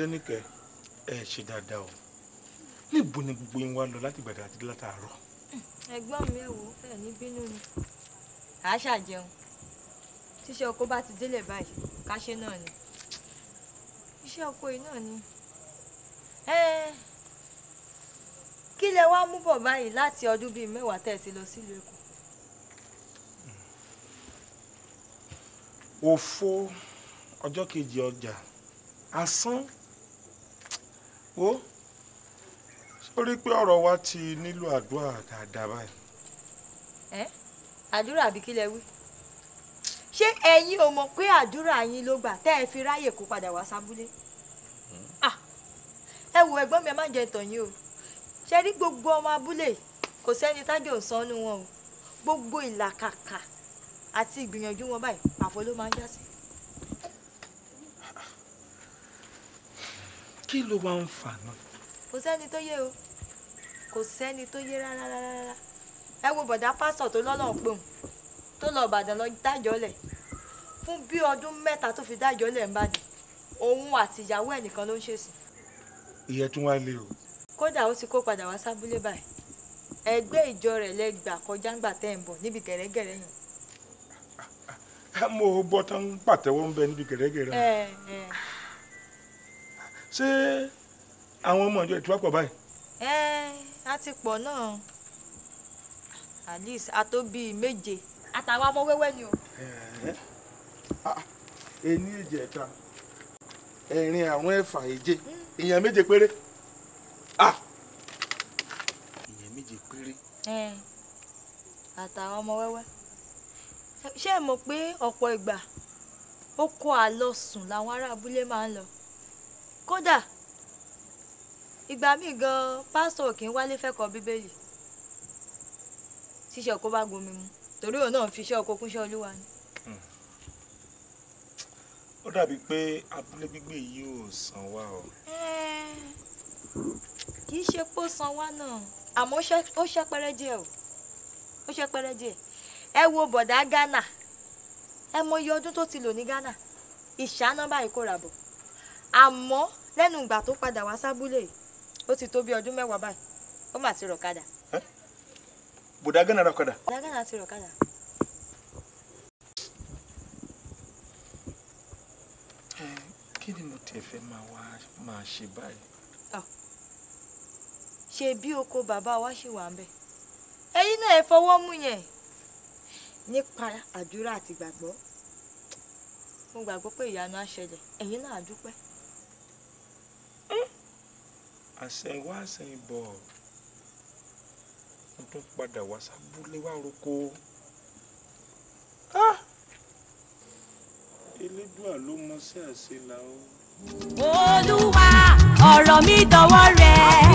Adéníkẹ́ ẹ ṣe dáadáa o níbo ni gbogbo yín wá lọ láti gbàdá àti látàárọ̀. ẹ̀gbọ́n mi ẹ̀ wò ẹ̀ ní bínú ni àá ṣàjẹun tíṣẹ́ ọkọ bá ti délẹ̀ báyìí káṣe náà ni iṣẹ́ ọkọ yìí náà ni kí lẹ wá mú bọ̀ báyìí láti ọdún bíi mẹ́wàá tẹ̀ sí lọ sílùú Èkó. òfo ọjọ́ kejì ọjà asán wo sórí pé ọ̀rọ̀ wa ti nílò àdúrà dáadáa báyìí. ẹ àdúrà àbí kí lẹ wí ṣé ẹ̀yin ò mọ̀ pé àdúrà yín ló gbà tẹ́ ẹ fi ráyè kó padà wá sábúlé hmm. ah, ẹ wo ẹ̀gbọ́n mi ẹ má jẹ ìtàn yín o ṣe rí gbogbo ọmọ abúlé kò sẹ́ni tájọ sọnù wọn o gbogbo ìlàkàkà àti ìgbìyànjú wọn báyìí àfọ ló máa ń já sí. kí ló wá ń fà náà. kò sẹ́ni tó yé o kò sẹ́ni tó yé rárá rárá ẹ wo bọ̀dá pásítọ̀ tó lọ́lọ́run pé òun tó lọ Ìbàdàn lọ dájọ́lẹ̀ fún bí ọdún mẹ́ta tó fi dájọ́lẹ̀ ń bàdàn òun àti ìyàwó ẹ̀ nìkan ló ń ṣèsìn. ìyẹn tún wá lé o. kódà ó ti kó padà wá sábúlé báyìí ẹgbẹ́ ìjọ rẹ̀ lẹ́gbàá kọjá ńgbà tẹ́ ń bọ̀ níbi gẹ̀rẹ́gẹ̀rẹ́ yẹn. mo bọ́ tán ń pàtẹ́wọ́ ń bẹ níbi gẹ̀rẹ́gẹ̀rẹ́. ẹ ṣé àwọn ọmọ ìjọ ìtura pọ̀ báyìí. ẹ á ti pọ̀ náà alice ató bíi méje àtàwọn ọmọ wẹ́wẹ́ ni o. Ah, ẹni ìjẹta ẹ̀rin àwọn ẹ̀fà èje èèyàn hmm. méje péré. èèyàn ah! méje péré. àtàwọn ọmọ wẹ́wẹ́ ṣé ẹ mọ̀ pé ọ̀pọ̀ ìgbà ó kó àlọ́ sùn làwọn ará abúlé máa ń lọ kódà ìgbà míì gan pásítọ̀ kì í wálé fẹ́kọ̀ọ́ bíbélì ṣíṣe ọkọ bá gbomi mu torí òun náà fi iṣẹ́ ọkọ kúnṣẹ́ olúwa ni. ó dàbí pé abúlé gbígbé yìí ò san wá o. kì í ṣe pé ó san wá náà àmọ́ ó ṣẹ́pẹ́rẹ́ díẹ̀ o ó ṣẹ́pẹ́rẹ́ díẹ̀ ẹ wo bọ̀dá Ghana ẹ mọ iye ọdún tó ti lò ní Ghana ìṣáná báyìí kó rà bọ̀ àmọ́ lẹ́nu ìgbà tó padà wá sábúlé ó ti tó bí ọdún mẹ́wàá báyìí ó mà ti rọ̀kadà. bùdá gánà rọ̀kadà. bùdá gánà ti rọ̀kadà. kí ni mo tẹ̀ fẹ́ máa wá máa ṣe báyìí. ṣe bí oko bàbá wa ṣì wà ń bẹ ẹ̀yin náà ẹ fọwọ́ mú yẹn nípa àdúrà àti gbàgbọ́ mo gbàgbọ́ pé ìyanu á ṣẹlẹ̀ ẹ̀yin náà á dúpẹ́ àsẹ̀yìnwá àsẹ̀yìnbọ̀ mo tún padà wá sábúlé wá roko ah! elédùà ló mọ sí àṣelà o. olúwa ọ̀rọ̀ mi dọ̀wọ́ rẹ̀.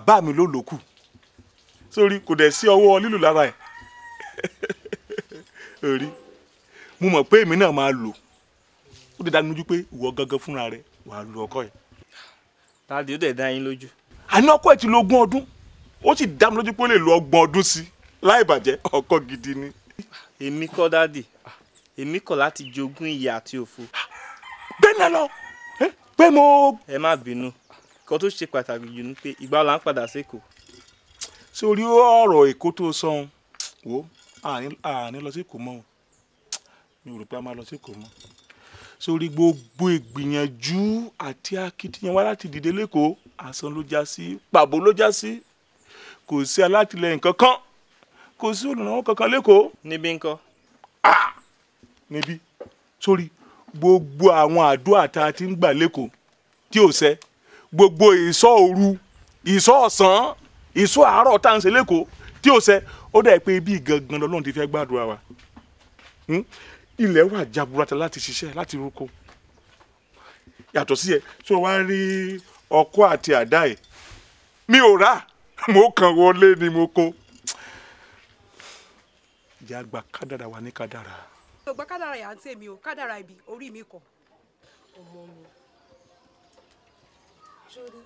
bàbá mi ló lòókù sórí kò dẹ̀ sí ọwọ́ lílù lára ẹ̀ orí mo mọ̀ pé èmi náà máa lò ó dẹ̀ dá mi lójú pé ìwọ gangan fúnra rẹ wàá lu ọkọ yẹn. tàbí ó dẹ̀ dá yín lójú. àní ọkọ ẹ ti lo ogún ọdún ó sì dá mi lójú pé ó lè lo ọgbọ̀n ọdún sí láì bàjẹ́ ọkọ gidi ni. èmi kọ́ dáàdì èmi kọ̀ láti jogún ìyà àti òfo. bẹ́ẹ̀ náà lọ pé mo. ẹ má bínú nǹkan tó ṣe pàtàkì jù ni pé ìgbà ọ̀la ń padà sékòó. sórí ọ̀rọ̀ èkó tó sọ̀hún wo àní lọ sí èkó mọ́ o mi ò rò pé a máa lọ sí èkó mọ́ sórí gbogbo ìgbìyànjú àti akitiyan wa láti dìde lẹ́kọ̀ọ́ asán ló já sí pàbó ló já sí kò sí alátìlẹyìn kankan kò sí olùrànwọ́ kankan lẹ́kọ̀ọ́. níbí ńkọ́. níbí sórí gbogbo àwọn àdúrà tá a ti ń gbà lẹ́kọ̀ọ́ tí ò sẹ́ gbogbo ìsọ́ òru ìsọ́ ọ̀sán ìsọ́ àárọ̀ tá à ń ṣe lẹ́kọ̀ọ́ tí ó ṣe ó dà pé ibi gangan lọ́lọ́run ti fẹ́ gbàdúrà wa hmm? ilẹ̀ wà jaburata láti ṣiṣẹ́ láti roko yàtọ̀ sí ẹ tó wá rí ọkọ àti àdá ẹ mi ò rà mo kàn wọlé ni mo kó ìjà àgbà kádàrà wa ní kádàrà. ọgbà kádàrà yà ń tèmi o kádàrà ibi orí mi kọ sórí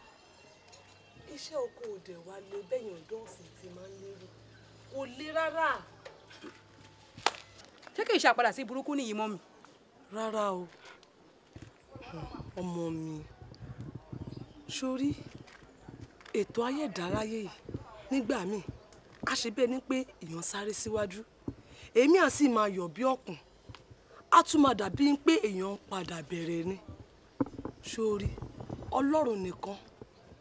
iṣẹ́ oko òdè wa lè bẹ́yìn ọ̀dọ́ ọ̀sìn ti máa ń lérò kò lè rárá. ṣé kì í ṣe sí burúkú nìyí mọ́ mi. rárá o ọmọ mi sórí ètò ayé ìdárayé yìí nígbà míì a ṣe bẹ́ẹ̀ ni pé èèyàn sáré síwájú èmi à sì máa yọ̀ bí ọ̀kùn a tún máa dàbí pé èèyàn padà bẹ̀rẹ̀ ni sórí ọlọ́run nìkan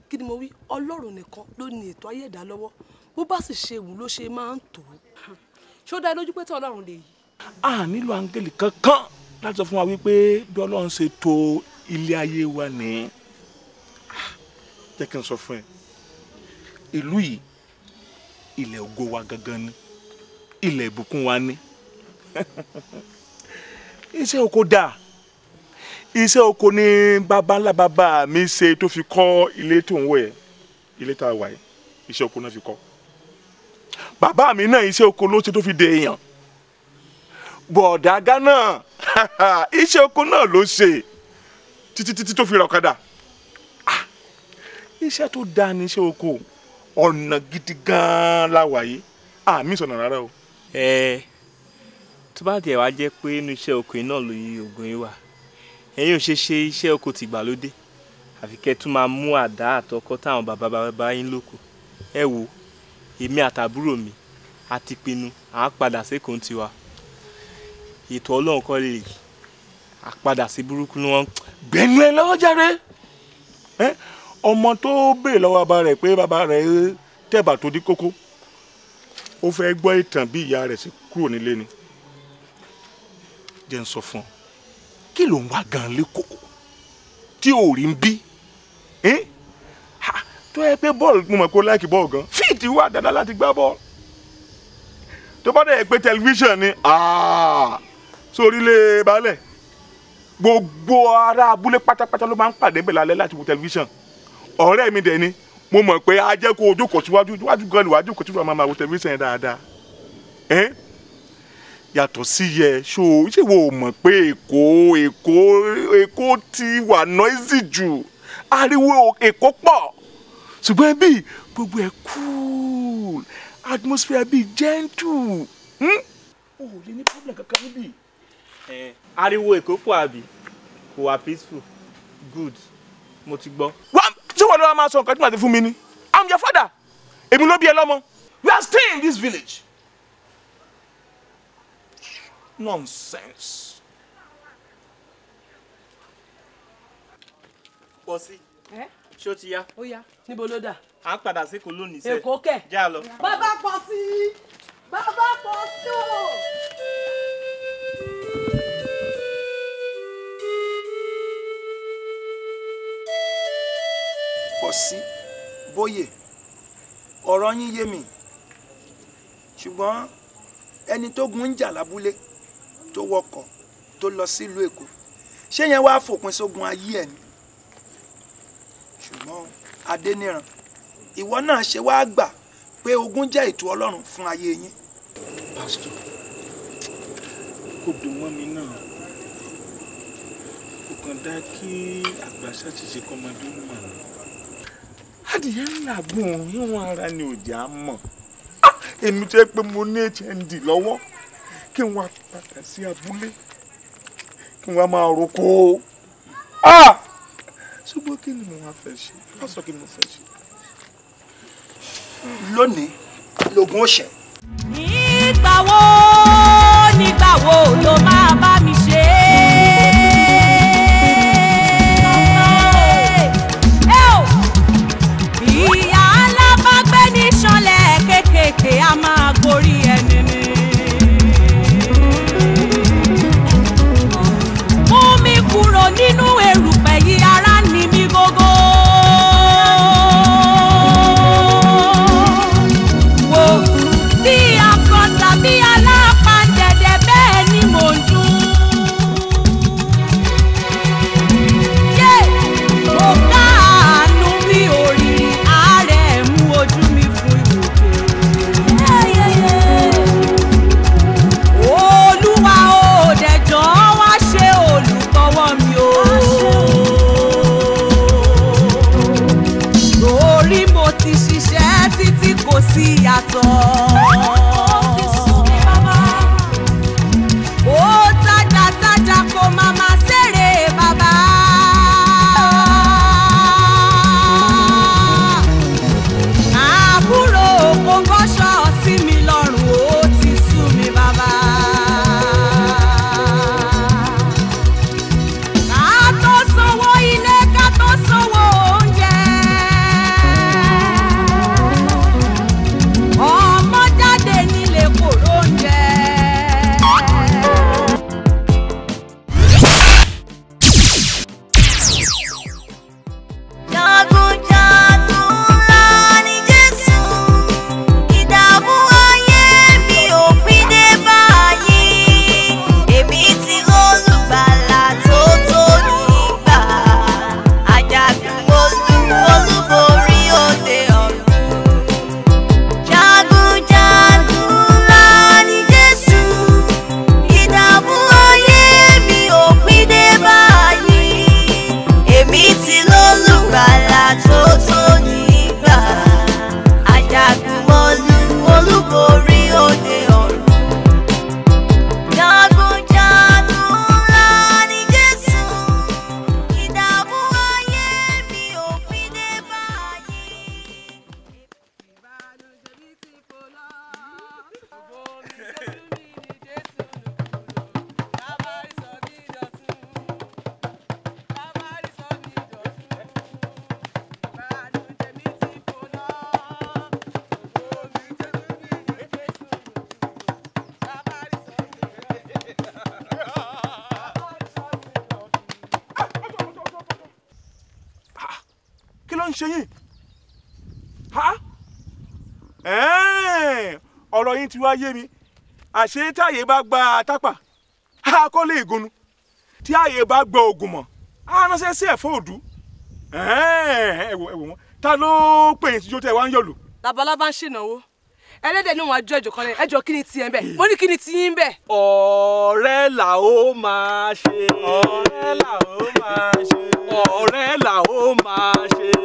kí ni mo wí ọlọ́run nìkan ló ní ètò ayé ẹ̀dá lọ́wọ́ bó bá sì ṣe wù ló ṣe máa ń tò ó. ṣó dá lójú pé tí ọlọ́run lè yí. a nílò áńgẹ́lì kankan láti sọ fún wa wípé bí ọlọ́run ṣe tò ilé ayé wa ní jẹ́ kí n sọ fún ẹ ìlú yìí ilẹ̀ ògo wa gangan ni ilẹ̀ ìbùkún wa ni iṣẹ́ oko dáa iṣẹ́ oko ni babalá bàbá mi ṣe tó fi kọ́ ilé tó ń wọ̀ ẹ́ ilé tá a wà yìí iṣẹ́ oko náà fi kọ́ bàbá mi náà iṣẹ́ oko ló ṣe tó fi dè èèyàn bọ̀dá gánà iṣẹ́ oko náà ló ṣe títí títí tó fi ra ọ̀kadà ah, iṣẹ́ tó dáa ní iṣẹ́ oko ọ̀nà gidi gan-an la wà yìí àmì sọ̀nà rárá o. ẹ tó bá tiẹ̀ wá jẹ́ pé inú iṣẹ́ oko náà ló yí ògùn yìí wà ẹ̀yin ò ṣe ṣe iṣẹ́ oko tìgbàlódé àfi kẹ́ tún máa mú àdá àtọkọ táwọn bàbá bàbá yín lóko ẹ wo èmi àtàbúrò mi a ti pinnu à á padà sékòó tiwa ètò ọlọ́run kọ́ lè à padà sí burúkú ni wọ́n gbẹ̀nu ẹ lọ́wọ́ járe ọmọ tó béè lọ́wọ́ bàbá rẹ̀ pé bàbá rẹ̀ tẹ̀bà tó dí kókó ó fẹ́ gbọ́ ìtàn bí ìyá rẹ̀ ṣe kúrò nílé ni jẹ́ ń sọ fún ọ kí ló ń wá gan lẹ́kọ̀ọ́ tí ò rí ń bí tó yẹ pé bọ́ọ̀lù mo mọ̀ pé ó láìkì bọ́ọ̀lù gan fíìtì wà dáadáa láti gbá bọ́ọ̀lù tó bá dẹ̀ pé tẹlifíṣàn ni sórílẹ̀ balẹ̀ gbogbo ará abúlé pátápátá ló máa ń pàdé bẹ̀rẹ̀ alẹ́ láti wo tẹlifíṣàn ọ̀rẹ́ mi dẹ̀ ni mo mọ̀ pé ajẹ́ kó ojú kò síwájú iwájú gan ni wàá jókòó tí wàá máa wo tẹlifíṣàn yẹn dáadáa yàtọ̀ sí yẹ ṣó ṣé wo mọ̀ pé èkó èkó èkó ti wà noisy jù ariwo èkó pọ̀ ṣùgbọ́n ẹbí gbogbo ẹ̀ cool atmosphere bíi gentle. Hmm? o ò lè ní problem kankan níbí. ariwo èkó pọ̀ àbí kò wà peaceful good mo ti gbọ́. wá ṣé wọn ló máa sọ nǹkan tí màá ti fún mi ni i'm your father èmi ló bí ẹ lọ́mọ we are staying in this village nonsense. pọ̀ sí ṣé ó ti yá. ó yá níbo ló dà. à ń padà sí kòlónì sẹ́ẹ̀ èkó kẹ̀. já lọ. bàbá pọ̀ sí i bàbá pọ̀ sí o. pọ̀ bóyè ọ̀rọ̀ yín yé mi ṣùgbọ́n ẹni tó gun ń jà lábúlé tó wọkọ̀ tó lọ sílùú èkó ṣé yẹn wàá fòpin sógun ayé ẹ̀ ni ṣùgbọ́n adéníran ìwọ náà ṣe wàá gbà pé ogun jẹ́ ètò ọlọ́run fún ayé yín. pásítọ̀ kò dùn mọ́ mi náà kò kàn dá kí àgbàṣà ti ṣe kọ́mọdé mọ̀ ní. adìyẹ ńlá gùn ìwọ̀n ara ni òjá mọ̀ ah, èmi tó yẹ pé mo ní hnd lọ́wọ́ kí n wá padà sí abúlé kí n wá máa roko ṣùgbọ́n kí ni mo wá fẹ́ ṣe wá sọ kí ni mo fẹ́ ṣe. lónìí lògùn ó nígbà wo nígbà wo ló máa bá mi ṣe. ṣe yín ha ọ̀rọ̀ yín ti wá yé mi àṣé táyé bá gba tápà á kọ́ lé ìgúnnu tí àyè bá gba ògùn mọ̀ á ránṣẹ́ sí ẹ̀fọ́ òdú ẹ̀wọ̀ ẹ̀wọ̀ wọn ta ló pè yín tíjó tẹ́ wá ń yọ̀lù. labalábá ń ṣènáwó ẹlẹ́dẹ̀ ní wọn àjọ ìjọ kan lẹ́yìn ẹjọ́ kí ni ti ẹ̀ ń bẹ̀ mo ní kí ni ti yín bẹ̀. ọ̀rẹ́ là ó máa ṣe ọ̀rẹ́ là ó máa ṣe ọ̀rẹ́ là ó máa ṣe.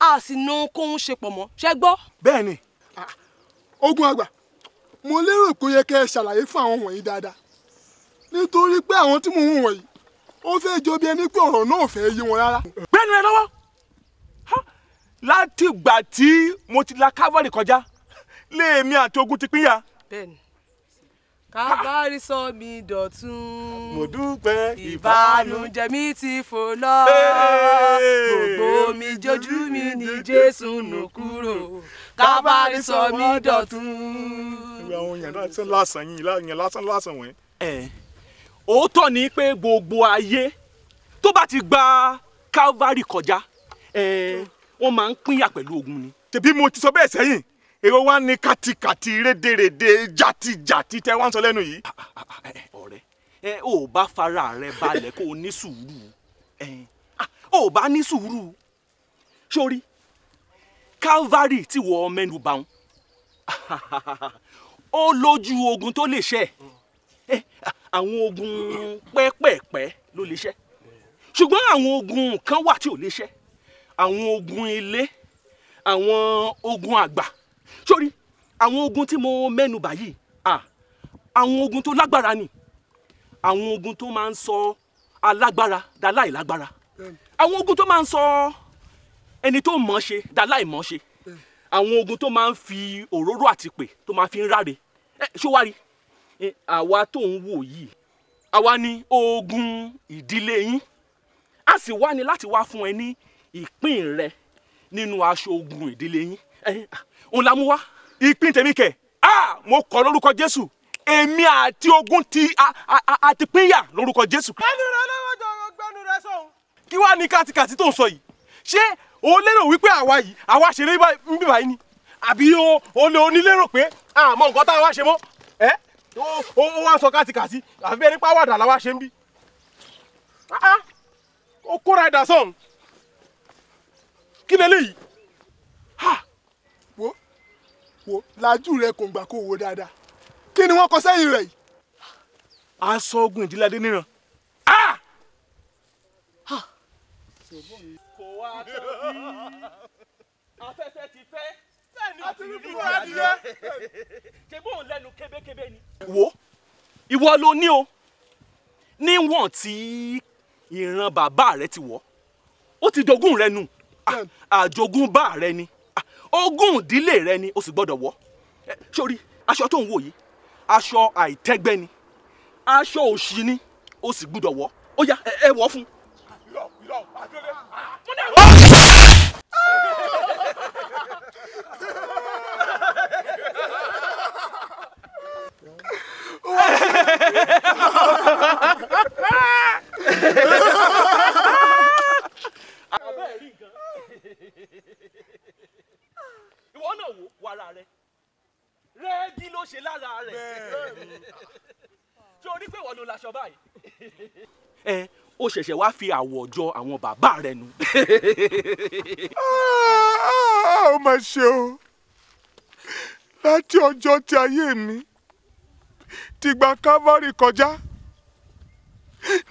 a sì na ohunkóhun ṣe pọ̀ mọ́ ṣe gbọ́. bẹ́ẹ̀ni ah, ah. ogun àgbà mo lérò pé yẹ kẹ́ ṣàlàyé fún àwọn wọ̀nyí dáadáa nítorí pé àwọn tí mò ń wọ̀nyí ó fẹ́ jọ bí ẹni pé ọ̀rọ̀ náà fẹ́ yé wọn rárá. gbẹ́nu ẹ lọ́wọ́ látìgbà tí mo ti la calvary kọjá lèmi àti ogun ti pínyà. bẹ́ẹ̀ni kábàárísọ mi dọ̀tún. mo dúpẹ́ ìbànújẹ́ mi ti fò lọ. gbogbo mi jójú mi ní jésù nù kúrò. kábàárísọ mi dọ̀tún. ìwé àwọn èèyàn lásán lásán yìí èèyàn lásán lásán wọ̀nyí. òótọ́ ni pé gbogbo ayé tó bá ti gba calvary kọjá wọ́n máa ń pínyà pẹ̀lú ogun ni. tèbí mo ti sọ bẹ́ẹ̀ sẹ́yìn èrò wa ní kàtìkàtì rédèrèdè jàtìjàtì tẹ wá ń sọ lẹ́nu yìí. Ah, ah, ah, eh, ọ̀rẹ́ ẹ ò bá fara rẹ balẹ̀ kó o ní sùúrù ò bá ní sùúrù sórí calvary tí wọ́n mẹ́nu bá wọn ó lójú ogun tó lè ṣe àwọn ogun pẹ́pẹ́pẹ́ ló lè ṣe ṣùgbọ́n àwọn ogun kan wà tí ò lè ṣe àwọn ogun ilé àwọn ogun àgbà sórí àwọn ogun tí mo mẹ́nu báyìí àwọn ogun tó lágbára ni àwọn ogun tó máa ń sọ alágbára dáláì lágbára àwọn ogun tó máa ń sọ ẹni tó mọ̀ ṣe dáláì mọ̀ ṣe àwọn ogun tó máa ń fi òróró àti pè tó máa fi ń ráre ẹ ṣó wá rí àwa tó ń wò yìí àwa ni ogun ìdílé yín a sì wá ní láti wá fún ẹ ní ìpín rẹ nínú aṣọ ogun ìdílé yín òun la mú wá ìpín tèmi kẹ̀ ah mo kọ̀ lórúkọ jésù èmi àti ogun ti àti pínyà lórúkọ jésù. ẹnu rẹ lọ́wọ́ jọ gbẹ́nu rẹ sọ̀hún. kí wàá ní kàtìkàtì tó ń sọ yìí ṣé o lérò wípé àwa yìí àwa ṣeré ń bíbá yìí ni àbí o o lè onílérò pé àmọ́ nǹkan tá a wá ṣe mọ́ ẹ o wá sọ kàtìkàtì àfi bẹ́ẹ̀ nípa wàdà la wá ṣe ń bí. o kóra ẹ̀dà sọ̀hún kí lélẹ́yìí wo lajú rẹ kò gbà kó wo dáadáa kí ni wọ́n kọ sẹ́yìn rẹ̀ yìí. aṣọ ogun ìdílé níran. kò wá tóbi afẹ́fẹ́ ti fẹ́ àti ní fún adìyẹ. ṣé bóun lẹ́nu kébékébé ni. wo ìwọ ló ní o níwọ̀n tí ìran bàbá rẹ ti wọ̀ ó ti jogún rẹ nù àjogún rẹ ni ogún ìdílé rẹ ni o sì gbọ́dọ̀ wọ̀ sórí aṣọ tó ń wò yìí aṣọ àìtẹ́gbẹ́ ni aṣọ òṣì ni o sì gbọ́dọ̀ wọ̀ ó yá ẹ wọ̀ fún. Abẹ́ẹ̀rí ìwọ náà wò wàrà rẹ rẹ́ẹ̀gì ló ṣe lára rẹ̀ tí o rí pé wọ́n ló laṣọ báyìí. ẹ o ṣẹ̀ṣẹ̀ wá fi àwọ̀ jọ àwọn bàbá rẹ nu. Ah, ó mà ṣe o láti ọjọ́ tí ayé mi ti gba Calvary kọjá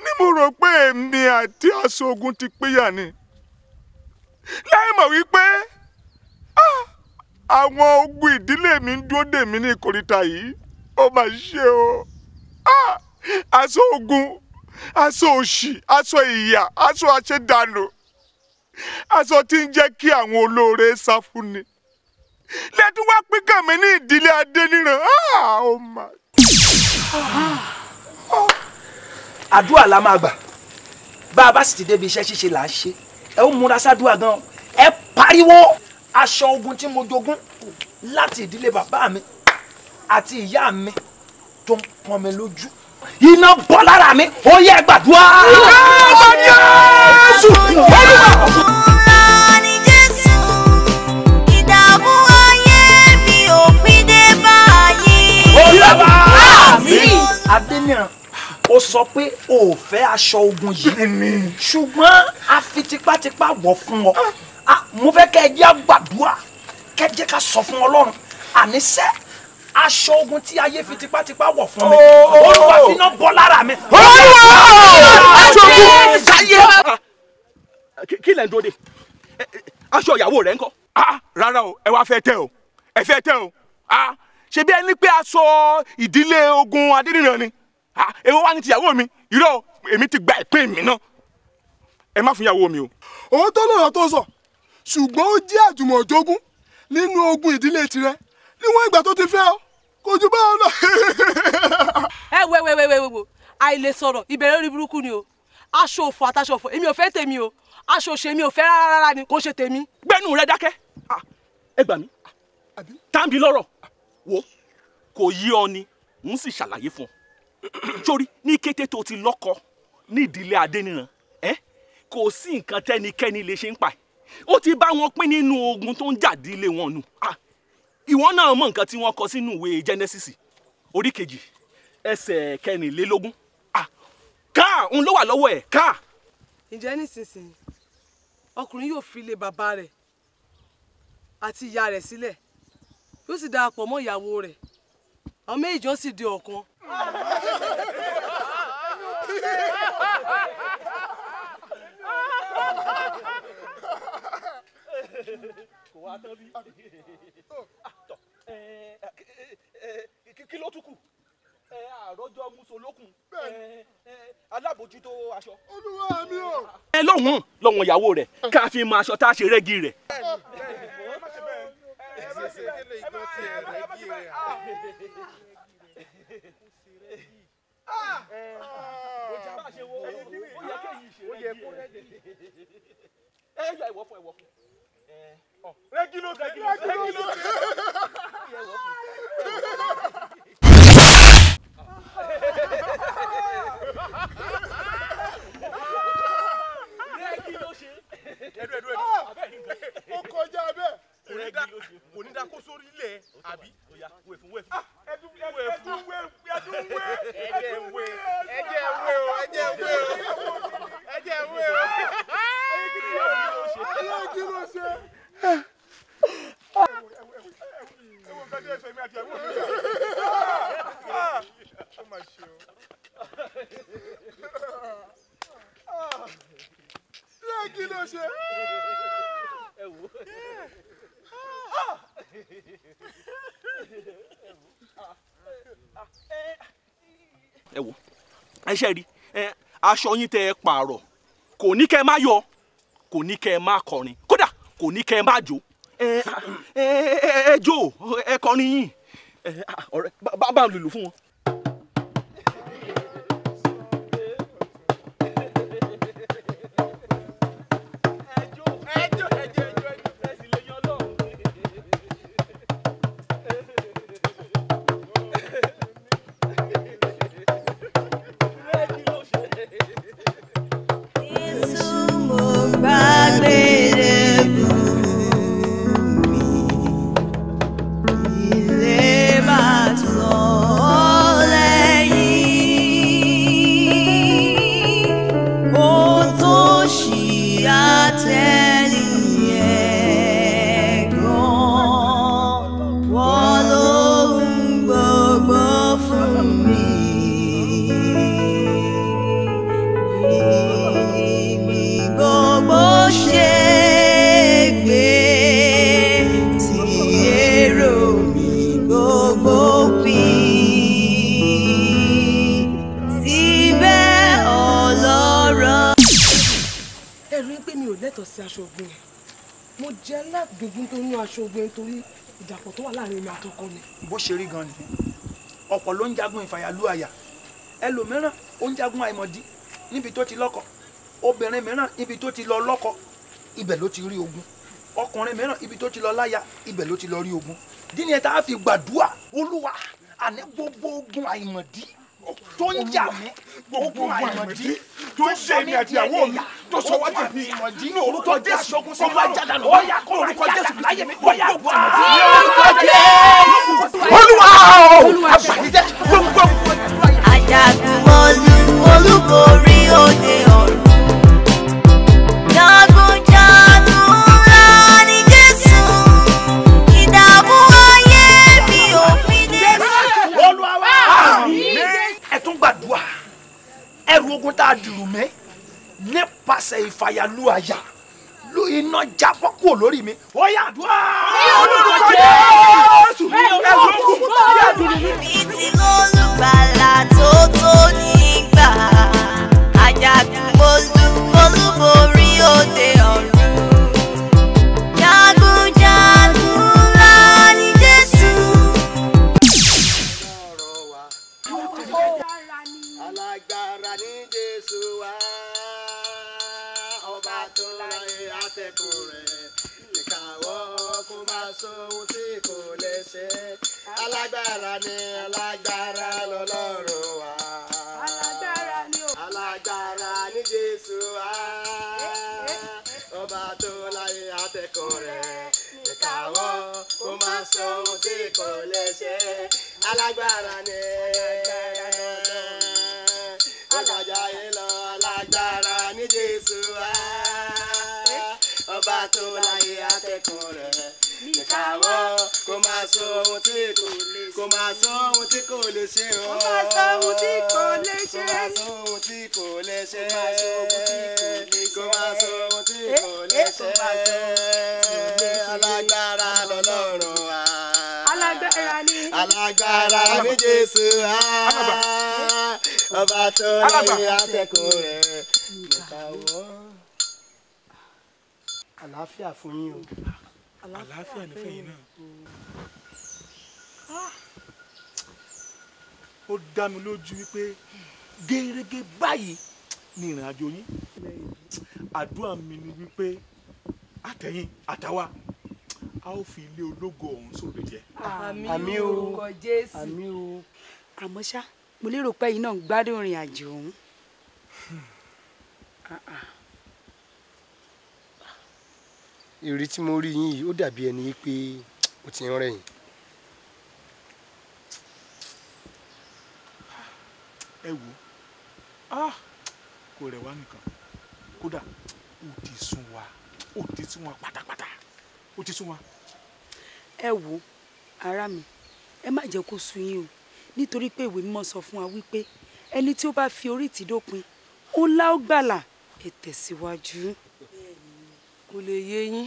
ni mo rò pé èmi àti aṣọ ogun ti pínyà ni láì mọ̀ wípé. Ah! àwọn ogun ìdílé mi ń dúró dè mí ní ìkórìtà yìí ó mà ṣe o ah! aṣọ ogun aṣọ òṣì aṣọ ìyà aṣọ àṣedànù aṣọ tí ń jẹ́ kí àwọn olóore sá fún ni lẹ́tún wá pín kàn mí ní ìdílé adéníran ah! ó mà. Ah! àdúrà la máa gbà bá a bá sì ti débi iṣẹ́ ṣíṣe là ń ṣe ẹ ó múra sádùá gan ẹ pariwo aṣọ ogun tí mo jogún láti ìdílé bàbá mi àti ìyá mi tó ń pọn mi lójú iná bọ́ lára mi ó yẹ gbàdúrà. ọmọ Jésù olúwa. Adéníran ó sọ pé o ò fẹ́ aṣọ ogun yìí ṣùgbọ́n a fi tipátipá wọ̀ fún ọ ah. Ah, mo fẹ́ kẹ́ ẹ jẹ́ àgbàdua kẹ́ ẹ jẹ́ ká sọ fún ọlọ́run àníṣẹ́ aṣọ ogun tí ayé fi tipátipá wọ̀ fún mi oh. olúwa fi náà bọ́ lára mi. Oh, olúwa aṣọ ogun sáyé. Ah, kí lẹ́ ń dóde eh, eh, aṣọ ìyàwó rẹ̀ ń kọ́. rárá o ẹ wá fẹ́ tẹ o ẹ fẹ́ tẹ o ṣebí ẹni pé aṣọ ìdílé ogun adínìyàn ni ah èwo wá ní tìyàwó mi irọ́ èmi ti gba ìpín mi náà ẹ má fún ìyàwó mi o. òótọ́ lọ̀rọ̀ tó sọ ṣùgbọ́n ó jẹ́ àjùmọ̀jogún nínú ogún ìdílé tirẹ̀ níwọ̀n ìgbà tó ti fẹ́ ọ kò jù báwọn lọ. ẹ wẹ wẹ wẹ wẹ wò àìlè sọ̀rọ̀ ìbẹ̀rẹ̀ orí burúkú ni o aṣọ òfò àtàṣọ òfò èmi ò fẹ́ tèmi o aṣọ òṣè mi ò fẹ́ rárá rárá ni kò ṣe tèmi. gbẹ́nu rẹ dákẹ́ ah, ẹ gbà mí tàbí lọ́rọ̀ ah, wo kò yí ọ ni n sì ṣàlàyé fún ọ sórí ní kété tó ti lọ́kọ ní ìdílé adéníran kò sí nǹkan tẹ́nikẹ́ni lè ṣe ń pa ó ti bá wọn pín nínú ogun tó ń jà dílé wọn nù ìwọ náà mọ nǹkan tí wọ́n kọ sínú ìwé Genesis orí kejì ẹsẹ̀ kẹrìnlélógún káà ń ló wà lọ́wọ́ ẹ̀ káà. ǹjẹ́ nísinsìnyí ọkùnrin yóò fi ilé bàbá rẹ̀ àti ìyá rẹ̀ sílẹ̀ yóò sì darapọ̀ mọ́ ìyàwó rẹ̀ àwọn méjì sì di ọ̀kan. kí ló tún kù àròjọ musolókun alábòjútó aṣọ. olúwa mi o. ẹ lọ́wọ́n lọ́wọ́n ìyàwó rẹ̀ ká fi aṣọ tá a ṣe rẹ́gí rẹ̀ ẹ bá ṣe kele ìgbó tí ẹ rẹ kí ẹ o yẹ kó rẹ dèdè ẹ yà ìwọ fún ìwọ fún rẹgilo rẹgilo rẹgilo rẹgilo ṣe ẹdú ẹdú ẹdú ó kọjá bẹ́ẹ̀ kò ní dákó sórí ilẹ̀ àbí wẹ̀ fún wẹ̀ fún. wẹ̀ fún wẹ̀ ẹdún wẹ̀ ẹdún wẹ̀ ẹjẹ̀ wẹ̀ o ẹjẹ̀ wẹ̀ o ẹjẹ̀ wẹ̀ o. ayé kí ló ṣe. ewu kan díẹ̀ sọ èmi àti ẹ̀wọ̀n mi. ṣe o. kí ló ṣe. ẹ ẹ wo ẹ ṣe rí aṣọ yín tẹ ẹ pààrọ̀ kò ní kẹ́ ẹ má yọ kò ní kẹ́ ẹ má kọrin kódà kò ní kẹ́ ẹ má jó ẹ jó ẹ kọrin yín ọ̀rẹ́ bá bá lùlù fún wọn. ọ̀pọ̀lọpọ̀ ló ń jagun ìfàyàlú àyà ẹlòmíràn ó ń jagun àìmọ̀dí níbi tó ti lọ́kọ obìnrin mìíràn ibi tó ti lọ lọ́kọ ibẹ̀ ló ti rí ogun ọkùnrin mìíràn ibi tó ti lọ láya ibẹ̀ ló ti lọ rí ogun díẹ̀ tá a fi gbàdúrà olúwa àní gbogbo ogun àìmọ̀dí tó ń jà mí ogun àìmọ̀dí tó ń ṣe èmi àti ìyàwó mi tó sọ wá tèmi ní orúkọ jésù ọmọ àjàdà lọ ọyà kó orúkọ jésù láyé mi ọyà kó àmọ̀dí orúkọ jésù olúwa àgbàdìjẹ gbogbo. àjàgùn olú olúborí òde. ogun tá a dìrù mí nípasẹ̀ ìfàyàlú àyà lu iná já pọ́kù lórí mi ó yà dúró. ní olùkọ́ jésù ní olùkọ́ yà dúró. ìtì lólùgbàlà tó tó nígbà àjàgùn mọ́lú mọ́lú borí òde ọ̀run. yàgùn ní Jésù wá ọba tó láyé atẹ́kùn rẹ̀ ìkàwọ́ kó má sóhun tí kò lè ṣe alágbára ni alágbára lọ́lọ́run wá. alágbára o. alágbára ní Jésù wá ọba tó láyé atẹ́kùn rẹ̀ ìkàwọ́ kó má sóhun tí kò lè ṣe alágbára ni. tó láyé atẹ́kùn rẹ̀ níkàwọ́ kó ni. alágbára ni Jésù wa. ọba tó láyé atẹ́kùn rẹ̀. àlàáfíà fún yín o. àlàáfíà ní fẹ́yìn náà. Ah! Ah! ó dá mi lójú wípé gẹ́gẹ́ báyìí ni ìrìn àjò yín àdúrà mi ni wípé àtẹ̀yìn àtàwa a ó fi ilé ológo ọ̀hún sóde jẹ. àmín o orúkọ jésù àmín o. àmọ́ ṣá mo lérò pé yìí náà gbádùn ìrìn àjò ọ̀hún. ìrírí tí mo rí yín yìí ó dàbí ẹni pé ó ti ń rẹ̀yìn. ẹ wò ah kò rẹ̀ wá nìkan kódà ó ti sún wa ó ti sún wa pátápátá ó ti sún wa. ẹ wò ará mi ẹ má jẹ́ kó sú yín o nítorí pé ìwé mímọ́ sọ fún wa wípé ẹni tí ó bá fi orí tìdópin ó lá ẹ tẹ̀síwájú kò lè yé yín.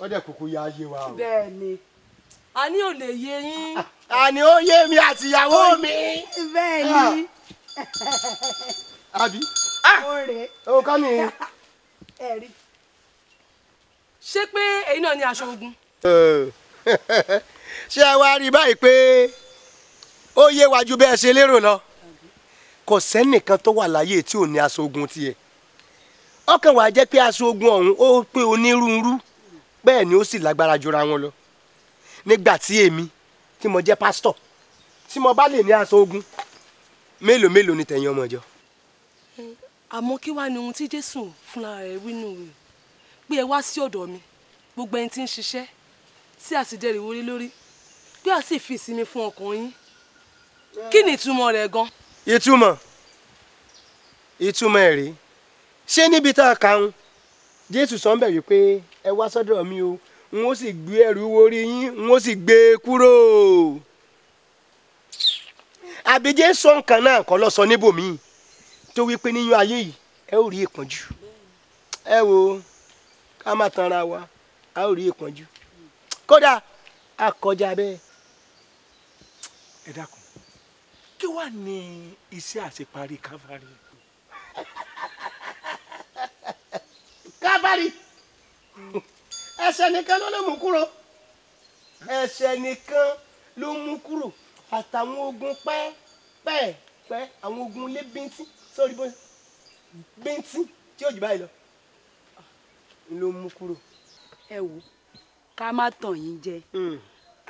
wọ́n dẹ̀ kúkú ya ayé wa o. bẹ́ẹ̀ ni a ní ò lè yé yín. àní ó yé mi àti ìyàwó mi. bẹ́ẹ̀ ni. Ah. àbí. Ah. Ah. ọ̀rẹ́. òun kọ́ ni. ẹ̀rí. ṣé pé èyí náà ni aṣọ ogun. ṣé ẹ wá rí báyìí pé ó yé wa ju bẹ́ẹ̀ ṣe lérò lọ kò sẹ́nìkan tó wà láyé tí ò ní aṣọ ogun tiẹ̀ ọkàn wàá jẹ́ pé aṣọ ogun ọ̀hún ó pé onírúurú bẹ́ẹ̀ ni ó sì lágbára jura wọn lọ nígbà tí èmi tí mo jẹ́ pásítọ̀ tí mo bá lè ní aṣọ ogun mélòó mélòó ni tẹ̀yìn ọmọ ìjọ. àmọ́ kí wàá ní ohun tí jésù fúnra rẹ̀ wínú rẹ̀ pé ẹ wá sí ọ̀dọ̀ mi gbogbo ẹni tí ń ṣiṣẹ́ tí a sì dẹrìí wọlé lórí pé a sì fi ìsinmi fún ọkàn yín kí ni ìtumọ̀ rẹ̀ gan. ìtumọ̀ ìtumọ̀ ẹ̀ ṣé níbi tá a kàún jésù sọ wípé ẹ wá sọ́dọ̀ mi o n ó sì gbé ẹrù orí yín n ó sì gbé e kúrò àbí jésù nǹkan náà kọ́ lọ sọ níbòmí tó wípé nínú ayé yìí ẹ ó rí ìpọ́njú ẹ wo ká má tanra wa a ó rí ìpọ́njú kódà a bẹ́ẹ̀. ẹ dákun kí wàá ní iṣẹ́ àṣeparí káfárí. Calvary ẹsẹ̀ nìkan ló lè mú kúrò ẹsẹ̀ nìkan ló mú kúrò àtàwọn ogun pẹ́ẹ́pẹ́ẹ́pẹ́ àwọn ogun lé bíntín sórí bó bíntín tí ò jù báyìí lọ ló mú kúrò. ẹ wo ká má tàn yín jẹ hmm.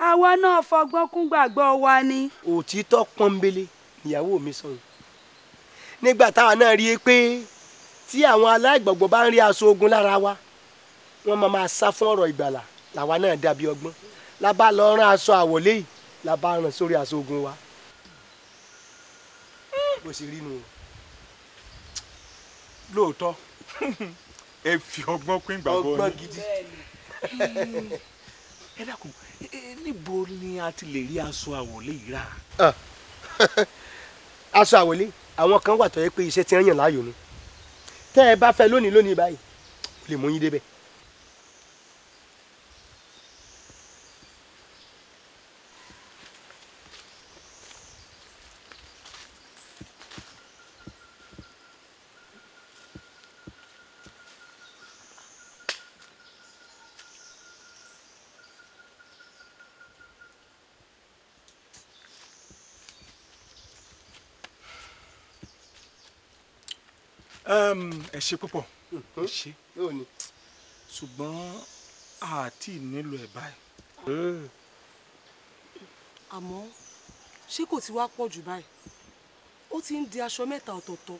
àwa náà fọgbọ́n kún gbàgbọ́ wa ni. òtítọ́ pọ́nbélé ìyàwó mi sọ̀rọ̀ nígbà táwa náà rí i pé tí àwọn aláìgbàgbọ́ bá ń rí aṣọ ogun lára wa wọ́n máa máa sá fún ọ̀rọ̀ ìgbàlà làwa náà dàbí ọgbọ́n la bá lọ rán aṣọ àwọ̀lé yìí la bá rán sórí aṣọ ogun wa bó ṣe rí nu o. lóòótọ́ ẹ fi ọgbọ́n kún ìgbàgbọ́ ọgbọ́n gidi ẹ dákun níbo ni a ti lè rí aṣọ àwọ̀lé yìí rà. Ah. aṣọ àwọ̀lé àwọn kan wà tó yẹ pé iṣẹ́ tí wọ́n yàn láàyò ni tẹ́ ẹ bá fẹ́ lónìí lónìí báyìí lè mú yín débẹ̀. ẹ ṣe púpọ̀ ẹ ṣe ṣùgbọ́n àti nílò ẹ̀ báyìí. àmọ́ ṣé kò ti wá pọ̀ jù báyìí ó ti ń di aṣọ mẹ́ta ọ̀tọ̀ọ̀tọ̀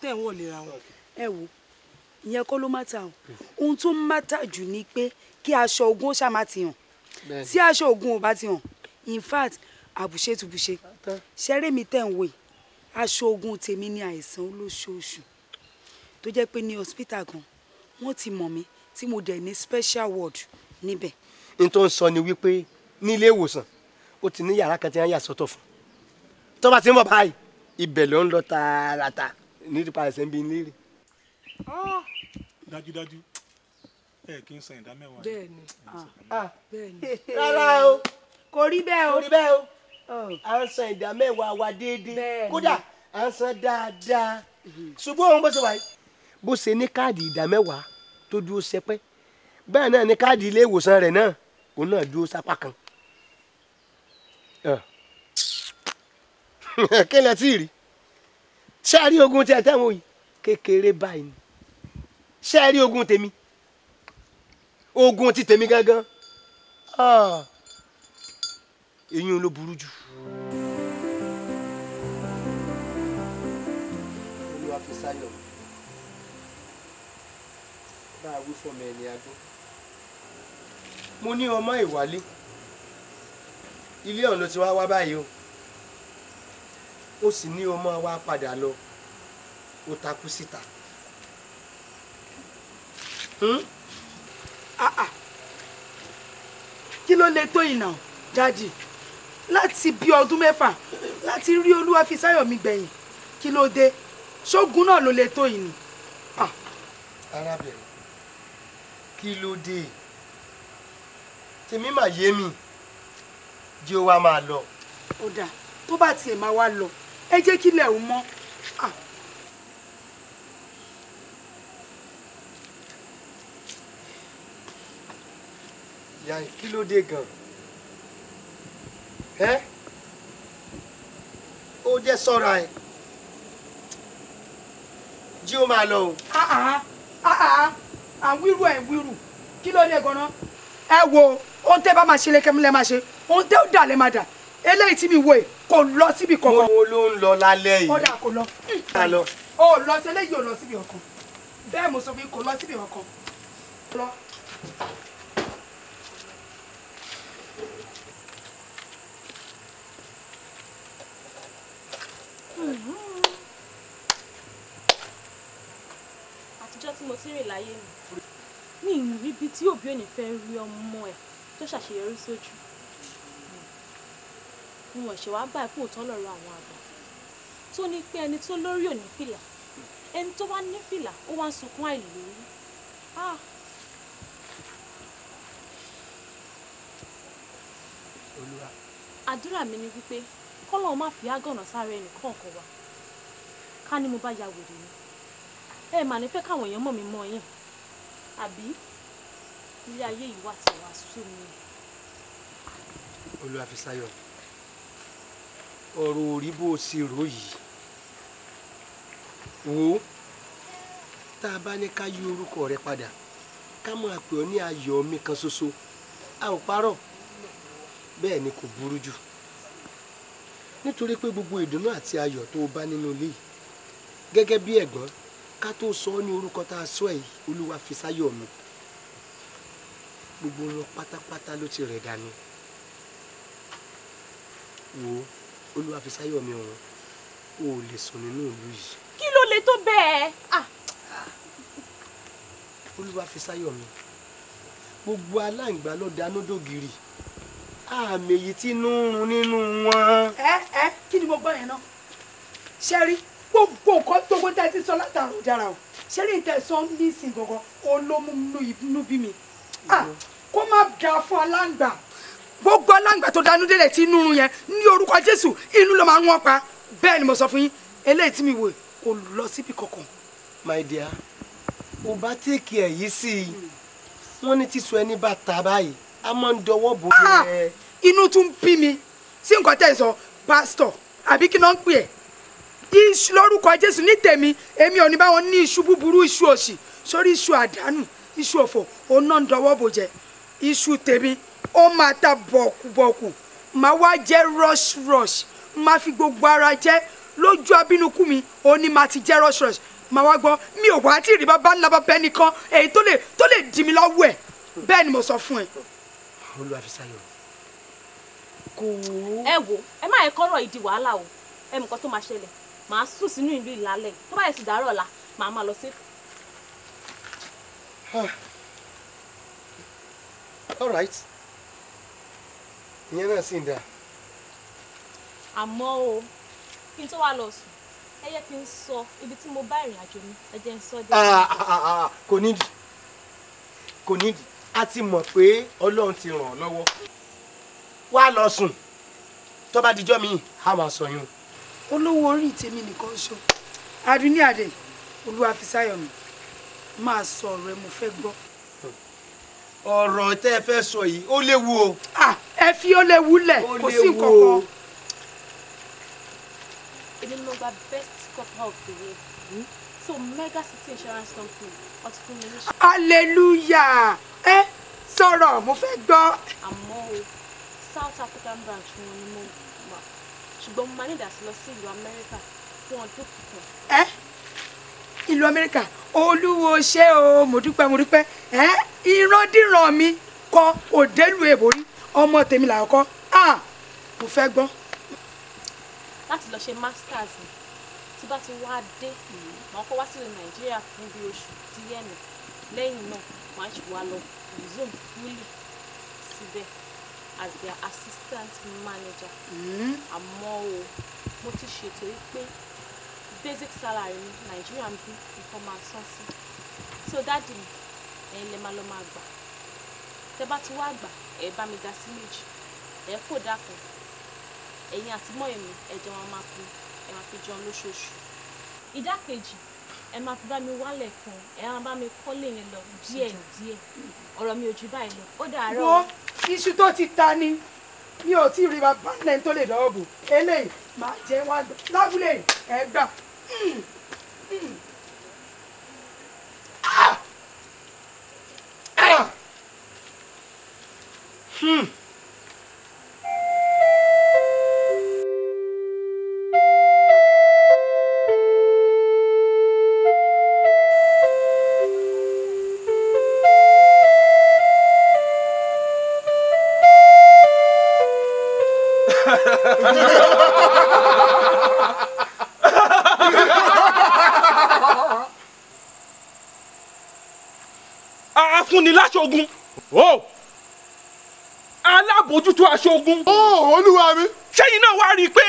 tẹ̀ wọ́n lè ra wọn. ẹ wo ìyẹn kọ́ ló má ta hàn ohun tó má ta jù ni pé kí aṣọ ogun ó ṣàmà ti hàn tí aṣọ ogun ò bá ti hàn in fact àbùṣe tùbùṣe ṣẹ́rẹ́ mi tẹ̀ ń wò yìí aṣọ ogun tèmi ni àìsàn olóṣooṣù tó jẹ́ pé ní hospital gan wọ́n ti mọ̀ mí tí mo dẹ̀ ní special ward níbẹ̀. n tó ń sọ ni wípé ní ilé ìwòsàn ó ti ní yàrá kan tí wọ́n yà sọ́tọ̀ fún tó bá ti ń bọ̀ báyìí ibẹ̀ ló ń lọ tààràtà nípa ẹsẹ̀ ń bí nílé. dájúdájú ẹ kì í san ìdá mẹ́wàá. bẹ́ẹ̀ni ah, ah! bẹ́ẹ̀ni. rárá o kò rí bẹ́ẹ̀ o kò rí bẹ́ẹ̀ o oh. à ń san ìdá mẹ́wàá wa déédéé kódà à ń san dáadáa mhm. ṣùgbọ́n òun bó ṣe wà bó ṣe ní káàdì ìdámẹ́wàá tó dúró sẹpẹ́ bẹ́ẹ̀ náà ní káàdì ilé ìwòsàn rẹ̀ náà òun náà dúró sápá kan. kí lẹ tí ì rí ṣé ẹ rí ogun tí ẹ tẹ̀wọ̀n yìí kékeré báyìí ni ṣé ẹ rí ogun tèmi ogun ti tèmi gangan ah. eyín ló burú jù. olúwa fi sáyọ̀ bá a wí fọmọ ẹni agbó. mo ní ọmọ ìwálé ilé ọ̀nà tí wàá wá báyìí o ó sì ní ọmọ wa padà lọ ó takú síta. kí ló lè tó ìnà jáde láti bí ọdún mẹ́fà láti rí olúwa fi sáyọ̀mí gbẹ̀yìn kí ló dé ṣógun náà ló lè tó ìní. arábìnrin kí ló dé tèmi mà yé mi jẹ́ ó wá máa lọ. ó dà tó bá tiẹ̀ máa wá lọ ẹ jẹ́ kílẹ̀ ò mọ́. yàrá kí ló dé gan-an ẹ́ ó jẹ́ sọ́ra ẹ̀ jí ó máa lọ o à ń wíru ẹ̀ ń wíru kí ló dé gan-an. ẹ wo ohun tẹ́ bá máa ṣe lẹ́kẹ́ lẹ́ máa ṣe ohun tẹ́ ó dà lẹ́ máa dà eléyìí tí mi wo ẹ̀ kò lọ síbi kankan. mo ló ń lọ lálẹ́ yìí. kódà kò lọ. kà lọ. o lọ sí eléyìí ò lọ síbi kankan bẹ́ẹ̀ mo sọ pé kò lọ síbi kankan. Mm-hmm. àtijọ́ tí mo ti rìn láyé mi mi ì rí ibi tí òbí òní fẹ́ rí ọmọ ẹ̀ tó ṣàṣeyọrí sójú ni wọ́n ṣe wá gbà pé òótọ́ lọ́rọ̀ àwọn àgbà tó ní pé ẹni tó lórí òní fìlà ẹni tó wá ní fìlà ó wá ń sunkún àìlórí ah! olúwa. àdúrà mi ni wípé kọ́lọ́ọ̀ má fi ágànnà sáré ẹnì kọ̀ọ̀kan wa ká ní mo bá ya wèrè ni ẹ mà ní fẹ́ káwọn èèyàn mọ̀ mí mọ́ yín àbí ilé ayé yìí wà tí wàá sú mi. olùwàfíṣayọ̀ ọ̀rọ̀ orí bó o ṣe rò yìí wò ó tá a bá ní ká yí orúkọ rẹ padà ká máa pè ọ́ ní ayọ̀ mi kan ṣoṣo a ò parọ́ bẹ́ẹ̀ ni kò burú jù nítorí pé gbogbo ìdùnnú àti ayọ̀ tó o bá nínú ilé yìí gẹ́gẹ́ bí ẹ̀gbọ́n ká tó sọ ọ́ ní orúkọ tá a sọ ẹ̀ olúwa fi sáyọ̀ mi gbogbo wọn pátápátá ló ti rẹ̀ dànù wo olúwa fi sáyọ̀ mi ọ̀run o ò lè sùn nínú ìlú yìí. kí ló lè tó bẹ́ẹ̀. Ah. olúwa fi sáyọ̀ mi gbogbo aláǹgbá ló dáná dògiri àmì èyí tí inú ń run nínú wọn. ẹ ẹ kí ni mo gbọ́ yẹn náà ṣé rí gbogbo nǹkan gbogbo tá a sọ látàrọ dára o ṣẹlẹ ìtẹsán nísìn gangan olómúnú inú bí mi kó má dáa fún aláǹgbà gbogbo aláǹgbà tó dánú délẹ̀ tí inú run yẹn ní orúkọ jésù inú ló máa ń wọ́n pa bẹ́ẹ̀ ni mo sọ fún yín eléyìí tí mi wò kò lọ síbi kankan. my dear o bá tèkì ẹ̀ yìí sí i wọ́n ní tíṣu ẹni bá ta báyìí a máa ń dọwọ́ bò ó. inú tún bí mi sí nǹkan tẹ̀ sọ pásítọ̀ àbí kí náà ń pè ẹ́ iṣu lórúkọ jésù ní tèmi èmi ò ní bá wọn ní iṣu búburú iṣu òṣì sórí iṣu àdánù iṣu òfò òun náà ń dọwọ́ bò jẹ iṣu tèmi ó máa ta bọ̀kùbọ̀kù máa wá jẹ́ rush rush máa fi gbogbo ara jẹ́ lójú abínukú mi òun ni máa ti jẹ́ rush rush máa wá gbọ́ mi ò wá tí ì rí bàbá ńlá bàbá ẹnìkan èyí tó lè tó lè dì mí lọ́wọ́ ẹ̀ bẹ́ẹ̀ ni mo sọ fún ẹ. olùwàfíṣàyọ̀ kò. ẹ wo ẹ má yẹ kọ́rọ̀ ìdí wàhálà o ẹ mọ̀ nǹkan tó máa ṣẹlẹ̀ màá sùn sínú ìlú ìlálẹ̀ tó bá yẹ sì dárọ̀ ọ̀la màá máa lọ sí. Ah. all ìyẹn náà sì ń dà. àmọ́ o kí n tó wá lọ sùn ẹ yẹ kí n sọ ibi tí mo bá ìrìn àjò mi ẹ jẹ́ n sọ dé. Ah, ah, kò nídìí kò nídìí a ti mọ̀ pé ọlọ́run ti ràn ọ́ lọ́wọ́ wá lọ sùn tó bá dijọ́ mi a máa sọ yún un olówó orí tèmi nìkan ṣo adúní àdè máa sọ ọ̀rọ̀ ẹ mo fẹ́ gbọ́. ọ̀rọ̀ tẹ́ ẹ fẹ́ sọ yìí ó léwu o. ẹ fi ó léwu lẹ̀ kò sí nǹkan kan. èmi ni mo gba best couple of the year so mega city insurance company ọtí fún mi níṣẹ́. hallelujah ẹ sọ̀rọ̀ mo fẹ́ gbọ́. àmọ́ o South African branch ni mo mọ̀ ṣùgbọ́n mo máa ní ìdásí sí ìlú amẹ́ríkà fún ọdún kan. ẹ ìlú amẹ́ríkà olúwo ṣé o mo dúpẹ́ mo dúpẹ́ ẹ ìrandíran mi kọ òdèlú èbórí ọmọ tèmi là à mo fẹ́ gbọ́. láti lọ ṣe masters mi tí bá ti wá dé màá kọ́ wá sílẹ̀ nàìjíríà fún bí oṣù díẹ̀ nù lẹ́yìn náà màá ṣì lọ resume fully síbẹ̀ as their assistant manager. Hmm? àmọ́ o mo ti ṣètò yìí pé basic salary ní nàìjíríà ń bí nǹkan máa san sí so dáàdì mi ẹ̀yin lè máa lọ máa gbà tẹ́ bá ti wá gbà ẹ bá mi dá sí méjì ẹ kò dákun ẹ̀yin àti mọ́ èmi ẹ̀jọ̀ wọn máa pin ẹ̀ máa fi jẹun lóṣooṣù ìdá kejì ẹ máa fi bá mi wálẹ̀ kan ẹ máa bá mi kọ́lé yẹn lọ díẹ̀ díẹ̀ ọ̀rọ̀ mi ò jù báyìí lọ ó dàárọ̀. wo iṣu tó ti ta ni mi ò tí ì rí bàbá náà tó lè dọ́wọ́ bò eléyìí máa jẹ́ wá lábúlé ẹ Hmm. hmm. Ah! Ah! hmm. ogun. ó olúwa mi. sẹ́yìn náà wá rí i pé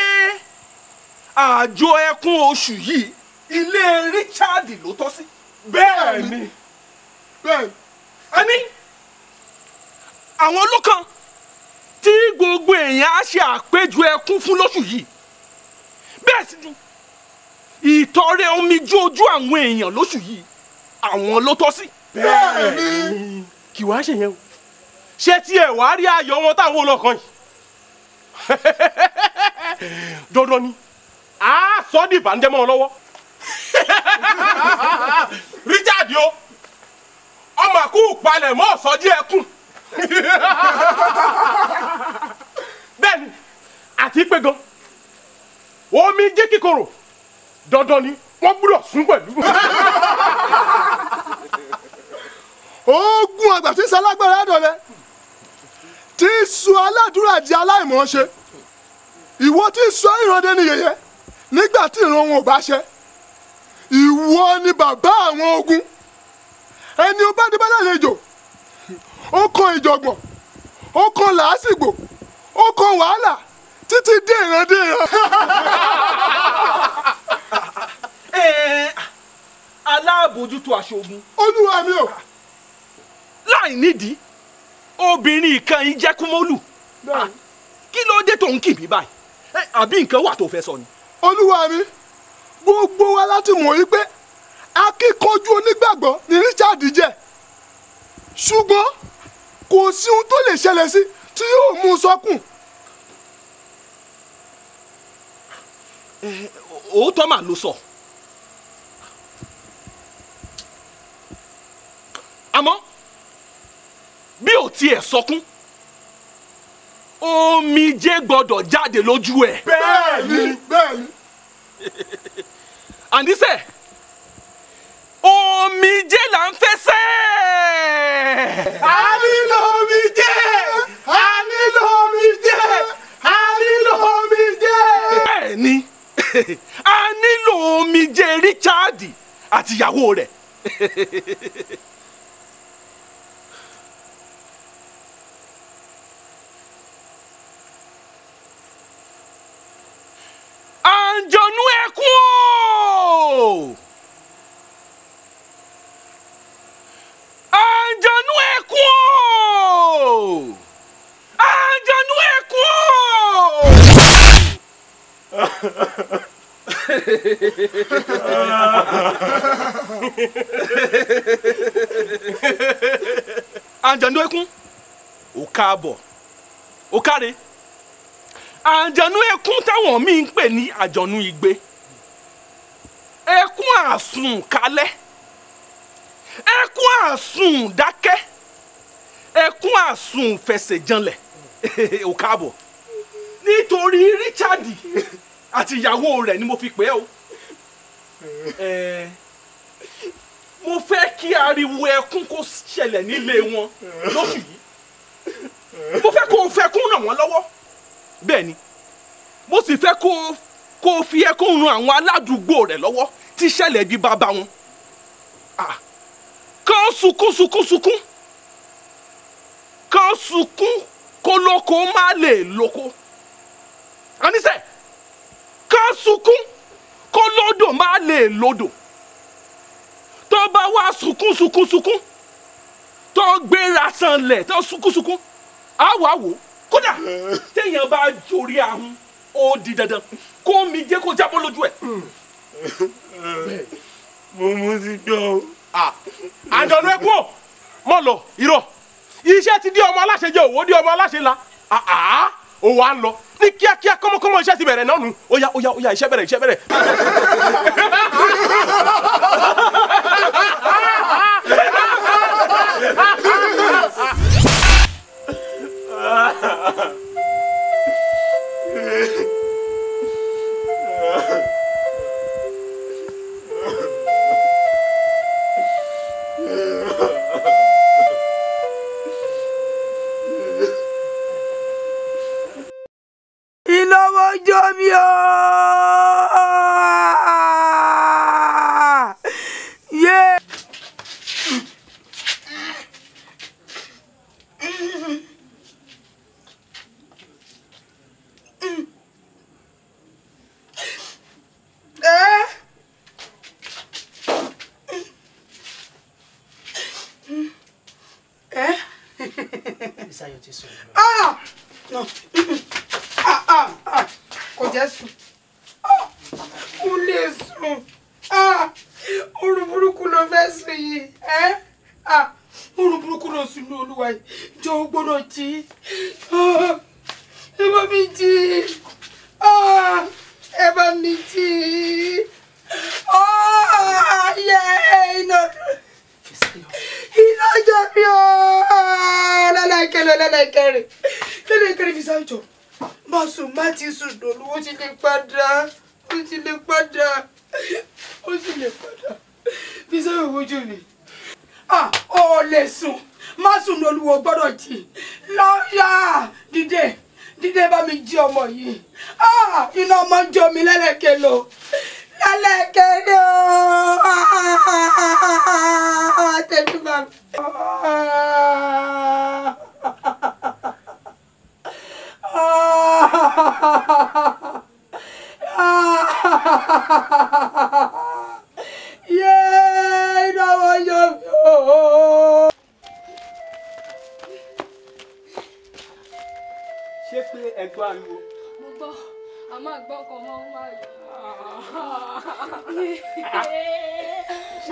àjọ ẹkún oṣù yìí ilé Richard ló tọ́ sí. bẹ́ẹ̀ ni bẹ́ẹ̀ ni. àní àwọn olókan tí gbogbo èèyàn á ṣe àpéjọ ẹkún fún lóṣù yìí bẹ́ẹ̀ sì ni ìtọrẹ omijé ojú àwọn èèyàn lóṣù yìí àwọn ló tọ́ sí. bẹ́ẹ̀ ni kì wá ṣèyẹn o ṣé tí ẹ wàá rí ayọ̀ wọn táwọn olókan yìí dandan ni a sọ di ìbànújẹ́mọ́ lọ́wọ́ Richard o ọmọ àkú palẹ̀ mọ́ sọjí ẹkùn Ben àti pé gan mi je kikoro dandan ni wọ́n gbúdọ̀ sún pẹ̀lú. oògùn àgbà tí sálágbára dọ̀lẹ́. tí í sọ aládùúrà di aláìmọ̀ọ́ṣe ìwọ tí í sọ ìrandé ní yẹ̀yẹ́ nígbà tí ìran wọn ò bá ṣe ìwọ ni bàbá àwọn ogun ẹni o bá dé bá lálejò ó kan ìjọ̀gbọ̀n ó kan làásìgbò ó kan wàhálà títí dé ìran dé ìran. Eh, aláàbòjútó aṣogun. olúwa mi o. láì nídìí obìnrin kan yìí jẹ́ kúmọ́lù ah, kí ló dé tó ń kì mí báyìí eh, àbí nǹkan wà tó fẹ́ sọ ni. olúwa mi gbogbo wa láti mọ̀ yí pé akíkanjú onígbàgbọ́ ni Richard jẹ́ ṣùgbọ́n kò sí ohun tó lè ṣẹlẹ̀ sí tí yóò mú un sọkún. Eh, òótọ́ mà ló sọ àmọ́ bí ò tiẹ̀ sọkún omijé gbọ́dọ̀ jáde lójú ẹ̀. bẹ́ẹ̀ni bẹ́ẹ̀ni. àníṣe omijé là ń fẹsẹ̀. a nílò omijé a nílò omijé a nílò omijé. bẹ́ẹ̀ni a nílò omijé Richard àti ìyàwó rẹ̀. àǹjẹ̀nú ekun ò káàbọ̀ ò káre àǹjẹ̀nú ekun táwọn míì ń pè ní àjọ̀nú igbe ekun àsùn kalẹ̀ ekun àsùn dákẹ́ ekun àsùn fẹsẹ̀ janlẹ̀ ò káàbọ̀ nítorí Richard àti ìyàwó rẹ̀ ni mo fi pè é o mo fẹ́ kí ariwo ẹkún kó ṣẹlẹ̀ nílé wọn lóṣù yìí mo fẹ́ kó o fẹ́ kún ràn wọ́n lọ́wọ́ bẹ́ẹ̀ ni mo sì fẹ́ kó o kó o fi ẹkún ran àwọn aládùúgbò rẹ̀ lọ́wọ́ tí ṣẹlẹ̀ bí bàbá wọn kàn sunkún sunkún sunkún kàn sunkún kólókó má lè lóko àníṣe ká sunkún kó lódò má lè lódò tó bá wá sunkún sunkún sunkún tó gbéra sanlẹ̀ tó sunkún sunkún á wà wò kódà téèyàn bá jórí ahun ó di dandan kó mi jẹ́ kó jábọ́ lójú ẹ̀. mo mú sí gbọ́. àjọ̀nù ẹ kú ọ mọ̀ lọ irọ́ iṣẹ́ ti di ọmọ aláṣẹ jẹ́ òwò di ọmọ aláṣẹ la. Ah, ah o wa lọ ní kíákíá kọ́mọkọ́mọ iṣẹ́ ti bẹ̀rẹ̀ náà nù ó yá ó yá ó yá iṣẹ́ bẹ̀rẹ̀ iṣẹ́ bẹ̀rẹ̀. Yeah. Damien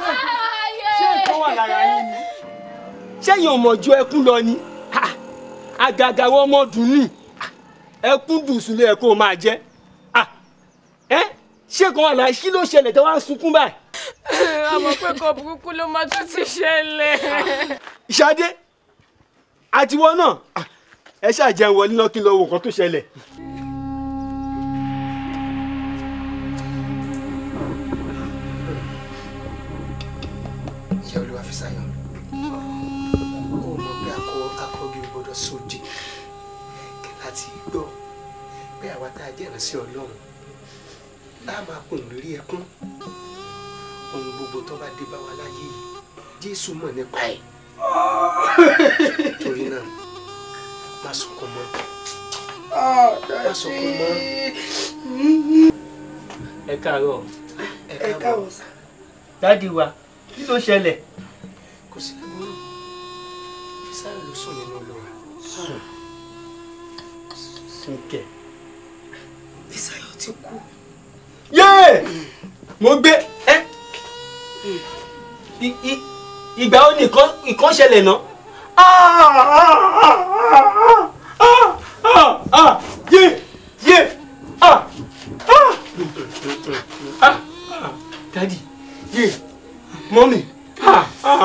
ṣé nǹkan wà lára yín ni ṣẹ́yìn ọmọjọ ẹkún lọ ni àgàgà wọn mọ dùnú ẹkún dùnsùn lé ẹkún máa jẹ ẹ ṣé nǹkan wà lára kí ló ṣẹlẹ̀ tó wá ń sunkún báyìí. àmọ́ pé kò burúkú ló máa tún ti ṣẹlẹ̀. Ṣadé àtiwọ́ náà ẹ ṣáà jẹun wọlé lọ́kí lọ́wọ́ nǹkan tó ṣẹlẹ̀. àti gbọ́ pé àwa tá a jẹ́ràn sí ọlọ́run tá máa kùn lórí ẹkún ohun gbogbo tó bá dé bá wa láyé yìí jésù mọ̀ nípa ẹ̀ torí náà má sunkún mọ́ má sunkún mọ́. ẹ káàárọ̀ ẹ káàárọ̀ dáàdi wa kí ló ṣẹlẹ̀. kò sí àbúrò fisáyọ̀ ló sùn nínú olùwà sùn. Fúnkẹ́. Bísáyọ̀ ti kú. Yéè! Mo gbé ẹ́. Ìgbà ó ní ìkan ṣẹlẹ̀ náà. Yé! Yé! Dádì, yé! ah, ah,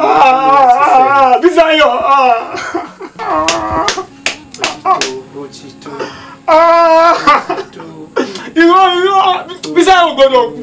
ah Ah! irọ́ irọ́ bísí àwọn gbọ́dọ̀ kú.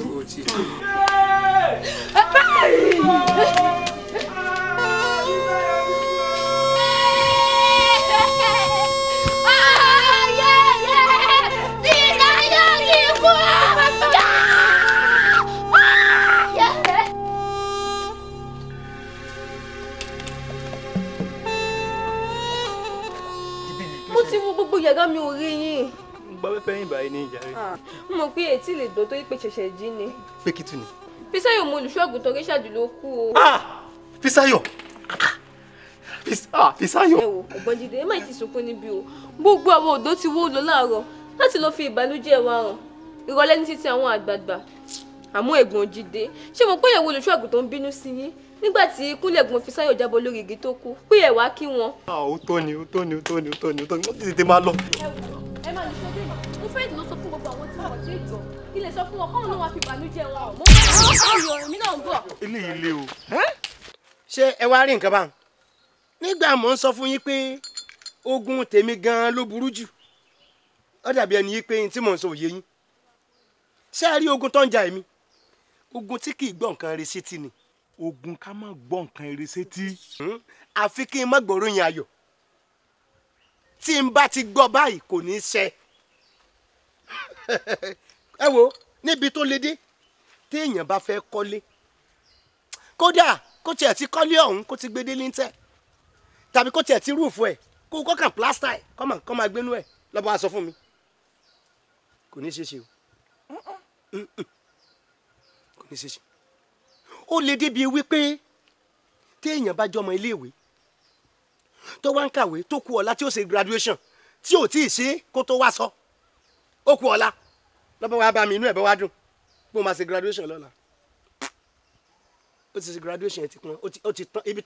yàrá mi ò rí yín. mo gba pẹ́pẹ́ yín báyìí ní ìjàre. n ah, mọ̀ pé ètí lè dán tó pé ṣẹ̀ṣẹ̀ jí ni. pé kí tù ní. Fisáyọ̀ mo olùṣọ́gun torí ṣáàdù ló kú o. Fisáyọ̀ ah, Fisáyọ̀. Ah, ẹ wo ọ̀gbọ́n ẹ má ti sunkún níbí o gbogbo àwọn ọ̀dọ́ ti wó lọ láàárọ̀ láti lọ́ọ́ fi ìbànújẹ́ wa hàn ìrọ̀lẹ́ ní títí àwọn àgbààgbà àmọ́ ẹ̀gbọ́n jíde ṣé mo pé ìyàwó olùṣọ́gun tó ń bínú sí yín nígbà tí kúnlẹ̀gùn fi sáyò jábọ̀ lórí igi tó kú pé ẹ̀ wá kí wọn. ó tó ni ó tó ni ó tó ni ó tó ni ó tó ni ó tètè máa lọ. ẹ wò ẹ máa nìṣó dé mà mo fẹ́ lọ sọ fún gbogbo àwọn tí wọ́n ti jọ ilé sọ fún wọn kọ́ńtà ló wàá fi bànújẹ́ wọn mo fẹ́ lọ ọ̀rọ̀ mi náà ń bọ̀. ilé ilé o. ṣé ẹ wá rí nǹkan bá ń nígbà mò ń sọ fún yín pé ogun tèmi gan-an ló burú jù ó dàbí ẹni yí pé tí mò ń sọ òye yín ṣé ẹ rí ogun tó ń ja èmi ogun tí kì í gbọ́ nǹkan rí sí ti ni ogun ká má gbọ́ nǹkan eré sétí. Hmm? àfi kí n má gbòòròyìn ayọ̀ tí n bá ti gbọ́ báyìí kò ní í ṣe. ẹ wo níbi tó le dé téèyàn bá fẹ́ kọ́lé kódà kó tiẹ̀ ti kọ́lé ọ̀hún kó ti gbé dé líńtẹ̀ tàbí kó tiẹ̀ ti rúùfù ẹ̀ kó kọ́kàn plásítà ẹ̀ kọ́mà kọ́mà gbénú ẹ̀ lọ́bọ̀ aṣọ fún mi kò ní í ṣe ṣe o kò ní í ṣe ṣe ó lè débi wípé téèyàn bá jọmọ iléèwé tó wá ń kàwé tó kù ọ̀la tí ó ṣe graduation tí ò tí ì ṣe kó tó wá sọ ó kù ọ̀la lọ́bọ̀ wá bá mi inú ẹ̀ bá wá dùn bó máa ṣe graduation lọ́la ó ti ṣe graduation ẹ̀ ti pọn ó ti tán ibi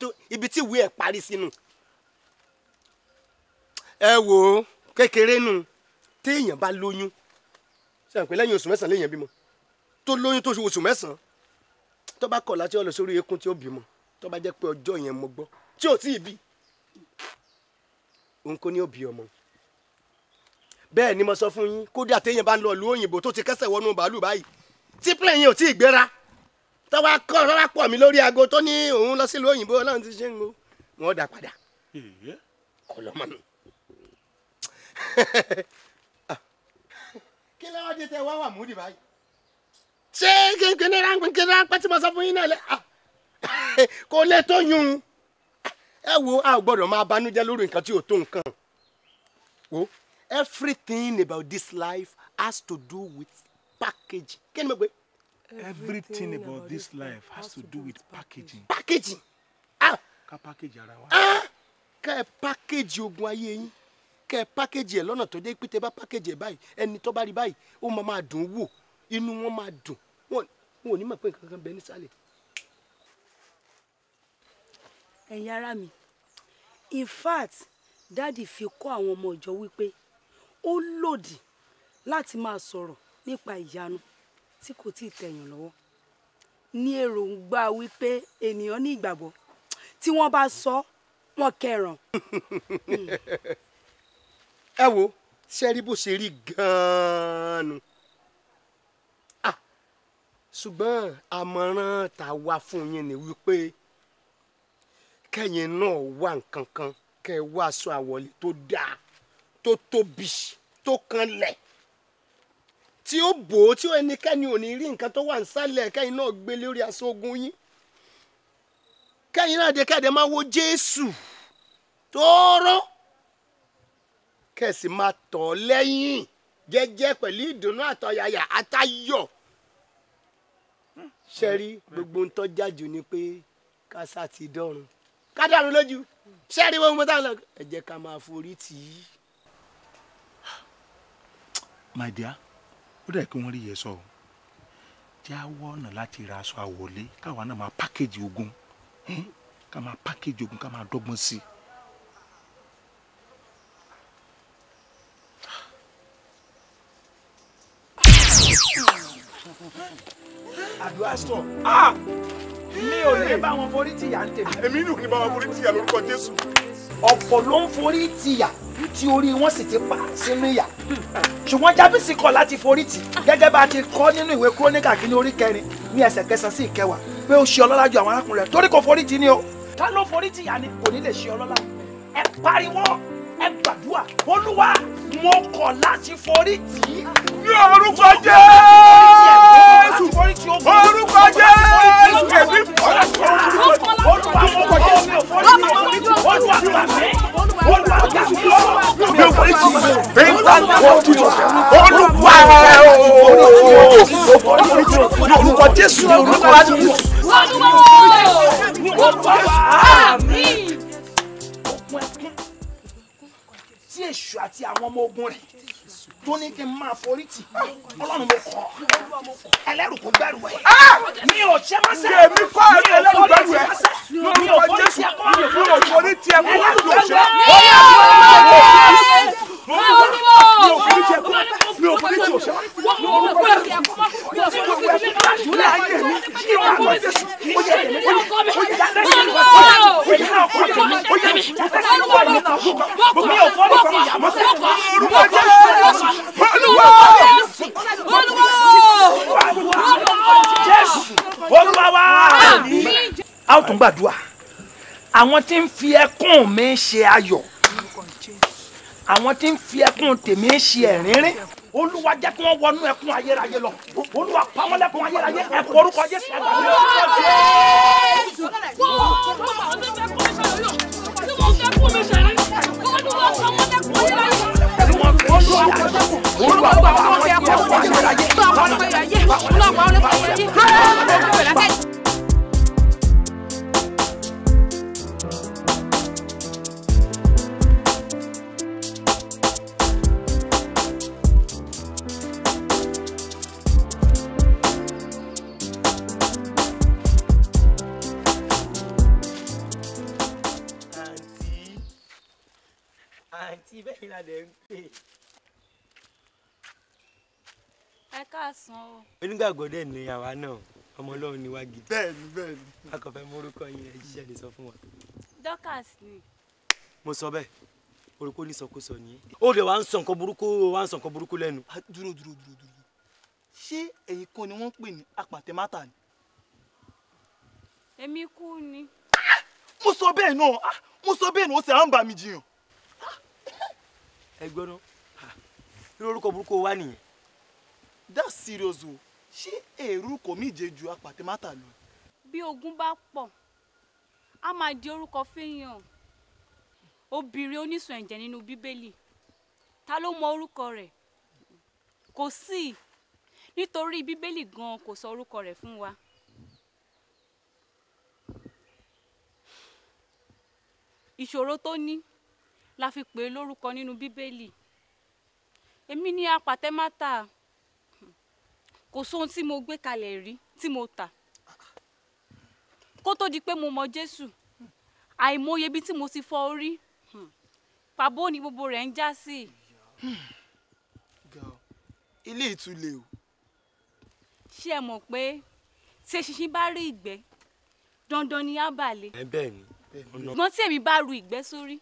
tí ìwé ẹ̀ parí sínú ẹ wò ó kékeré nù téèyàn bá lóyún ṣe àpè lẹ́yìn oṣù mẹ́sàn-án léèyàn bímọ tó lóyún tó oṣù mẹ́sàn-án tó bá kọ̀ láti ọlọ sórí eékún tí ó bímọ tó bá jẹ́ pé ọjọ́ yẹn mo gbọ́ tí ò tí ì bí òun kò ní òbí ọmọ bẹ́ẹ̀ ni mo sọ fún yín kódà téèyàn bá ń lọ lu òyìnbó tó ti kẹ́sẹ̀ wọnú bàálù báyìí tí plẹ̀ yẹn ò tí ì gbéra tọ́wọ́ kọ́ rárá pọ̀ mí lórí aago tó ní òun lọ sílùú òyìnbó ọlọ́run ti ṣe ń go wọn dà padà kọ kí ló wá tẹ wá wà múdì báyìí ṣé kéńkéńé ráńpẹ́ ráńpẹ́ tí mo sọ fún yín náà lẹ́ ah, kò lè tó yún ẹ wo a ò gbọ́dọ̀ máa banújẹ́ lórí nǹkan tí ò tó nǹkan wo everything about this life has to do with packaging kí ni mo gbé. everything about this life has to do with packaging. packaging ah ká package ara wa. ah ká ẹ package ogun ayé yín ká ẹ package ẹ lọ́nà tó dé pété bá package ẹ báyìí ẹni tó bá rí báyìí ó máa máa dùn ún wò inú wọn máa dùn wọn ò ní mọ̀ pé nǹkan kan bẹ nísàlẹ̀. ẹ̀yin ará mi in fact dáàdì fi kọ́ àwọn ọmọ ìjọ wípé ó lòdì láti máa sọ̀rọ̀ nípa ìyanu tí kò tíì tẹ̀yàn lọ́wọ́ ní èròǹgbà wípé ènìyàn ní ìgbàgbọ́ tí wọ́n bá sọ wọ́n kẹràn. ẹ wo ṣe rí bó ṣe rí gan ṣùgbọ́n àmọ̀ràn tá a wá fún yín ni wípé kẹ́yìn náà wá nǹkan kan kẹ́ ẹ wá aṣọ àwọ̀lé tó dáa tó tóbi tó kanlẹ̀ tí ó bò ó tí ó ẹnikẹ́ni ò ní rí nǹkan tó wà nísàlẹ̀ kẹ́yìn náà gbé lórí aṣọ ogun yín kẹ́yìn náà dé kẹ́yìn máa wo Jésù tóóró kẹ́sì máa tọ̀ lẹ́yìn jẹ́jẹ́ pẹ̀lú ìdùnnú àtọ̀yàyà àtayọ̀ ṣe rí gbogbo ń tọ́jà jù ni pé kásá ti dọ́run kádàrú lójú ṣe rí wọn mọ́tà lọ ẹ jẹ́ ká máa forí tì í. my dear ó dẹ̀ kí wọ́n rí yẹn sọ ọ́ jáwọ́ ọ̀nà láti ra aṣọ àwọ̀lé káwa náà máa pákéjì ogun ká máa pákéjì ogun ká máa dọ́gbọ́n sí i. Mm-hmm àdúrà sọ. Ah! Ah! mi ò ní bá wọn forí tìyà ń tèmi. èmi nù ní bá wọn forí tìyà lórúkọ jésù. ọ̀pọ̀ ló ń forí tìyà tí orí wọn sì ti pa sínú ìyà ṣùgbọ́n jábìsì kọ̀ láti forí tì gẹ́gẹ́ bá a ti kọ́ nínú ìwé kúrónìkà kìíní orí kẹrin ní ẹsẹ̀ kẹsàn-án sí ìkẹwàá pé ó ṣe ọlọ́lá ju àwọn arákùnrin rẹ̀ torí kò forí tì ni o ká ló forí tìyà ni kò ní lè ṣe ọlọ́lá ẹ pariwo ẹ gbàdúrà olúwa mo kọ̀ láti forí tì ní orúkọ jẹ́ Jésù orúkọ Jésù èmi olùwà orúkọ Jésù olùwà gbàgbé olùwà gbàgbé olùwà gbàgbé bẹ́ńtà wọ́ọ̀tù olùwà orúkọ Jésù orúkọ Jésù. Tí èṣù àti àwọn ọmọ ogun rẹ̀ tó ní kí n máa forí tì ọlọ́run mo kọ́ ẹlẹ́rù kò gbẹ́rù ẹ̀ mi ò ṣe má sẹ́ mi kọ́ ẹlẹ́rù gbẹ́rù ẹ̀ mi ò forí tì ẹ̀ kọ́ mi ò forí tì ẹ̀ kọ́ mi ò ṣe mi ò forí tì ẹ̀ kọ́ mi ò forí tì ẹ̀ kọ́ mi ò forí tì ẹ̀ kọ́ mi ò forí tì ẹ̀ kọ́ mi ò forí tì ẹ̀ kọ́ mi ò forí tì ẹ̀ kọ́ mi ò forí tì ẹ̀ kọ́ mi ò forí tì ẹ̀ kọ́ mi ò forí tì ẹ̀ kọ́ mi ò forí tì ẹ̀ kọ́ mi ò forí tì ẹ̀ kọ́ mi ò forí tì ẹ̀ kọ́ mi ò forí tì ẹ̀ kọ́ mi ò forí tì ẹ̀ kọ́ mi ò forí tì ẹ̀ mi ò forí tì ẹ̀ mi ò forí tì ẹ̀ mi ò forí tì ẹ̀ mi ò forí tì ẹ̀ mi ò forí tì ẹ̀ mi ò forí tì ẹ̀ mi ò forí tì ẹ̀ mi ò forí tì ẹ̀ mi ò forí tì ẹ̀ mi ò forí tì ẹ̀ mi ò forí tì ẹ̀ mi ò forí tì ẹ̀ mi ò forí tì ẹ̀ a ó tún gbàdúrà àwọn tí ń fi ẹkún mi ṣe ayọ̀ àwọn tí ń fi ẹkún tèmi ṣe ẹ̀rínrín olúwa jẹ́ kí wọ́n wọnú ẹkún ayérayé lọ olúwa pa wọ́n lẹ́kún ayérayé ẹ̀kọ́ orúkọ jésù ẹ̀kọ́ olúwa pa wọ́n lẹ́kún ayérayé. kí la dẹ̀ ń pè. ẹ káàsán o. onígbàgbọ́ dẹ̀ ni àwa náà ọmọ ọlọ́run ni wá gidi. bẹ́ẹ̀ni bẹ́ẹ̀ni. a kàn fẹ́ morúkọ yín ẹ jíṣẹ́ lè sọ fún wa. Dorcas ni. mo sọ bẹ́ẹ̀ orúkọ onísọkúsọ nìyẹn. ó lè wá ń sọ nǹkan burúkú wá ń sọ nǹkan burúkú lẹ́nu. Ah, dúró dúró dúró dúró ṣé èyí kan ni wọ́n ń pè ní apàtẹ́mátà ni. èmi kú ni. Ah, mo sọ bẹ́ẹ̀ náà ah, mo sọ bẹ́ẹ̀ náà ó sì à ń bà mí ẹ gbọ́ ná irú orúkọ burúkú wa nìyẹn. that's serious o ṣé èrú kò mí ìje ju apàtẹ́mátà lọ. bí ogun bá pọ̀ a máa di orúkọ fẹ́yàn obìnrin onísun ẹ̀jẹ̀ nínú bíbélì ta ló mọ orúkọ rẹ̀ kò sí nítorí bíbélì gan kò sọ orúkọ rẹ̀ fún wa. ìṣòro tó ní la fi pè é lórúkọ nínú bíbélì èmi ni apàtẹ má tà kò sóhun tí mo gbé kalẹ̀ rí tí mo tà kó tó di pé mo mọ Jésù àìmọye ibi tí mo ti fọ orí pàbó ni gbogbo rẹ̀ ń já sí. ilé ìtulè o. ṣé ẹ mọ̀ pé tí eṣinṣin bá rí ìgbẹ́ dandan ni á ẹ bẹ́ẹ̀ ni. ṣùgbọ́n tí èmi bá ru ìgbẹ́ sórí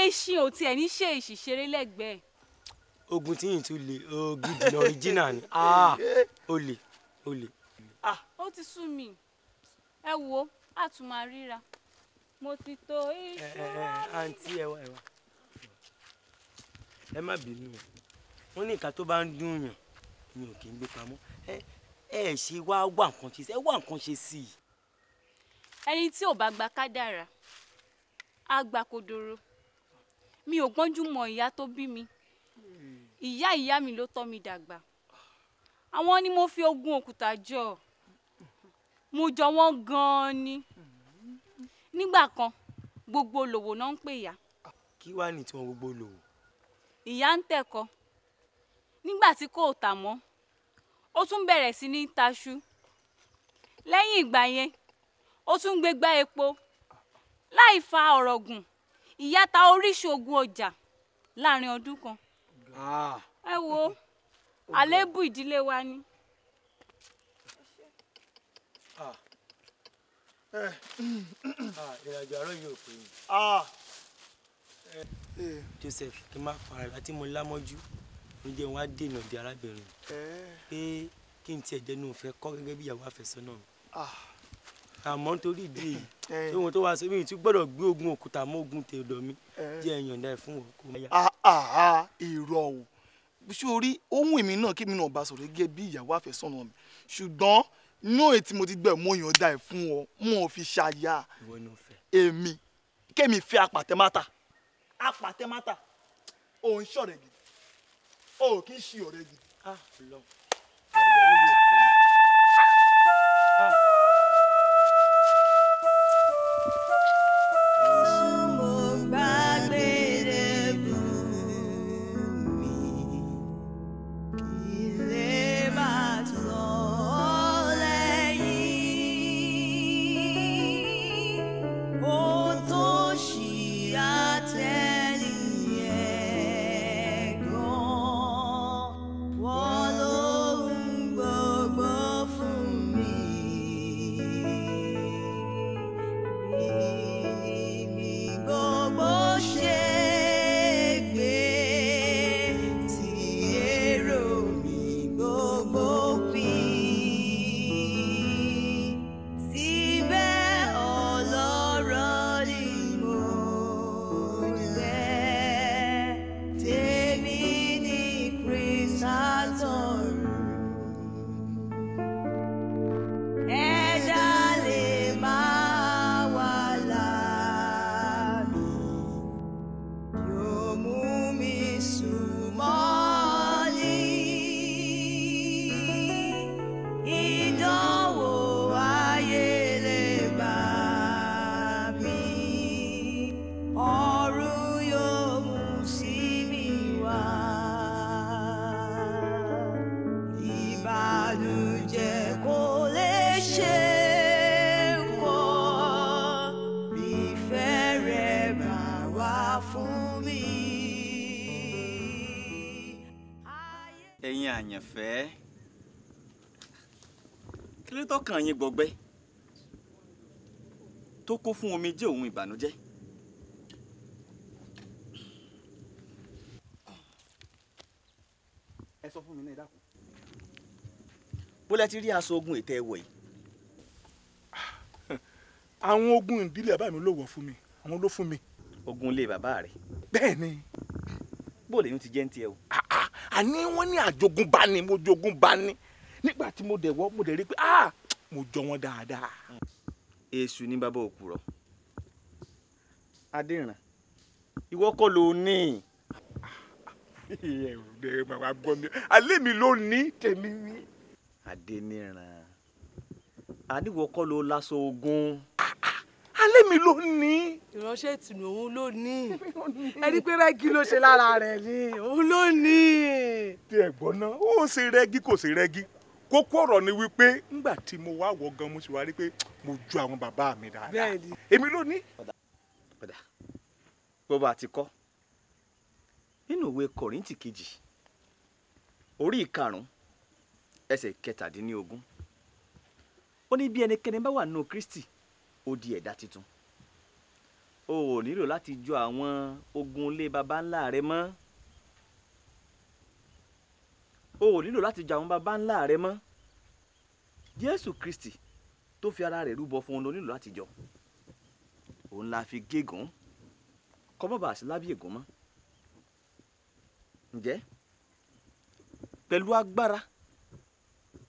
eṣin ò tiẹ̀ ní ṣe ìṣìṣeré lẹ́gbẹ̀ẹ́. ogun tí yìí tún le gidi ní original, ni ó ah, le ó le. Ah, ó ti sú mi ẹ wo a tún máa ríra mo ti tó ìṣúra eh, eh, eh, wá ẹ má bínú o wọn ní ìka tó bá ń dún yàn mi ò kì í gbé pamọ́ ẹ ẹ ṣe wá wá nǹkan ṣe sí ẹ wá nǹkan ṣe sí i. ẹni tí ò bá gba kádàrá á gba kodoro mi ò gbọ́njú mọ ìyá tó bí mi ìyá ìyá mi ló tọ́ mi dàgbà àwọn ni mo fi ogún òkúta jọ mo jọ wọ́n gan-an ni nígbà kan gbogbo olówó náà ń pè ya. kí wàá ní tiwọn gbogbo olówó. ìyá ń tẹ̀kọ nígbà tí kò tà mọ́ ó tún bẹ̀rẹ̀ sí ní taṣú lẹ́yìn ìgbà yẹn ó tún gbégbá epo láì fa ọ̀rọ̀ gùn ìyá ta oríṣi ogún ọjà láàrin ọdún kan ah. ẹ wo àléébù ìdílé wa ni. Ah. Eh. Ah, ìrìnàjò àárọ̀ yóò pè mí. Joseph kí n má fara láti mo lámọ́jú mo jẹ́ wọn á dènà di arábìnrin eh. pé kí n tiẹ̀ jẹ́nu fẹ́ kọ́ gẹ́gẹ́ bí ìyàwó àfẹ́sọ́nà mi àmọ́ nítorí ìdí èyí tí ohun tó wá sí mi ti gbọ́dọ̀ gbé ogun òkúta mọ́ ogun tèèdọ̀ mi jẹ́ ẹ̀yàn dá ẹ̀ fún òkú. àhà ah, ah, ah, irọ́ o ṣé o rí ohun èmi náà kí mi náà bá sọ̀rọ̀ gẹ́gẹ́ bí ìyàwó àfẹ́sọ́nà mi ṣùgbọ́n ní òye tí mo ti gbẹ̀ mọ́ èèyàn dá fún ọ mo ò fi ṣàyà èmi kémi fẹ́ apàtẹ́mátà apàtẹ́mátà òun ṣọ̀rẹ́ gidi òun kì í ṣe ọ̀rẹ́ gidi. tọ́kàn yín gbọgbẹ́ tó kún fún omijé òun ìbànújẹ́. ẹ sọ fún mi náà ẹ dákun. bó lẹ ti rí aṣọ ogun ètò ẹwọ yìí. àwọn ogun ìdílé bàbá mi ló wọ̀ fún mi àwọn ló fún mi. ogun ilé bàbá rẹ. bẹ́ẹ̀ ni. bó lè ní ti jẹ́ ń tiẹ̀ o. àní wọ́n ní àjogúnbá mo jogúnbá ni nígbà tí mo dẹ̀ wọ́ mo dẹ̀ rí pé ah mo jọ wọn dáadáa. èṣù ni bàbá òkúrọ adéran ìwọ kọ́ ló ní alẹ́ mi ló ní tèmi ní. adéníran àníwọ kọ́ ló láṣọ ogun alẹ́ mi ló ní. ìránṣẹ́ ìtùnú òun ló ní ẹni pé rẹ́gí ló ṣe lára rẹ̀ ni òun ló ní. tí ẹ gbọ́ náà ó ṣe rẹ́gí kò ṣe rẹ́gí kókó ọ̀rọ̀ ni wípé ńgbà tí mo wá wọ̀ gan mo sì wá rí pé mo ju àwọn bàbá mi dáadáa èmi ló ní. padà bó bá ti kọ́ nínú ìwé kọ̀rìntì kejì orí ìkarùn-ún ẹsẹ̀ kẹtàdínlógún ó ní bí ẹnikẹ́ni bá wà nù Kristi ó di ẹ̀dá tuntun o ò nílò láti jọ àwọn ogun ilé baba ńlá rẹ mọ́ o ò nílò láti jà àwọn baba ńlá rẹ mọ́ jésù kristi tó fi ara rẹ̀ rúbọ fún un ló nílò láti jọ òun la fi gégùn kọ́mọ́bà sí lábí ègún mọ́ ǹjẹ́ pẹ̀lú agbára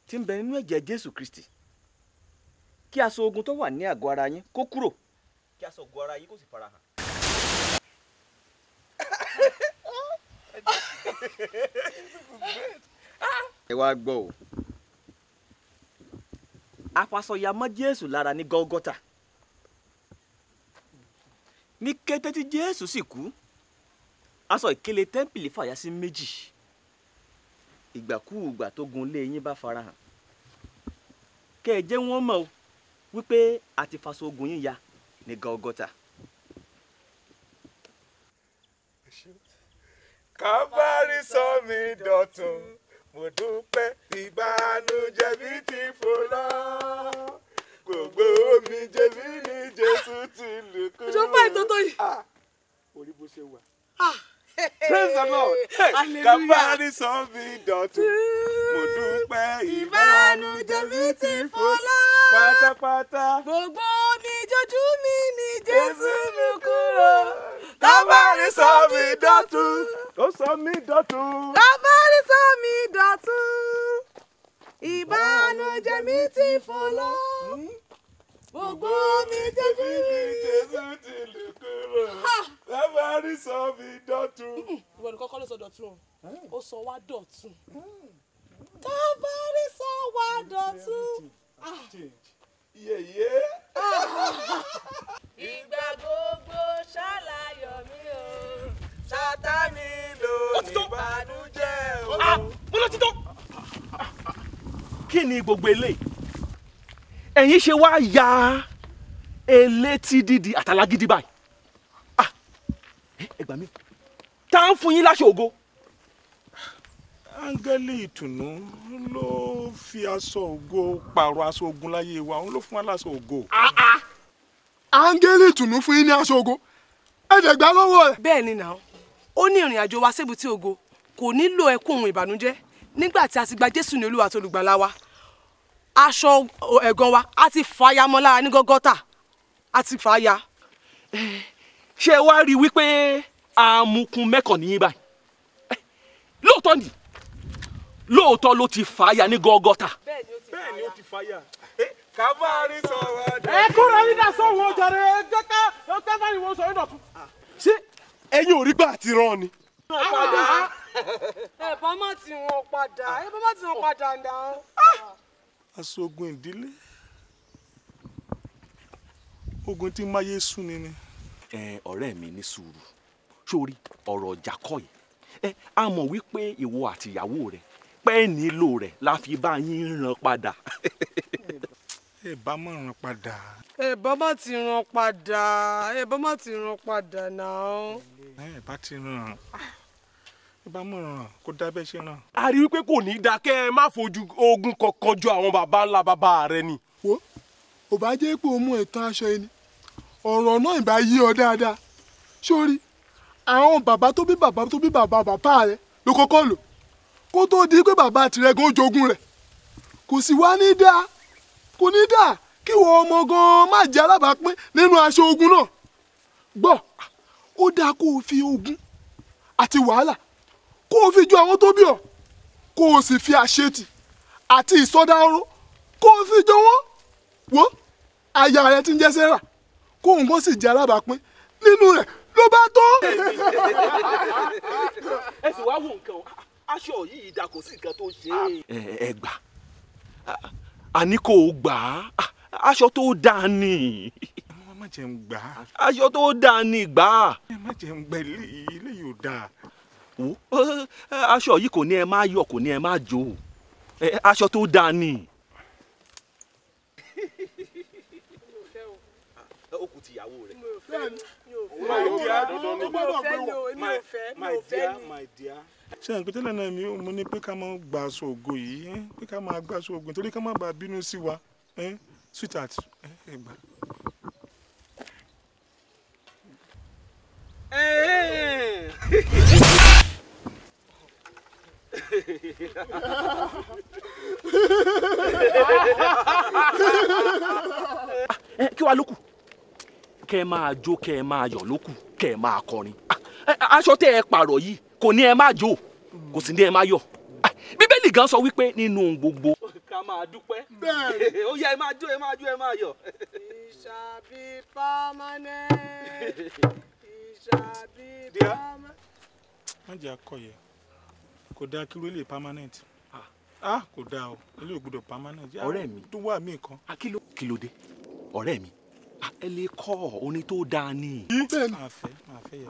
tí ń bẹ nínú ẹ̀jẹ̀ jésù kristi kí aṣọ ogun tó wà ní àgọ́ ara yín kó kúrò kí aṣọ ogun ara yín kó sì fara hàn. Great. ẹ wá gbọ́ o afasọ̀yà mọ́ jésù lára ní gọ́gọ́ta ní kété tí jésù sì kú aṣọ ìkélé tẹ́ḿpìlì fàyà sí méjì ìgbàkúùgbà tó gun lé yín bá farahàn kẹ́ ẹ jẹ́ wọ́n mọ̀ o wípé a ti ogun yín ya ní gọ́gọ́ta. kábàárì sọ mi dọ̀tun mo dúpẹ́ ìbànújẹ́ mi ti fò lọ gbogbo mi jẹ mí ní ti lè kú. ìjọba ìtótó yìí. Ah, orí bó ṣe wà. Ah. praise the lord kàbárí sọ mi dọ̀tun mo dúpẹ́ ìbànújẹ́ mi ti fò lọ pátápátá gbogbo mi jọjú mi ní Jésù lè kúrò kàbárí sọ mi dọ̀tun ó sọ mi dọ̀tun ọjọ́ mi dọ̀tun ìbànújẹ́ mi ti fò lọ gbogbo mi jẹ́ bí mi jésù ti lè kúrò lábàárí sọ mi dọ̀tun. ìwọ ni kọ́kọ́ ló sọ dọ̀tun o ó sọ wá dọ̀tun tábàárí sọ wá dọ̀tun. yèyé. ìgbà gbogbo ṣàlàyé mi o sátani ló ní ìbànújẹ́ o. Ah, mo lọ títọ́. kí ni gbogbo eléyìí ẹ̀yin ṣe wá ya elétí dídi àtàlà gidi báyìí ah, ẹ gbà mí tá à ń fún yín láṣọ ògo. áńgẹ́lì ìtùnú ló fi aṣọ ògo pààrọ̀ aṣọ ogun láyé wa òun ló fún wa láṣọ ògo. Ah, áńgẹ́lì ìtùnú fún yín ní aṣọ ògo ẹ dẹ̀ lọ́wọ́ rẹ̀. bẹ́ẹ̀ náà ó ní ìrìn àjò wa sébùtì ògo kò nílò ẹkún ohun ìbànújẹ́ nígbà tí a ti gba jésù ní olúwa tolùgbàlà wa aṣọ ẹ̀gàn wa a ti fàya mọ́ lára ní gọ́gọ́tà a ti fàya. ṣé wàá rí i wípé amukun mẹ́kàn ní báyìí lóòótọ́ ni lóòótọ́ ló ti fàya ní gọ́gọ́tà. bẹ́ẹ̀ ni ó ti fàya ká máa sọ̀rọ̀ ọjà. ẹ kúrò nígbà sọ̀rọ̀ ọjà rẹ̀ ẹ jẹ́ ká ẹ jẹ́ ká ìwọ sọ̀rọ̀ ìdọ̀tún ẹ̀yin ò rí gbà àti rán ni. Ah, ah. ẹ bá má ti wọn padà ẹ bá má ti wọn padà dà án. Ah. aṣogun ìdílé ogun tí máyé sùn ni ni. ẹ ọ̀rẹ́ mi ní sùúrù sórí ọ̀rọ̀ ọjà kọ́ yìí ẹ a mọ̀ wípé ìwọ àtìyàwó rẹ pẹ́ẹ́nì lò rẹ̀ la bá yín ràn padà ẹ bá má ràn padà. ẹ bá má ti ràn padà ẹ bá má ti ràn padà náà. ẹ bá ti ràn ẹ bá má ràn kó dábẹ́ ṣe ràn. a rí i pé kò ní í da kẹ́ ẹ má fojú ogun kankan jọ àwọn baba ńlá baba rẹ ni. wo ò bá jẹ́ pé o mú ìtàn aṣọ ẹni ọ̀rọ̀ náà ìbá yí ọ dáadáa sórí àwọn bàbá tó bí bàbá tó bí bàbá bàbá rẹ ló kọ́kọ́ lò kó tó di pé bàbá tirẹ̀ gan jogún rẹ̀ kò sì wá ní dáa kò ní dà kí wọ́n ọmọ gan-an má jẹ́ alábàápín nínú aṣọ ogun náà gbọ́ ó dáa kó o fi ogun àti wàhálà kó o fi ju àwọn tó bí ọ kó o sì fi àṣetì àti ìsọdá ọ̀rọ̀ kó o fi jọ wọ́n wò rẹ ti ń jẹ́ sẹ́rà kó o bó sì jẹ́ alábàápín nínú rẹ̀ ló bá tó. ẹ sì wá wo nǹkan aṣọ yìí ìdá sí nǹkan tó ṣe é. ẹ gbà àní kò gbà á aṣọ tó dáa ni má jẹ́ gbà á. aṣọ tó dáa ni gbà á. ẹ má gbà aṣọ yìí kò ní ẹ yọ kò aṣọ tó dáa ni. o kù tìyàwó rẹ. mi ṣe àǹpẹ tẹ́lẹ̀ náà mi mo ní pé ká máa gba aṣọ ògo yìí pé ká máa gba aṣọ ògo nítorí ká má bàa bínú sí wa sweetheart ẹ gbà. Eh, kí wàá lókù kẹ máa jó kẹ máa yọ̀ lókù kẹ máa kọrin ah, eh, aṣọ tẹ ẹ pààrọ̀ yìí kò ní ẹ má jó kò sì ní ẹ má yọ̀ ah, bíbélì gan sọ wípé nínú gbogbo. ká máa dúpẹ́ bẹ́ẹ̀ ó yẹ ẹ máa jó ẹ máa jó ẹ máa yọ̀. it shall be permanent it má jẹ́ akọ̀yẹ kò dáa kí wọ́n lè permanent ah. ah kò dáa o ilé ògbúdọ̀ permanent. ọ̀rẹ́ mi tó wà mí kan. akíló ah, kílódé ọ̀rẹ́ mi ẹ lè kọ́ ọ oní tó dáa ni. bẹ́ẹ̀ ni màá fẹ́ màá fẹ́ yẹ.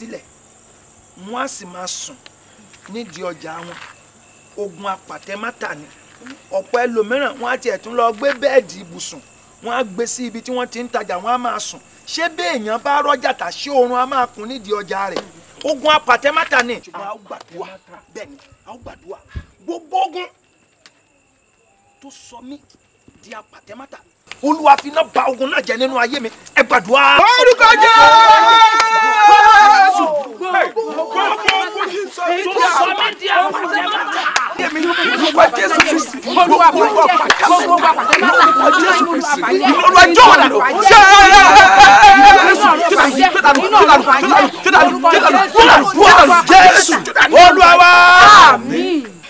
sílẹ̀ wọ́n á sì máa sùn nídìí ọjà wọn ogun apàtẹ mátà ni ọ̀pọ̀ ẹlòmíràn wọ́n á tiẹ̀ tún lọ gbé bẹ́ẹ̀dì ibùsùn wọ́n á gbé sí ibi tí wọ́n ti ń tajà wọ́n á máa sùn ṣé béèyàn bá rọ́jà tà ṣé oorun á máa kún nídìí ọjà rẹ̀ ogun apàtẹ mátà ni. ṣùgbọ́n a ó gbàdúrà bẹ́ẹ̀ ni a ó gbàdúrà gbogbo ogun tó sọ mí di apàtẹ mátà olúwa fi iná ba ogun náà jẹ nínú ayé mi ẹ gbàdúrà. orúkọ jẹ́ ọ́ jésù gbogbo ogun tó sọ mí di àwọn pátápátá. Olúwa Jésù Kristi, Olúwa Olúwa pàtàkì, Olúwa Jésù Kristi, Olúwa jọ̀wọ́n lọ, Jésù, Olúwa wa.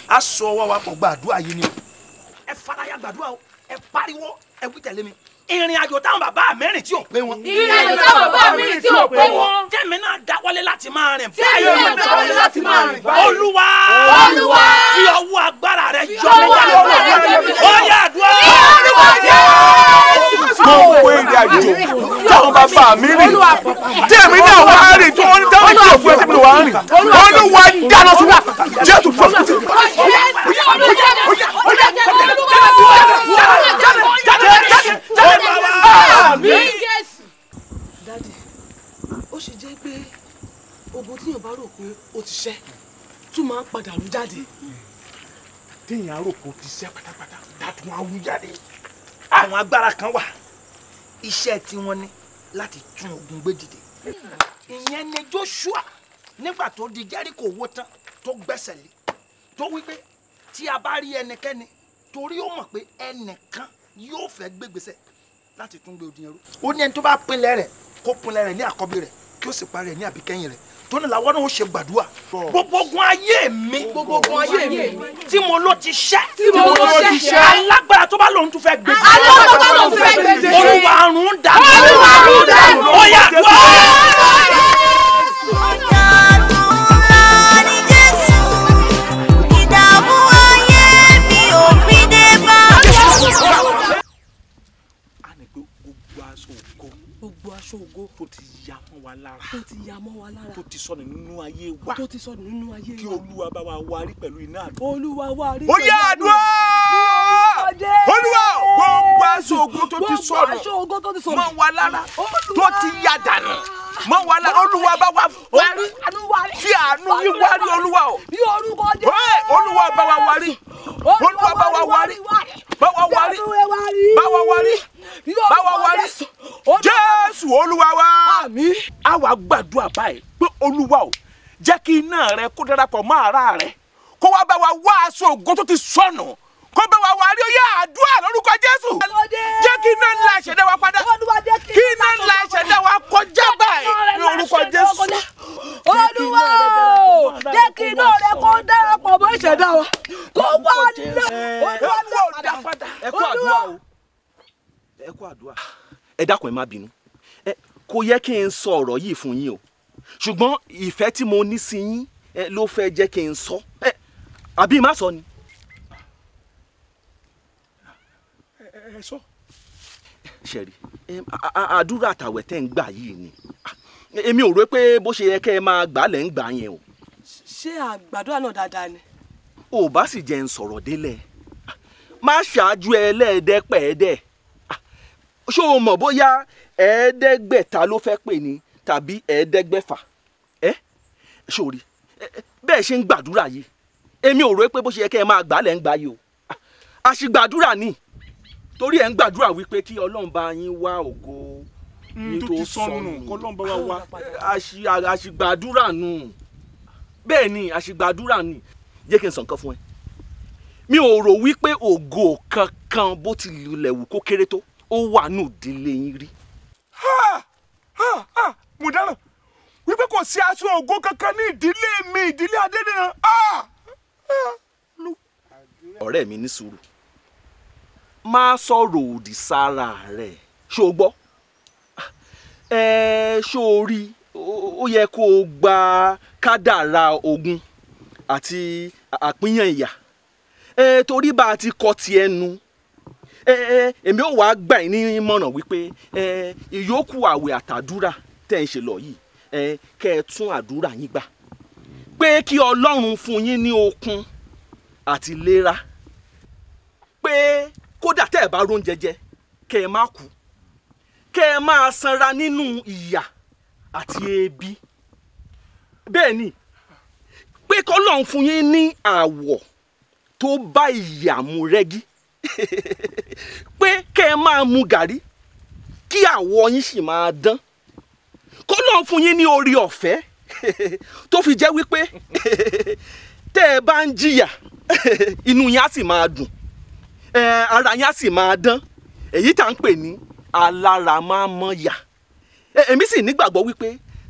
A sọ ọwọ́ wa pọ̀ gbàdúrà yìí ni o. Ẹ faraya gbàdúrà o, ẹ pariwo, ẹ wí tẹ̀lé mi ìrìn àjò táwọn bàbá mi rìn tí ò pé wọn. ìrìn àjò táwọn bàbá mi rìn tí ò pé wọn. tẹ́mi náà dáwọ́lé láti máa rìn báyìí. tẹ́mi náà dáwọ́lé láti máa rìn báyìí. olúwa olúwa fi ọwọ́ agbára rẹ jọ mi yá lọ́wọ́ ó yà dúró. olúwa jẹ́ mo wo ìrìn àjò táwọn bàbá mi rìn tẹ́mi náà wà á rìn tó ń dáwọ́ tí ò pé tẹ́mi náà wà á rìn olúwa dáná sí wa jésù fún mi àmín. dádì ó ṣe jẹ́ pé ogun tíyàn bá rò pé ó ti ṣẹ́ tún máa ń padà lù jáde. téèyàn á rò pé ó ti ṣẹ́ pátápátá dátún á wú jáde. àwọn agbára kan wà iṣẹ́ tiwọn ni láti tún ogun gbé dìde. ìyẹn ni Joshua nígbà tó di Jẹ́ríkò wó tán tó gbẹ́sẹ̀ lé tó wí tí a bá rí ẹnikẹ́ni torí ó mọ̀ pé ẹnìkan yóò fẹ́ gbégbèsè láti tún gbé odi yẹn ó ní ẹni tó bá pinlẹ̀ rẹ̀ kó pinlẹ̀ rẹ̀ ní àkọ́bí rẹ̀ kí ó sì parí ní àbíkẹ́yìn rẹ̀ tóní làwọn náà ó ṣe gbàdúrà gbogbo ogun ayé mi gbogbo ogun ayé mi tí mo ló ti ṣẹ́ tí mo ló ti ṣẹ́ alágbára tó bá lòun tún fẹ́ gbé alágbára tó bá lòun fẹ́ gbé jù dànù olúwa dànù ó yà gbọ́. ṣògo tó ti ya mọ́ wa lára tó ti ya mọ́ wa lára tó ti sọnù nínú ayé wa tó ti sọnù nínú ayé wa kí olúwa bá wa wárí pẹ̀lú iná àdúrà olúwa wárí pẹ̀lú iná àdúrà olúwa gbogbo aṣògo tó ti sọnù mọ́ wa lára tó ti ya dànù mọ́ wa lára olúwa bá wa wárí fi àánú yín wárí olúwa o olúwa bá wa wárí olúwa bá wa wárí bá wa wárí bá wa wárí bá wa wárí jésù olúwa wa àmín a wá gbàdúrà báyìí pé olúwa o jẹ́ kí iná rẹ kó darapọ̀ mọ́ ara rẹ kó wá bá wa wá aṣọ ògo tó ti sọnù kó bá wa wá rí oyè àdúrà lórúkọ jésù jẹ́ kí iná ńlá ìṣẹ̀dá wa padà kí iná ńlá ìṣẹ̀dá wa kọjá báyìí ní orúkọ jésù. olúwa o jẹ́ kí iná rẹ kó darapọ̀ mọ́ ìṣẹ̀dá wa kó wá lé olúwa lé olúwa. ẹ kú àdúrà o ẹ kú àdúrà ẹ dákun ẹ má bínú ẹ kò yẹ kí n sọ ọ̀rọ̀ yìí fún yín o ṣùgbọ́n ìfẹ́ tí mo ní sí yín ẹ ló fẹ́ jẹ́ kí n sọ ẹ àbí má sọ ni. ẹ sọ. ṣẹ̀rí àdúrà àtàwẹ̀ tẹ́ ń gbà yìí ni èmi ò rò pé bó ṣe yẹ kẹ́ ẹ máa gbà lẹ́ ń gbà yẹn o. ṣé àgbàdo náà dáadáa ni. ò bá sì jẹ́ ń sọ̀rọ̀ délẹ̀ má ṣáájú ẹlẹ́ẹ̀dẹ́pẹ̀ẹ́dẹ́ẹ̀ ṣó o mọ̀ bóyá ẹ̀ẹ́dẹ́gbẹ̀ta ló fẹ́ pè ní tàbí ẹ̀ẹ́dẹ́gbẹ̀fà ẹ́ sórí bẹ́ẹ̀ ṣe ń gbàdúrà yìí èmi ò rò pé bó ṣe yẹ kẹ́ ẹ máa gbà á lẹ́ ń gbà yìí o àṣìgbàdúrà ni torí ẹ̀ ń gbàdúrà wípé kí ọlọ́run bá yín wá ògo hmm, ní tó sọnù kọlọ́run bá wá àṣìgbàdúrà nù bẹ́ẹ̀ ni àṣìgbàdúrà nì jẹ́ kí n sọ nǹkan fún ẹ mi ò rò wípé ògo kankan bó ti lulẹ̀ wù kó kéré tó ó wà nù ìdílé yín rí. mo dáràn wípé kò sí aṣọ ògo kankan ní ìdílé mi ìdílé adédènà. ọ̀rẹ́ mi ní sùúrù máa sọ̀rọ̀ òdì sára rẹ̀ ṣó gbọ́ ẹ ṣó ó yẹ kó o gba kádàrá ogun àti àpínyàn ìyà ẹ torí bá a ti kọ ti ẹnu Eh, eh, eh, èmi ò wá gbà yín ní mọ̀ràn wípé ìyókù àwẹ̀ àtàdúrà tẹ̀ ń ṣe lọ yìí kẹ́ ẹ tún àdúrà yín gbà pé kí ọlọ́run fún yín ní okun àti ìlera pé kódà tẹ́ ẹ bá róúnjẹ jẹ kẹ́ ẹ má kú kẹ́ ẹ máa sanra nínú ìyà àti ebi bẹ́ẹ̀ ni pé kọ́lọ́run fún yín ní àwọ̀ tó bá ìyàmú rẹ́gí pé kẹ́ ẹ máa mu gàrí kí àwọ̀ yín sì máa dán kó lọ́n fún yín ní orí ọ̀fẹ́ tó fi jẹ́ wípé tẹ́ ẹ bá ń jìyà inú yín á sì máa dùn ara yín á sì máa dán èyí tá à ń pè ní alára máa mọ̀ yà èmi sì nígbàgbọ́ wípé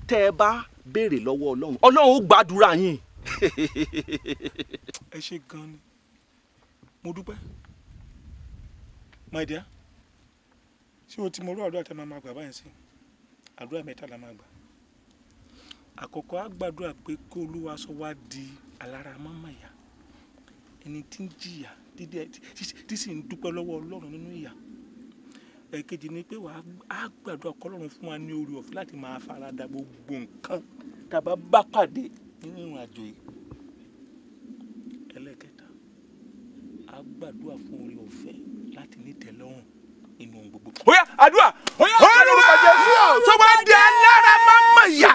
tẹ́ ẹ bá béèrè lọ́wọ́ ọlọ́run ọlọ́run ó gbàdúrà yín. ẹ ṣe gan ni mo dúpẹ́ my dear ṣé o ti mọ orú àdúrà tí a máa máa gbà báyìí sí àdúrà mẹ́ta la máa gbà àkọ́kọ́ á gbàdúrà pé kó olúwa sọ wá di alára mọ́mọ́ ìyá ẹni tí ń jìyà tí sì ń dúpẹ́ lọ́wọ́ ọlọ́run nínú ìyà ẹ̀kejì ni pé wàá á gbàdúrà kọ́lọ́run fún wa ní orí ọ̀fẹ́ láti máa farada gbogbo nǹkan tàbá bá pàdé nínú ìrìn àjò yìí ẹlẹ́kẹta á gbàdúrà fún orí ọ̀fẹ́ yìí láti ní tẹ́lọ́rùn nínú ohun gbogbo. oya àdúrà oya olùwà tó bá di alára máa mọ̀ yá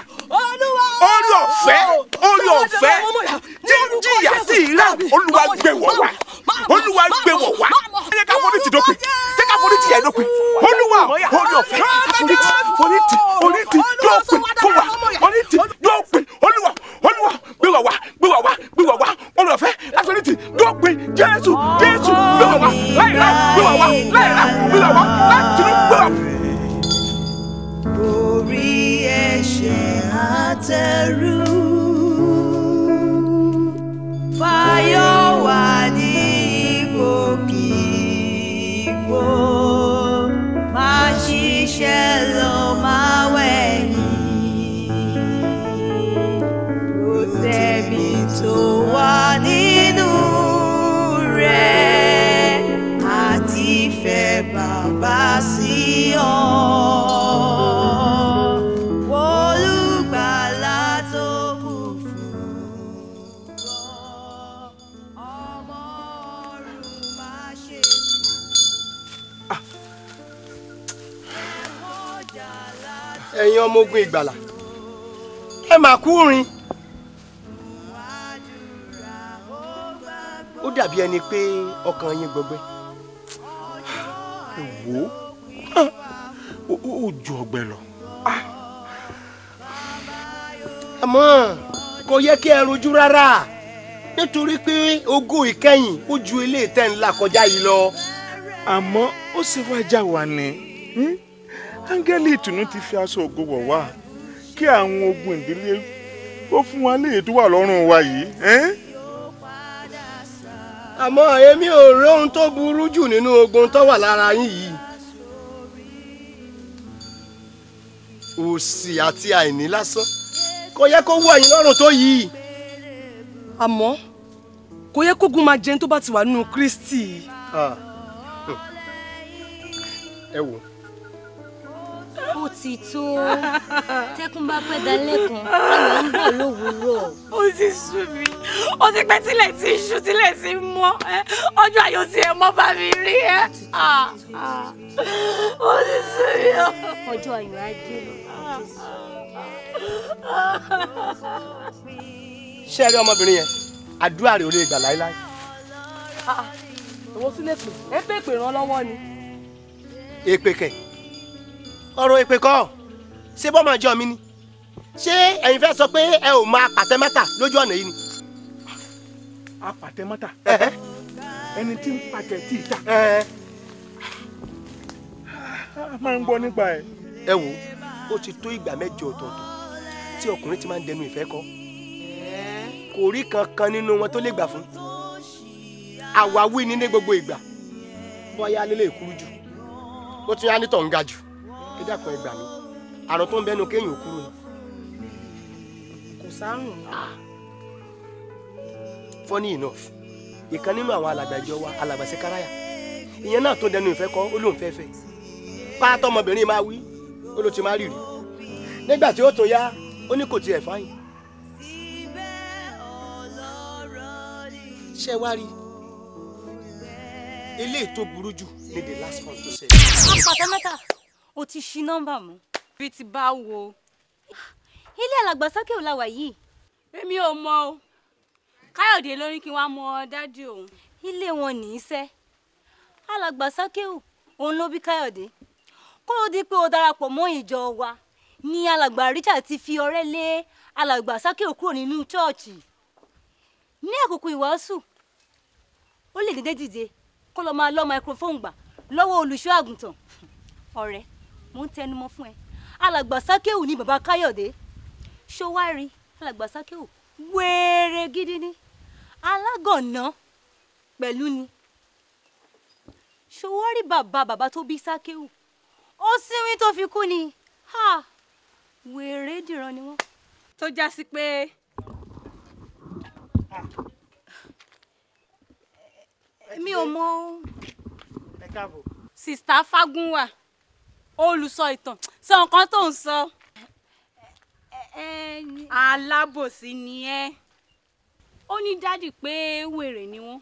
orí ọ̀fẹ́ orí ọ̀fẹ́ jíjìyà sí ìlà olúwa gbé wọ̀ wá olúwa gbé wọ̀ wá ẹ ká fọ́nì tì dópin ẹ ká fọ́nì tì yẹ dópin olúwa orí ọ̀fẹ́ fọ́nì tì fọ́nì tì fọ́nì tì dópin. jésù jésù gbé wà wá láìra gbé wà wá láìra gbé wà wá láti inú gbé wà. orí ẹ̀ṣẹ̀ àtẹrù fáyọ̀ wà ní ìgbòkìgbò máa ṣiṣẹ́ lọ máa wẹ̀yìn kò tẹ̀bi tó wà ní fẹ́ àti fẹ́ bàbá sí ọ. Olùgbàlà tó kù fún ọ, ọmọ ọ̀run ah. ọmọ ogun ìgbàlà ẹ máa kú rin. bí ẹni pé ọkàn yín gbọgbẹ́ ẹ wò ó ó ju ọgbẹ́ lọ àmọ́ kò yẹ kí ẹ rojú rárá nítorí pé ogún ìkẹyìn ó ju ilé tẹ́ ń kọjá yìí lọ. àmọ́ ó sì wá já wa ni hmm? áńgẹ́lì ìtùnú ti fi aṣọ ògo wọ̀ wá kí àwọn ogun ìdílé ó fún wa léyìí tó lọ́rùn wa yìí. Eh? àmọ́ èmi ò róhun tó burú jù nínú ogun tó wà lára yín yìí. òsì àti àìní lásán kò yẹ kó wú ẹ̀yin lọ́rùn tó yìí. àmọ́ kò yẹ kógun máa jẹun tó bá ti wà nínú Kristi. Ah, hm. ẹ wò ó ti tó tẹkùn bá pẹ́ dalẹ́ kan àwọn ń bọ̀ lówùúrọ̀. ó ti sú mi ó ti pẹ́ tílẹ̀ tí iṣu tílẹ̀ tí mọ́ ọjọ́ ayọ̀ tí ẹ mọ́ bá mi rí ẹ. Ah, ah. ó ti sú mi o. ọjọ́ ayọ̀ á dé ṣé ẹ rí ọmọbìnrin yẹn àdúrà rẹ̀ ò lè gbà láéláé. àwọn ah, sílẹ̀ pè é pè pè ràn lọ́wọ́ ni. èpè kẹ̀ ọ̀rọ̀ èpè kọ́ ṣé bọ́ọ̀mù ẹjọ́ mi ni ṣé ẹ̀yin fẹ́ sọ pé ẹ ò máa pàtẹ mọ́tà lójú ọ̀nà yìí ni. a pàtẹ mọ́tà ẹni tí ń pàtẹ tí ì ta a máa ń gbọ́ nípa ẹ̀. ẹ wo ó ti tó ìgbà mẹ́jọ ọ̀tọ̀ọ̀tọ̀ tí ọkùnrin ti máa ń dẹnu ìfẹ́ kọ́ kò rí kankan nínú wọn tó lè gbà fún àwáwí ni ní gbogbo ìgbà bóyá lélẹ̀ kúrú jù bó tún yá nítọ̀ ń ga jù ẹ dákun ẹ gbà mí tó ń bẹnu kéèyàn kúrò ni. kò sárùn. Ah. funny enough ìkan nínú àwọn alàgbà ìjọ wa alàgbà sẹkárayà ìyẹn náà tó dẹnu ìfẹ́ kọ ó lóun fẹ́ fẹ́ pátá ọmọbìnrin máa wí ó ló ti máa rírì nígbà tí ó tún yá ó ní kò tiẹ̀ fáyìn. ṣé wá rí eléyìí tó burú jù ní the last one tó ṣe. àpàtà mẹ́ta o ti ṣí nọ́mbà mọ́. bí ti bá wo. ilé alàgbàsókè ò la wà yìí. èmi ò mọ o káyọ̀dé lórí kí n wá mọ dádì òun. ilé wọn ní í sẹ́ alàgbàsókè òun ló bí káyọ̀dé kó o di pé o darapọ̀ mọ́ ìjọ wa ni alàgbà richard ti fi ọ̀rẹ́ lé alàgbàsókè ò kúrò nínú chọ́ọ̀chì ní àkókò ìwàásù ó lè dédé dìde kó lọ máa lọ microphone gbà lọ́wọ́ olùṣọ́ àgùntàn ọ̀rẹ́ mò ń tẹnumọ́ fún ẹ alàgbàsákéwù ni bàbá káyọ̀dé ṣọwárí alàgbàsákéwù wéèrè gidi ni alágànná pẹ̀lú ni ṣọwárí bàbá bàbá tó bí sákéwù ó sinmi tó fi kú ni wéèrè dìran ni wọ́n. tó já sí pé ah. mi ò mọ. ẹ káàbọ̀. sista Fagunwa olùsọ ìtàn sọ nǹkan tó ń sọ. alábòsí ni ẹ ó ní dádì pé wèrè ni wọn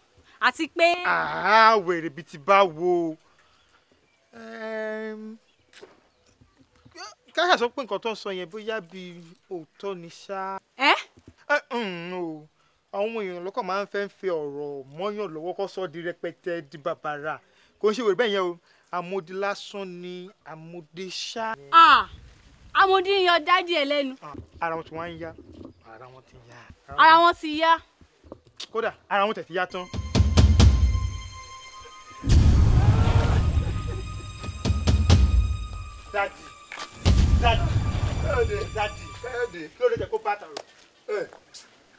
àti pé. àá wèrè bíi ti bá wo káyà sọ pé nǹkan tó ń sọ yẹn bóyá bíi òótọ́ ni ṣá. ẹ. ẹ ǹ o àwọn èèyàn lọ́kàn máa ń fẹ́ fi ọ̀rọ̀ mọ́yàn lọ́wọ́ kó sọ di rẹpẹtẹ di bàbàrà kò ń ṣe wèrè bẹ́ẹ̀ yẹn o amòdì lásán ni amòdì ṣá. amòdì ń yọ dádì ẹ lẹ́nu. ara wọn ti wá ń yá ara wọn ti yá. ara wọn ti yá. kódà ara wọn tẹ̀ ti yá tán. dadi dadi dadi kí ló dé jẹ kó bá tàrọ.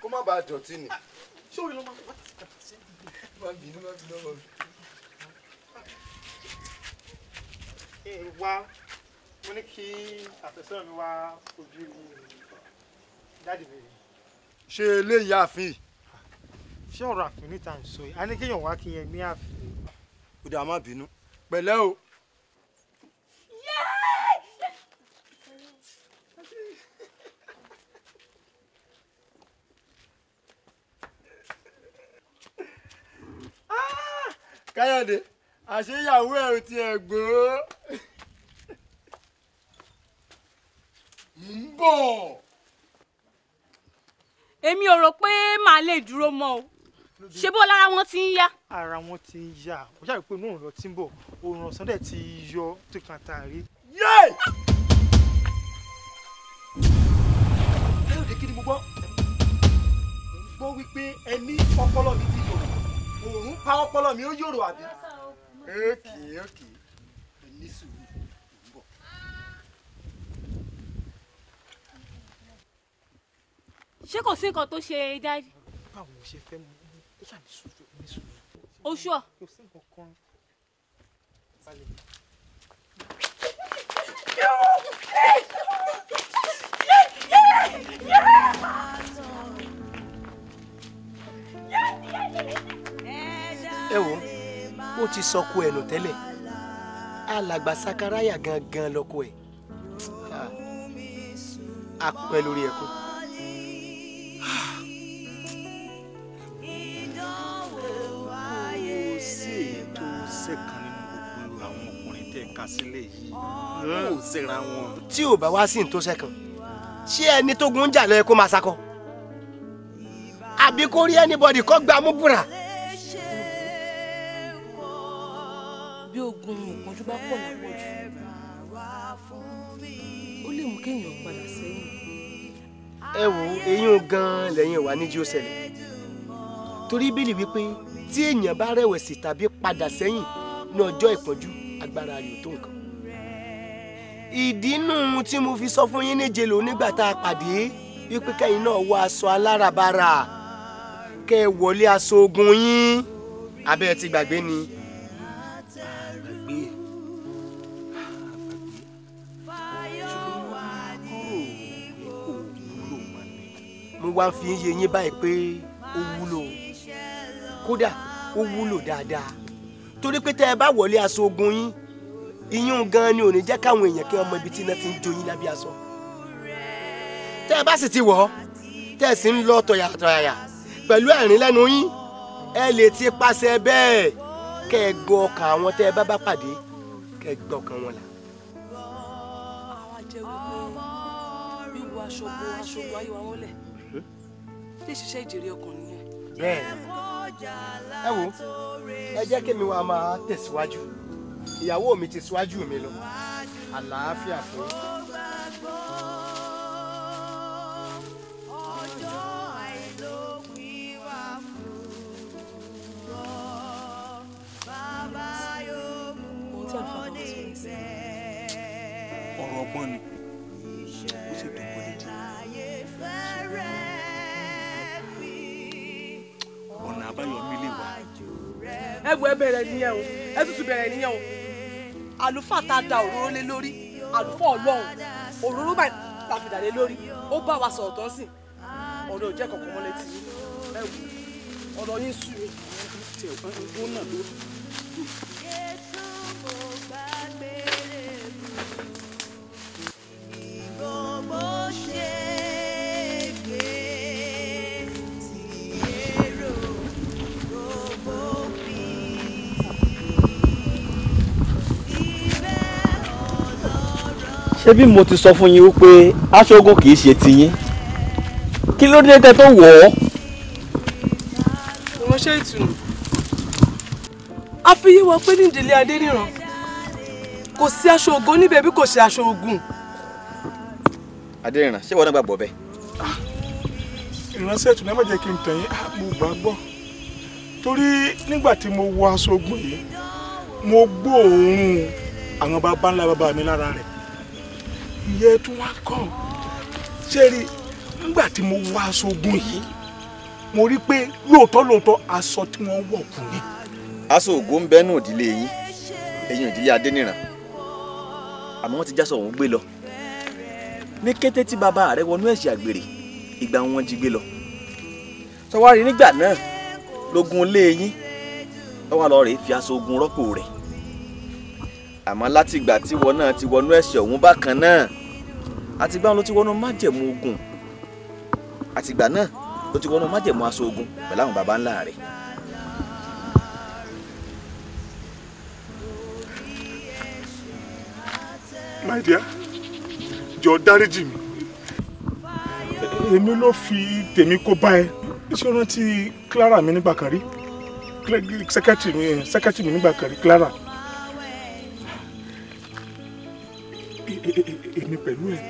kó má bàa dọ̀tí ni. ṣé orin ló máa kí n wá mo ní kí àfẹ́sọ́nà mi wá ojú dáàdì mi. ṣé eléyìí àfin. ṣé ọ̀rọ̀ àfin níta ń sọ yìí a ní kéèyàn wá kí yẹn ní àfin. ó dàá má bínú pẹ̀lẹ́ o. Ah! káyọ̀dé àṣeyàwó ẹ̀ ò tiẹ̀ gbó. mo ń bọ̀. èmi ò rò pé màá lè dúró mọ́ o ṣé bó lára wọn ti ń yá. ara wọn ti ń yá ó ṣàbí pé inú òun lọ ti ń bọ̀ òun ọ̀sán dẹ̀ ti yọ tó kàn tààrí. yéè. lóde kí ni mo gbọ́ mo gbọ́ wípé ẹni ọpọlọ mi ti yòrò òun pa ọpọlọ mi ó yòrò àbí ókè ókè ẹni sùúrù ń bọ̀. ṣé kò sí nǹkan tó ṣe dájú. báwo ló ṣe fẹ́ mu ó ṣàmì sùúrù ní sùúrù. oṣù ọ. kò sí nǹkan kan balẹ̀. ẹ wo ó ti sọkọ ẹnu tẹ́lẹ̀ alàgbà sakaraya gangan lọkọ ẹ̀ a pẹ́ lórí ẹkún. kò tí ò bá wá sí ní tó sẹ́kàn ṣé ẹni tó gun jà lọ ẹ kó máa sakọ àbí kó rí anybody kó gbà mú búra. bí ogun òpọ́njú bá pọ̀ lápọ̀ jù ó lè mú kéèyàn padà sẹ́yìn. ẹ wo eyín gan-an lẹ́yìn wà ní jí torí bílì wípé tí èèyàn bá rẹ̀wẹ̀sì tàbí padà sẹ́yìn ní ọjọ́ ìpọ́njú agbára rẹ̀ tó nǹkan. ìdí nù tí mo fi sọ fún yín níje lò nígbà tá a pàdé wípé kẹ́yìn náà wọ aṣọ aláràbarà kẹ́ ẹ wọlé aṣọ ogun yín abẹ́ ẹ ti gbàgbé ni. wá fi ń yé yín báyìí pé ó wúlò kódà ó wúlò dáadáa torí pé tẹ́ ẹ bá wọlé aṣọ ogun yín iyún gan ni ò ní jẹ́ káwọn èèyàn kí wọ́n mọ ibi tí iná ti ń jó yín lábẹ́ aṣọ tẹ́ ẹ bá sì ti wọ̀ ọ́ tẹ́ ẹ sì ń lọ tọ̀yàtọ̀yàyà pẹ̀lú ẹ̀rín lẹ́nu yín ẹ lè ti pàṣẹ bẹ́ẹ̀ kẹ́ ẹ gbọ́ ọkàn àwọn tẹ́ ẹ bá bá pàdé kẹ́ ẹ gbọ́ ọkàn wọn là. àwa jẹ́ wípé wíwọ aṣọ bo aṣọ bo ayé wa wọlé lè ṣiṣẹ́ ìjèrè ọkàn nìyẹn. bẹ́ẹ̀ ẹ wo ẹ jẹ́ kí mi wá máa tẹ̀síwájú ìyàwó mi ti síwájú mi lọ àlàáfíà fún yín. ọ̀rọ̀ ọgbọ́n ni. àbáyọmí lè wá. ẹ wo ẹ bẹ̀rẹ̀ nìyẹn o ẹ tútù bẹ̀rẹ̀ nìyẹn o àlùfáà tá da òróró lé lórí àlùfáà ọlọ́run òróró báyìí la lé lórí ó bá wa sọ̀rọ̀ tán sìn ọ̀rọ̀ òjẹ́ kọ̀ọ̀kan mọ́ létí ẹ wò ọ̀rọ̀ yín sú mi. tiẹ̀ gbọ́n náà ló. gbogbo ṣe. ṣebí mo ti sọ fún yín wípé aṣọ́gun kì í ṣe tiyín kí ló dé tẹ́ tó wọ̀ ọ́. ìránṣẹ́ ìtùnú a fi yé wa pé ní ìdílé adéníran kò sí aṣọ ògùn níbẹ̀ bí kò sí aṣọ ògùn. adéníran ṣé wọn náà gbàgbọ́ bẹ́ẹ̀. Ah, ìránṣẹ́ ìtùnú ẹ má jẹ́ kí n tàn yín ah, mo gbàgbọ́ torí nígbà tí mo wọ aṣọ ògùn yìí mo gbóòórùn àwọn baba ńlá baba mi lára rẹ̀ ìyẹn tún wá kọ́ ṣé rí nígbà tí mo wá aṣọ ogun yìí mo rí pé lóòótọ́ lóòótọ́ aṣọ tí wọ́n wọ̀ kù ni. aṣọ ògo ń bẹ́nu òdílé yín ẹ̀yin òdílé adẹ́nìràn àmọ́ wọ́n ti jásọ òun gbé lọ ní kété tí bàbá rẹ wọnú ẹ̀sìn àgbèrè ìgbà wọn jí gbé lọ sọwárí nígbà náà lógun ilé yín lọ́wọ́ lọ́ọ́ rèé fi aṣọ ogun rọ́pò rẹ̀ àmọ́ láti ìgbà tí ìwọ náà ti wọnú ẹ̀ṣẹ̀ ọ̀hún bákan náà àti ìgbà náà ló ti wọnú májẹ̀mú ogun àti ìgbà náà ló ti wọnú májẹ̀mú aṣọ ogun pẹ̀lú àwọn baba ńlá rẹ̀. my dear jọ̀ọ́ dáríjì mi èmi ló fi tèmi kó bá ẹ ṣé o rántí Clara mi nígbà kan rí secretary mi nígbà kan rí Clara. èmi pẹ̀lú ẹ̀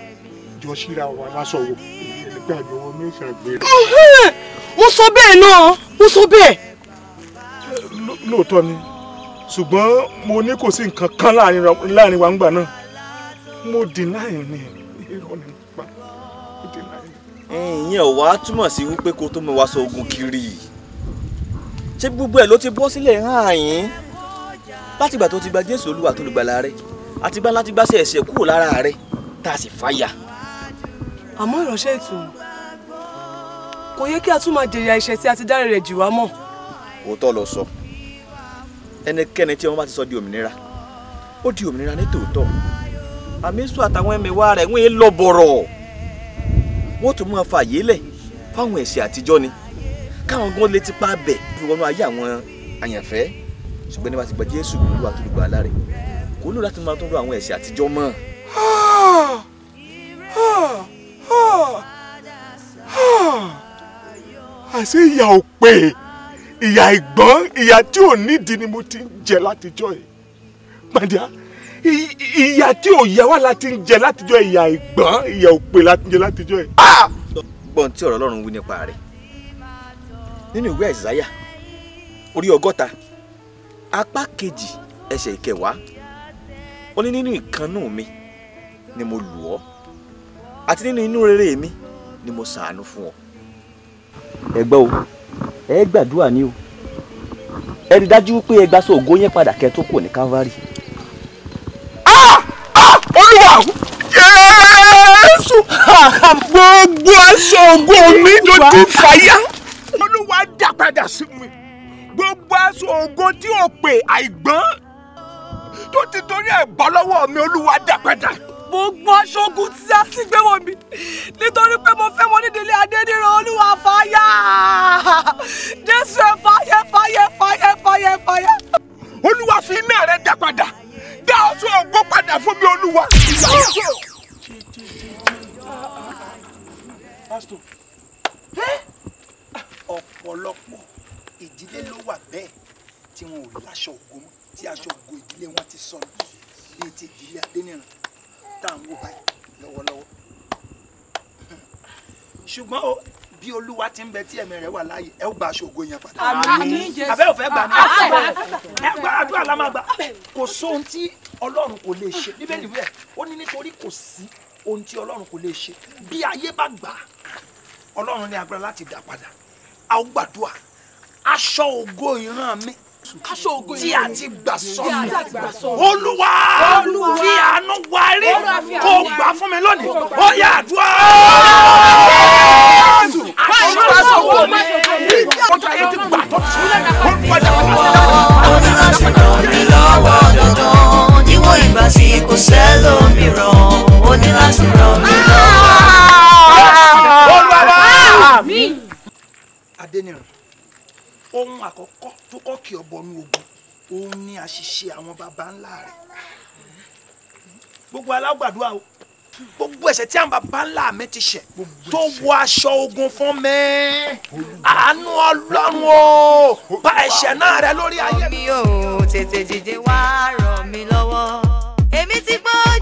jọ síra wa lásọ wo èmi gbàgbé wọn ní ìṣàgbére. mo sọ bẹ́ẹ̀ náà mo sọ bẹ́ẹ̀. lóòótọ́ ni ṣùgbọ́n mo ní kò sí nǹkan kan láàrin wa ńgbà náà mo deny ni ìyẹn ò wá túmọ̀ sí wípé kó tó mọ wá sọ ogun kiri ṣé gbogbo ẹ̀ ló ti bọ́ sílẹ̀ hàn yín látìgbà tó ti gba Jésù Olúwa tó lùgbàlà rẹ̀ àtìgbà láti gbàṣẹ ẹ̀ṣẹ̀ kúrò lára rẹ tá a sì fàyà. àmọ́ ìránṣẹ́ ètò kò yẹ kí a tún máa jèrè àìṣẹ̀ tí a ti dáre rẹ̀ jì wá mọ́. òótọ́ ló sọ ẹnikẹ́ni tí wọ́n bá ti sọ di òmìnira ó di òmìnira ní tòótọ́ àmísù àtàwọn ẹ̀mẹ̀wá rẹ̀ wọ́n lọ bọ̀rọ̀ wọ́n tún máa fààyè lẹ̀ fáwọn ẹ̀ṣẹ̀ àtijọ́ ni káwọn gan lè ti pa abẹ̀ fi wọnú ayé àwọn àyànfẹ́ ṣùgbọ́n ní wàá ti gba Jésù lórí kò nílò láti máa tún lo àwọn ẹ̀sìn àtijọ́ mọ́. àṣé ìyá ò pé ìyá ìgbọ́n ìyá tí ò nídìí ni mo ti ń jẹ látijọ́ yìí gbàdá ìyá tí ò yẹ wá láti ń jẹ látijọ́ ìyá ìgbọ́n ìyá ò pé láti ń jẹ látijọ́ yìí. Ah! gbọ́n tí ọ̀rọ̀ ọlọ́run wí nípa rẹ̀ nínú ìwé àìsàyà orí ọgọ́ta apá kejì ẹsẹ̀ ìkẹwàá ó ní nínú ìkànnù mi ni mo lù ọ́ àti nínú inú rere mi ni mo ṣàánú fún ọ. ẹ gbọ́ o ẹ gbàdúrà ni o ẹ rí dájú pé ẹ gba sọ ògo yẹn padà kẹ́ tó kù ní Calvary. Ah! Ah! olúwa jésù ah! gbogbo aṣọ ògo mi ló ti fàyà olúwa dá padà sí mi gbogbo aṣọ ògo tí o pè àìgbọ́n tó ti torí ẹ̀ bọ́ lọ́wọ́ mi olúwa dàpẹ́dà. gbogbo aṣogun tí a sì gbé wọ̀ mí nítorí pé mo fẹ́ wọn nídìílé adédìrán olúwa fàyà jésù ẹ̀ fàyà fàyà fàyà fàyà fàyà. olúwa fi iná rẹ̀ dà padà dá ọtún ògbó padà fún mi olúwa. pásítọ̀ ọ̀pọ̀lọpọ̀ ìdílé ló wà bẹ́ẹ̀ tí wọn ò láṣọ ògo mọ́ tí aṣọ ògo ìdílé wọn ti sọnù bíi ti ìdílé adéníran tá à ń wò báyìí lọ́wọ́lọ́wọ́ ṣùgbọ́n o bí olúwa ti ń bẹ tí ẹ̀mí wà láàyè ẹ ó gba aṣọ ògo yẹn padà. abẹ́ òfẹ́ gbà ní ẹ gba àdúrà lámàgbà kò sóhun tí ọlọ́run kò lè ṣe bíbélì wíwẹ̀ ó ní nítorí kò sí ohun tí ọlọ́run kò lè ṣe bí ayé bá gbà ọlọ́run ní agbára láti dá padà a ó gbàdúrà aṣọ ògo ìran mi aṣọ ògo tí a ti gbà sọnù olúwa fi àánú warí kó gbà fún mi lónìí ó yà àdúrà. onílọ́wọ́ dandan níwọ̀n ìgbà tí kò sẹ́lòmíràn onílàsìràn mi lọ́wọ́. adéníran ohun àkọ́kọ́ tó kọ́ kí ọ bọnú ogun òun ni àṣìṣe àwọn baba ńlá rẹ̀ gbogbo alágbàdúrà o gbogbo ẹ̀ṣẹ̀ tí àwọn baba ńlá mi ti ṣẹ̀ tó wọ aṣọ ogun fún mi àánú Ọlọ́run o pa ẹ̀ṣẹ̀ náà rẹ́ lórí ayé mi. mi ò tètè dìde wá ràn mí lọ́wọ́ èmi ti gbọ́.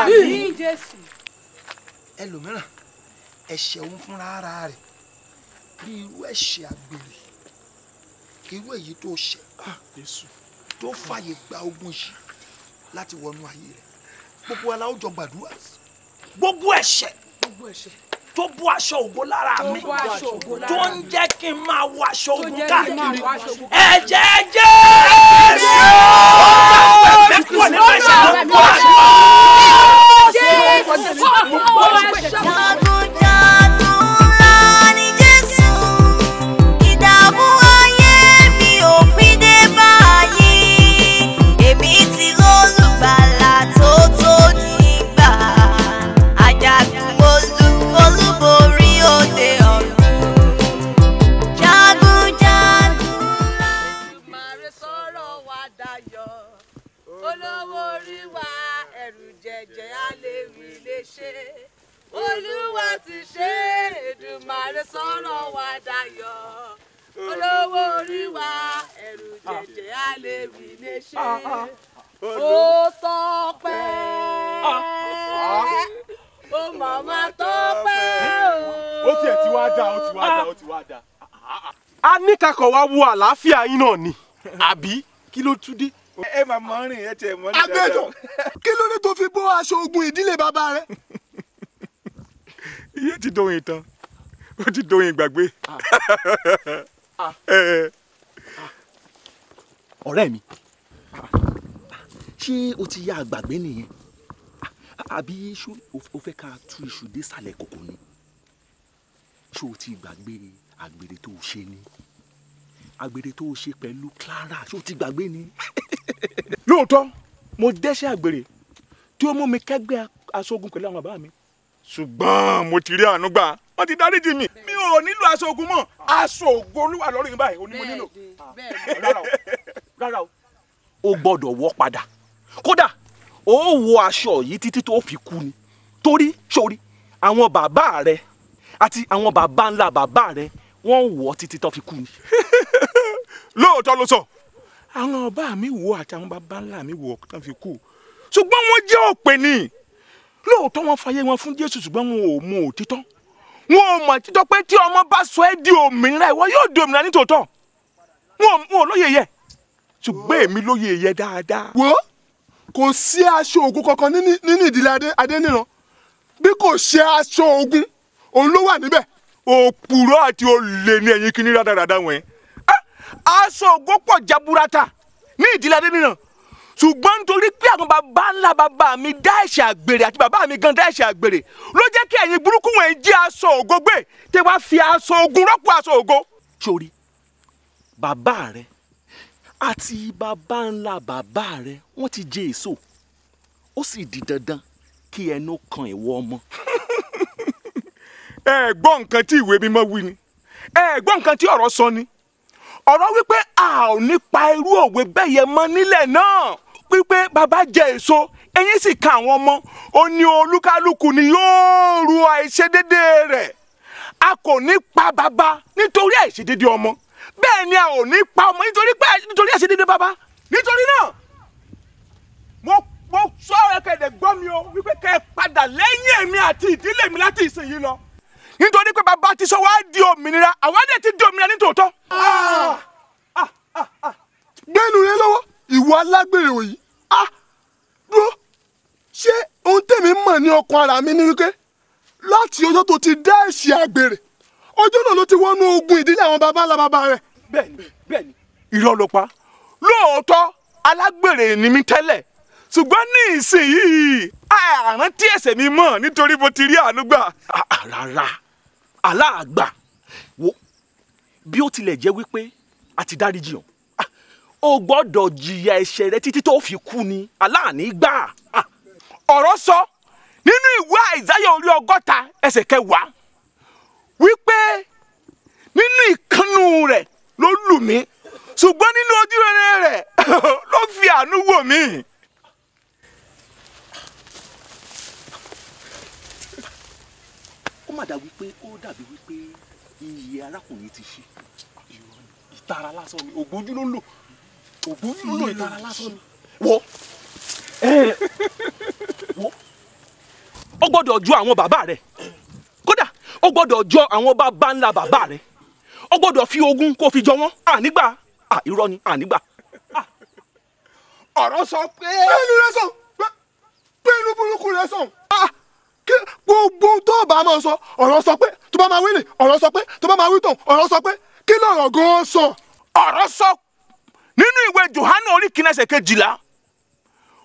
àmín jésù. ẹlòmíràn ẹ̀ṣẹ̀ òun fúnra ara rẹ̀ bí irú ẹ̀ṣẹ̀ àgbèrè irú èyí tó ṣẹ̀ ah, tó fàyè gba ogun yìí láti wọnú ayé rẹ̀ gbogbo wa la ó jọ gbàdúrà gbogbo ẹ̀ṣẹ̀ tó bú aṣọ ògo lára mi tó ń jẹ́ kí n máa wọ aṣọ ogun káàkiri ẹ̀jẹ̀ Jésù ó bá pẹ̀lú ẹ̀ṣẹ̀ tó bú aṣọ. pode ser. Ou é chamado. ṣe olúwa ti ṣe èdùmàrè sọ̀rọ̀ wa dayọ̀ olówó orí wa ẹ̀rù jẹ̀jẹ̀ á lè rí lè ṣe ó tọ́pẹ́ ó màmá tọ́pẹ́ o. ó tiẹ̀ ti wá dáa ó ti wá dáa ó ti wá dáa. a ní kakọ̀ wá wo àlàáfíà yín náà ni àbí kí ló tún dé. ẹ máa mọ rìn ẹ tiẹ̀ mọ ní dáadáa. àgbẹ̀dọ̀ kí ló dé tó fi bó aṣọ ogun ìdílé bàbá rẹ iye ti dóyin tán ó ti dóyin gbàgbé. Ah. Eh, eh. ọ̀rẹ́ mi ṣé o ti ya àgbàgbé nìyẹn àbí ṣó o fẹ́ ká tú iṣu désàlẹ̀ kòkò ni ṣó o ti gbàgbé àgbèrè tó o ṣe ni àgbèrè tó o ṣe pẹ̀lú Clara ṣó o ti gbàgbé ni. lóòótọ́ mo dẹ́ṣẹ̀ àgbèrè tí ó mú mi kẹ́gbẹ́ aṣogun pẹ̀lú àwọn bàbá mi ṣùgbọ́n mo ti rí àánú gbà wọ́n ti dáríjì mi mi ò nílò aṣọ ogun mọ́ aṣọ ògo olúwa lórí mi báyìí onímọ̀ nílò. Ah, rárá o o gbọ́dọ̀ wọ̀ padà kódà o wọ̀ aṣọ yìí títí tó fi kú ni torí sórí àwọn bàbá rẹ àti àwọn bàbá ńlá bàbá rẹ wọ́n wọ̀ títí tó fi kú ni. lóòótọ́ ló sọ àwọn ọba mi wọ̀ àti àwọn bàbá ńlá mi wọ̀ tó fi kú ṣùgbọ́n wọ́n jẹ́ òpè ni lóòótọ́ wọn fàyè wọn fún jésù ṣùgbọ́n wọn ò mọ òtítọ́ wọn ò mọ òtítọ́ pé tí ọmọ bá sọ ẹ́ di òmìnira ìwọ yóò di òmìnira nítòótọ́ wọn ò lóye yẹ ṣùgbọ́n èmi lóye yẹ dáadáa. wo kò sí aṣọ ògùn kankan nínú ìdílé adéníran bí kò ṣe aṣọ ògùn òun ló wà níbẹ̀. òpùrọ̀ àti olè ní ẹ̀yìn kìíní rádaràda wọ̀nyẹn. Ah, aṣọ ògùn pọ̀ jaburata ní ìdílé adéníran ṣùgbọ́n nítorí pé àwọn bàbá ńlá bàbá mi dá ẹ̀ṣẹ̀ àgbèrè àti bàbá mi gan dá ẹ̀ṣẹ̀ àgbèrè ló jẹ́ kí ẹ̀yin burúkú wọn jí aṣọ ògo gbé tẹ wá fi aṣọ ogun rọ́pò aṣọ ògo. sori bàbá rẹ àti bàbá ńlá bàbá rẹ wọ́n ti jẹ èso ó sì di dandan kí ẹnu kan ìwọ ọmọ. ẹ gbọ́ nǹkan tí ìwé mímọ́ wí ni ẹ gbọ́ nǹkan tí ọ̀rọ̀ sọ ni ọ̀rọ̀ wípé a ò ní pa irú òwe bẹ́ẹ̀ yẹn mọ́ nílẹ̀ náà pípé bàbá jẹ èso ẹ̀yin sì kan àwọn ọmọ ó ní olúkálùkù ni yóò ru àìṣedédé rẹ̀ a kò ní pa bàbá nítorí àìṣedédé ọmọ bẹ́ẹ̀ ni a ò ní pa ọmọ nítorí pé nítorí àìṣedédé bàbá nítorí náà mo mo sọ ẹ kẹdẹ gbọ́ mi o wípé kẹ ẹ padà lẹ́yìn èmi àti ìdílé mi láti ìsinyìí lọ nítorí pé bàbá ti sọ wá di òmìnira àwa dẹ̀ ti di òmìnira nítòótọ́. Ah, ah, ah, gbẹ́nu rẹ lọ́wọ́ ìwọ alágbèrè òyì á ah! dúró ṣé ohun tèmi mọ̀ ní ọkàn ara mi ni wípé láti ọjọ́ tó ti dá ẹ̀ṣẹ̀ àgbèrè ọjọ́ náà ló ti wọnú ogun ìdílé àwọn baba ńlá baba rẹ̀. bẹ́ẹ̀ni bẹ́ẹ̀ni irọ́ ló pa lóòótọ́ alágbèrè ni mi tẹ́lẹ̀ ṣùgbọ́n ní ìsinyìí àrántí ẹ̀ṣẹ̀ mi mọ̀ nítorí mo ti rí àánú gbà. Ah, rárá aláàgbà wo bí ó tilẹ̀ jẹ́ wípé a ti dáríjì hàn o gbọ́dọ̀ jìyà ẹ̀ṣẹ̀ rẹ títí tó fi kú ni aláàní gbà. ọ̀rọ̀ sọ nínú ìwé àìsáyà orí ọgọ́ta ẹsẹ̀ kẹwàá wípé nínú ìkànnù rẹ̀ ló lù mí ṣùgbọ́n nínú ojúrere rẹ̀ ló fi àánú wò mí. ó mà dà wípé ó dàbí wípé iye arákùnrin ti ṣe ìtara lásán ni ògbójú ló ń lò ògùn ń lò ìtara lásán ni. wọ wọ ó gbọ́dọ̀ jọ àwọn bàbá rẹ̀ kódà ó gbọ́dọ̀ jọ àwọn bàbá ńlá bàbá rẹ̀ ó gbọ́dọ̀ fi ogún kó fi jọ wọ́n ànígbà à irọ́ ni ànígbà. ọ̀rọ̀ sọ pé. pẹ́ẹ́lú rẹ sàn pẹ́ẹ́lú burúkú rẹ sàn gbogbo tó bá máa sọ ọ̀rọ̀ sọ pé tó bá máa wí ni ọ̀rọ̀ sọ pé tó bá máa wí tàn ọ̀rọ̀ sọ pé kí lọ̀rọ̀ gan-an sọ. ọ̀rọ̀ sọ nínú ìwé Jòhánù orí kìíní ẹsẹ̀ kejìlá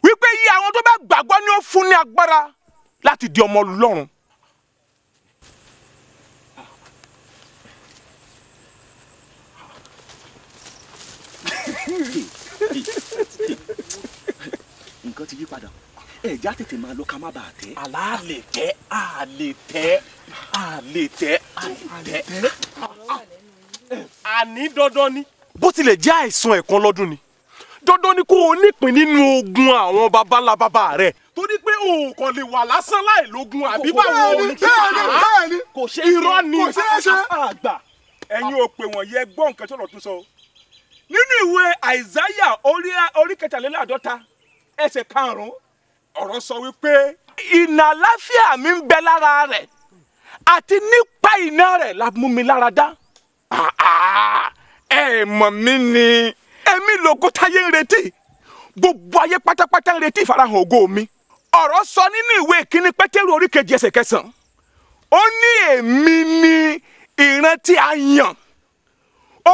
wípé iye àwọn tó bá gbàgbọ́ ni ó fún ní agbára láti di ọmọ Ọlọ́run. nǹkan ti yí padà ẹ̀já tètè máa lọ ká má bàa tẹ́. àlá lè tẹ́ àlè tẹ́ àlè tẹ́ àlè tẹ́ àní dandan ni bó tilẹ̀ jẹ́ àìsàn ẹ̀kan lọ́dún ni dandan ni kó o nípìn nínú ogun àwọn babalá bàbá rẹ torí pé o kò lè wà lásán láì lógun àbí báwo ni kò ṣe irọ́ ni àgbà ẹ̀yin ò pè wọ̀nyí ẹ gbọ́ nǹkan tí ọ̀rọ̀ tún sọ nínú ìwé àìsáyà orí kẹtàléláàdọ́ta ẹsẹ̀ karùn-ún ọ̀rọ̀ sọ wípé ìnà àláfíà mi ń bẹ lára rẹ̀ àti nípa ìná rẹ̀ la mú mi lára dá ẹ mọ̀ mí ni èmi lògo táyé ń retí gbogbo ayé pátápátá ń retí ìfarahàn ògo mi ọ̀rọ̀ sọ nínú ìwé ìkíní pétérù orí kejì ẹsẹ̀ kẹsàn-án ó ní èmi ni ìran tí a yàn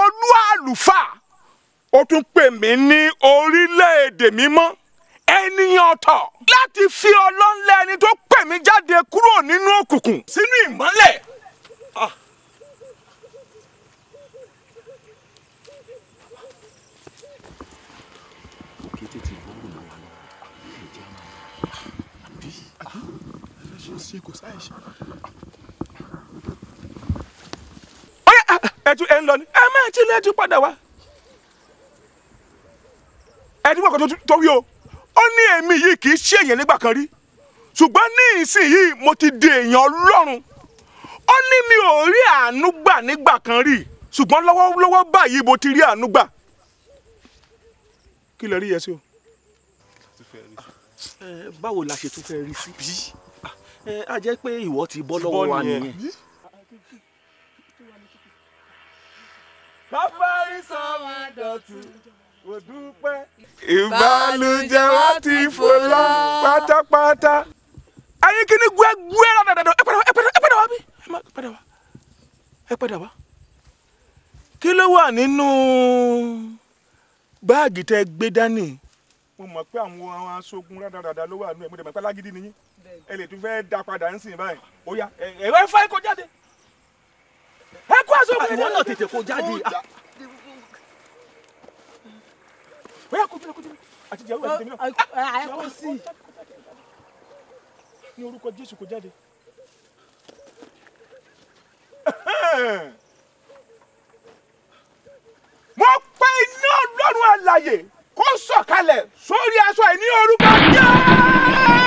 olú àlùfáà ó tún pè mí ní orílẹ̀-èdè mímọ́ ènìyàn ọ̀tọ̀ láti fi ọlọ́nlẹ̀ ẹni tó pè mí jáde kúrò nínú òkùnkùn sínú ìmọ́lẹ̀ sí kò sáì ṣe. ọ̀yá ah, ah, ẹ̀tú ẹ̀ ń lọ ni ẹ máa ti lẹ́tú padà wá. ẹ̀tú wọ̀kọ̀ tó wí o ó ní èmi yìí kì í ṣe èèyàn nígbà kan rí ṣùgbọ́n ní ìsinyìí mo ti di mi ò rí àánú gbà nígbà kan rí ṣùgbọ́n lọ́wọ́lọ́wọ́ báyìí mo ti rí àánú gbà kí lè rí yẹn sí o. báwo la ṣe tún fẹ́ rí a jẹ́ pé ìwọ ti bọ́ lọ́wọ́ wa nìyẹn. bàbá rí sọ́wọ́ àdọ̀tún kò dúpẹ́. ìbànújẹ́ wa ti fò lọ pátápátá. ayé kíní gbé gbé rà dandan ẹ padà wá ẹ padà ẹ padà wá bí ẹ má padà wá ẹ padà wá. kí ló wà nínú báàgì tẹ gbé dání. mo mọ̀ pé àwọn aṣogun rádaràda ló wà nínú ẹ̀ mo dẹ̀ mọ̀ pé alágídí nìyí ẹ lè tún fẹ́ da padà ń sìn báyìí ó yá ẹ̀rọ ẹ̀fọ́ ẹ̀ kó jáde ẹ kó aṣọ òkè jáde. àwọn náà tètè kó jáde. ó yá kó tẹ̀lé kó tẹ̀lé àti ìyàwó àti tèmi náà. ẹ kó sí i. ní orúkọ Jésù kó jáde. mo pè iná Ọlọ́run àlàyé kó sọ̀kalẹ̀ sórí aṣọ ẹ̀ ní orúkọ Jésù.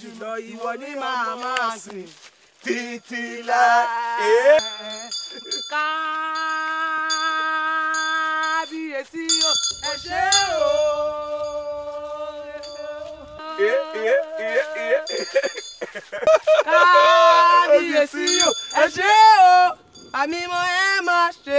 jùlọ ìwọ ni màá máa sìn títí láì. kábíyèsí o ẹ ṣé o. kábíyèsí o ẹ ṣé o àmì mo ẹ máa ṣe.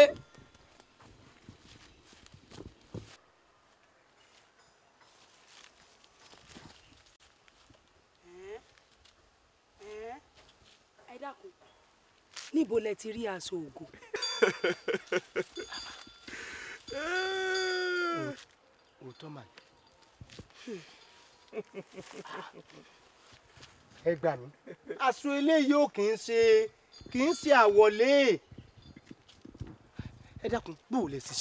níbo lẹ ti rí aṣọ ògo. òótọ́ mà ní. ẹ gbà mí. aṣọ eléyìí ò kì í ṣe kì í ṣe àwọ̀lé. ẹ dákun bó o lè ṣe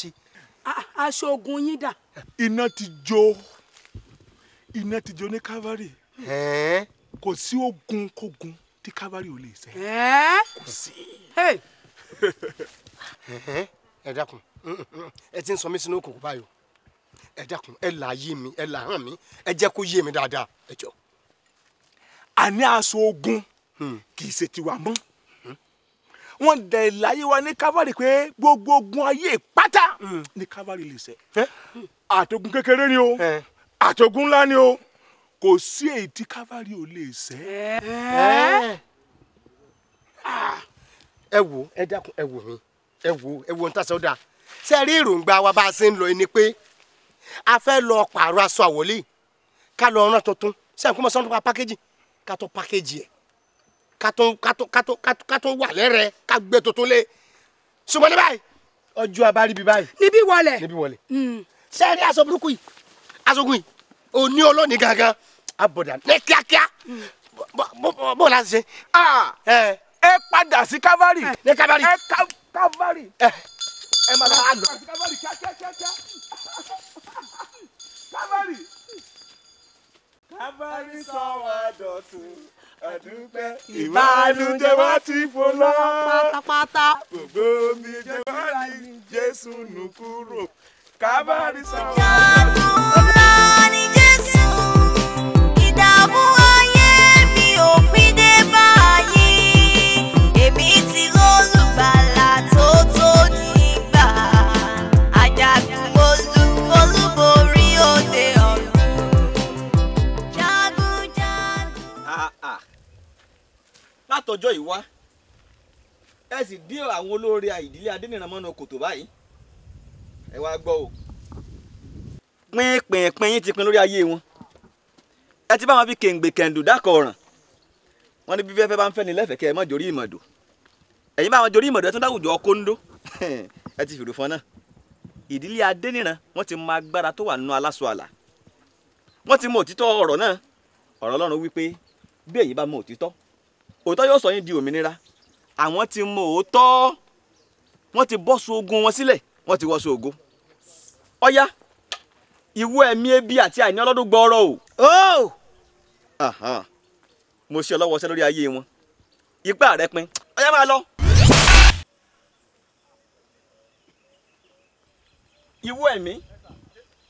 aṣọ ogun yín dà. iná ti jó iná ti jó ní Calvary kò sí ogun kógun tí kábàárì ò lè ṣe. kò sí. ẹ dákun ẹ ti ń sọ mí sínú òkòkò báyìí ẹ dákun ẹ là yé mi ẹ là hàn mí ẹ jẹ́ kó yé mi dáadáa ẹ jọ. àní aṣọ ogun hmm. kì í ṣe tiwa mọ́ wọ́n dẹ̀ láyé wa ní kábàárì pé gbogbo ayé pátá hmm. ní kábàárì lè ṣe àtogun kékeré ni o àtogun ńlá ni o kò sí èyí tí Calvary ò lè ṣe. ẹ wo ẹ dákun ẹ wò mí ẹ wo ẹ wo ohun tá a sọ dáa ṣe rí èròǹgbà wa bá a ṣe ń lọ ni pé a fẹ́ lọ pààrọ̀ aṣọ àwọ̀lé ká lọ ọ̀ràn tuntun ṣe àǹkú mọ̀ sọ́nù pa pákéjì ká tó pákéjì ẹ̀ ká tó wà lẹ́rẹ̀ẹ́ ká gbé tuntun lé ṣùgbọ́n ní báyìí ọjọ́ abárí bíi báyìí. níbí wọlé níbí wọlé. Hmm. ṣe rí aṣọ burúkú yìí aṣọ yìí òní olónìí gangan abọ̀dà ní kíákíá bó la ṣe. ẹ padà sí kávárì. ní kávárì. ẹ kávárì. ẹ máa bá a lọ. kávárì kíákíákíá. kávárì. kávárì sọ wá dọ̀tun àdúpẹ́. ti fò lọ. pátápátá. gbogbo mi jẹ́ wá ní Jésù nù kúrò. kávárì sọ wá dọ̀tun. látọjọ́ ìwá ẹ sì dí àwọn olóore ìdílé adéníranmọ́nà kòtò báyìí ẹ wá gbọ́ o. pínpín pín yín ti pín lórí ayé wọn ẹ ti bá wọn fi kèǹgbè kẹ̀ǹdù dákọ̀ ọ̀ràn wọ́n ní bí fẹ́fẹ́ bá ń fẹ́ ni lẹ́fẹ̀ẹ́ kẹ́ ẹ má jorí ìmọ̀dò ẹ̀yin bá wọn jorí ìmọ̀dò ẹ tún dáwùjọ kóńdó ẹ ti fìrù fọn náà ìdílé adéníran wọ́n ti mọ agbára tó wà nínú aláṣọ àlà wọ́n ti mọ òtítọ́ ọ̀rọ̀ náà ọ̀rọ̀ ọlọ́run wípé bí ẹ̀yin bá mọ òtítọ́ òótọ́ yóò sọ yín di òmìnira àwọn ti mọ òótọ́ wọ́n ti bọ́ sógun wọn sílẹ̀ wọ́n ti wọ́ sógo ọ̀yá ìwọ ẹ̀mí ebi àti àìní ọlọ́dún gbọ́ọ́rọ̀ o. ó. Oh! mo ṣe ọlọ́wọ́ ṣẹ́ lórí ayé wọn ipá rẹ pin ọyá máa lọ. ìwọ ẹ̀mí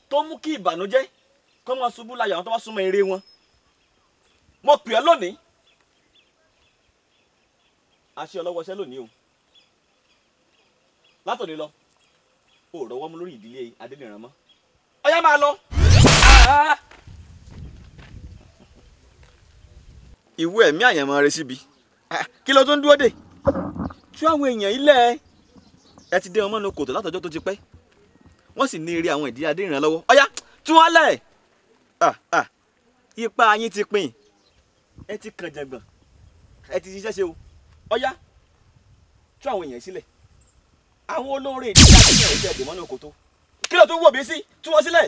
tó mú kí ìbànújẹ́ kó máa ṣubú láyọ̀ àwọn tó bá súnmọ́ eré wọn mo pè ọ́ lónìí àṣẹ ọlọ́wọ́ ṣẹ́ lónìí o látòní lọ o rọwọ́ mú lórí ìdílé adélèrànmọ́ ọyá máa lọ. ìwé ẹ̀mí àyànmọ́ rẹ síbi kí ló tún dúró dè tú àwọn èèyàn ilẹ̀ ẹ ti dé wọn mọ́nu kòtò látọjọ́ tó ti pẹ́ wọ́n sì ní eré àwọn ìdí adé ìrànlọ́wọ́ ọ̀yá tú wọn lẹ̀ ipa yín ti pin ẹ ti kàn jàngbọ̀n ẹ ti ṣiṣẹ́ ṣe o ọ̀yá tú àwọn èèyàn sílẹ̀ àwọn olóore ìdí adé ìrànlọ́wọ́ ẹ̀ dè mọ́nu kòtò kí ló tún wọ̀ bí sí tú wọn sílẹ̀.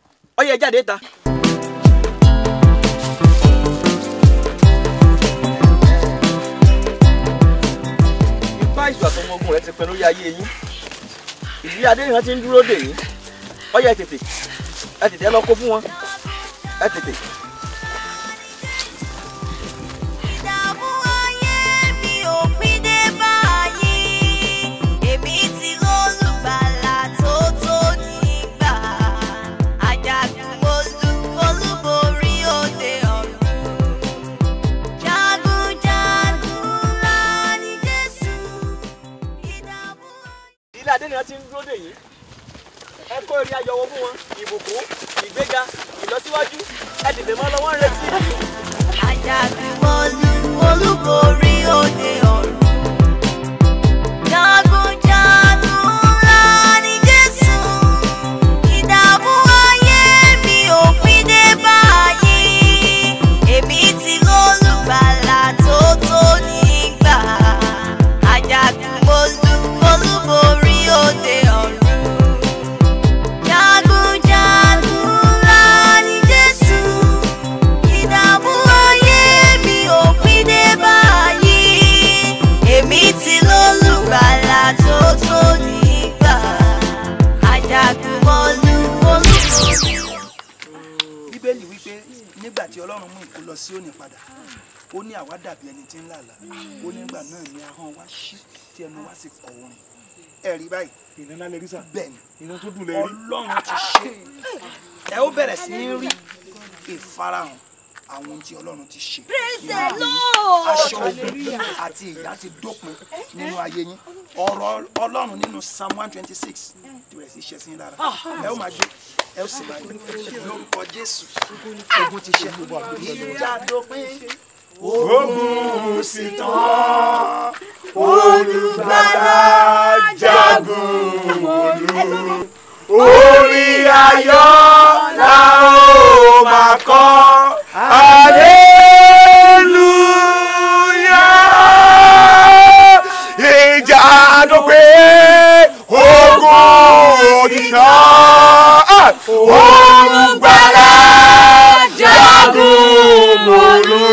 ó yẹ jáde ta. ipá ìṣù àtọmọ ogun rẹ ti pẹ́ lórí ayé yín ìdílé adéyìnrán ti ń dúró dè yín ó yẹ tètè ẹ tètè ẹ lọ kó fún wọn ẹ tètè. dáadáa adéníyàn ti ń dúró dè yín ẹ kó eré ayọ̀wọ̀ fún wọn ìbùkún ìgbéga ìlọsíwájú ẹ tètè mọ́ lọ́wọ́ rẹ sí. àjàgbé wọlú olúborí òde ọ̀run jágúnjá. lọ sí òní padà ó ní àwa dàbí ẹni tí ń làlà ó nígbà náà ni ahọ́n wa ṣí tí ẹnu wa sì kọ orin ẹ rí báyìí. ìná lè rí sà. bẹ́ẹ̀ni ìná ti ṣe ẹ ó bẹ̀rẹ̀ sí ní rí ìfarahàn àwọn ohun tí ọlọ́run ti ṣe nínú ayé yín aṣọ ogun àti ìyà ti dópin nínú ayé yín ọ̀rọ̀ ọlọ́run nínú psalm one twenty six tirẹ̀ sí ṣe sí yín lára ah, ẹ ó máa jó ẹ ó sì máa jó lórúkọ jésù ogun ti ṣe ìjà dópin ogun sì tán olùgbàlà jagun olú orí ayọ̀ la ó máa kọ aleluya ìjà àdópẹ́ ogun òjìṣà olùgbàlà jagun mọ́lú.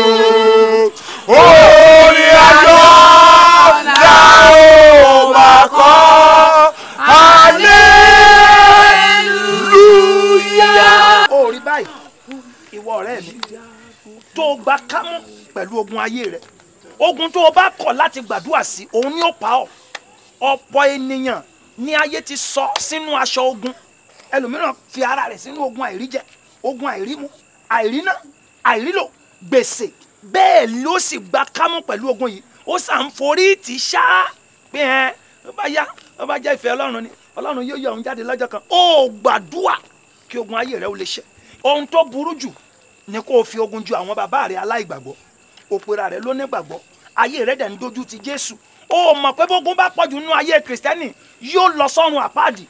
ó gba kámú pẹ̀lú ogun ayé rẹ ogun tó o bá kọ̀ láti gbàdúrà sí òun ni ó pa ọ́ ọ̀pọ̀ ènìyàn ní ayé ti sọ sínú aṣọ ogun ẹlòmíràn fi ara rẹ̀ sínú ogun àìríjẹ ogun àìrímu àìríná àìrílò gbèsè bẹ́ẹ̀ ló sì gba kámú pẹ̀lú ogun yìí ó sàn forí tì ṣá pé ẹ ó bá yá ó bá jẹ́ ìfẹ́ ọlọ́run ni ọlọ́run yóò yọ òun jáde lọ́jọ́ kan ó gbàdúrà kí ogun ayé rẹ ó lè ṣe ohun tó burú jù ni kó o fi ogun ju àwọn bàbá rẹ aláìgbàgbọ́ òpèrà rẹ ló nígbàgbọ́ ayé rẹ dẹ̀ ń dojú ti jésù o mọ̀ pé bógun bá pọ̀jù nínú ayé kìrìsìtẹ́nì yóò lọ sọ́run àpáàdì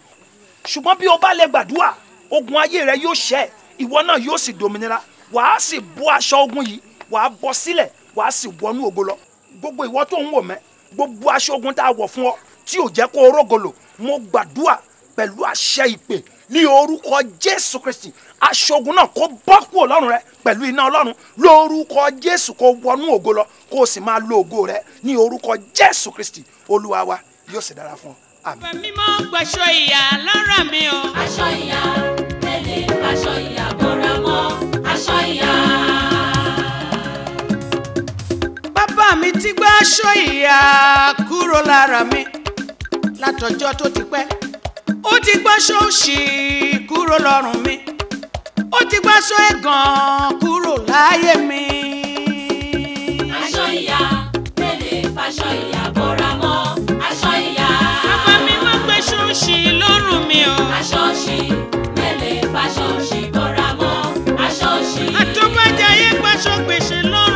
ṣùgbọ́n bí o bá lè gbàdúrà ogun ayé rẹ yóò ṣẹ́ ìwọ náà yóò sì dòmìnira wàá sì bọ́ aṣọ ogun yìí wàá bọ́ sílẹ̀ wàá sì wọnú ògo lọ gbogbo ìwọ tó ń wò mẹ́ gbogbo aṣọ ogun tá a wọ̀ fún ọ tí ò jẹ́ kó o rógolo mo gbàdúrà pẹ̀lú àṣẹ ìpè ní orúkọ jésù kristi aṣogun náà kó bọ́ kúrò lọ́rùn rẹ pẹ̀lú iná ọlọ́run lórúkọ jésù kó wọnú ògo lọ kó o sì máa lo ògo rẹ ní orúkọ jésù kristi olúwa wa yóò sì dára fún ọ àmín. fẹ̀mí mọ́ gbẹ̀ṣọ ìyá lọ́rọ̀ mi o. aṣọ ìyá lẹ́lẹ́ aṣọ ìyá bọ́ra mọ́ aṣọ ìyá. bàbá mi ti gbé aṣọ ìyá kúrò lára mi látọjọ́ tó ti pẹ́ ó ti gbọ́ ṣóòṣì kúrò lọ́rùn mi ó ti gbọ́ ṣó ẹ̀gàn kúrò láyé mi. aṣọ ìyá mélèé faṣọ ìyá bọ́ra mọ́ aṣọ ìyá. bàbá mi wá gbé ṣóòṣì lọ́rùn mi o. aṣọ lọ́rùn.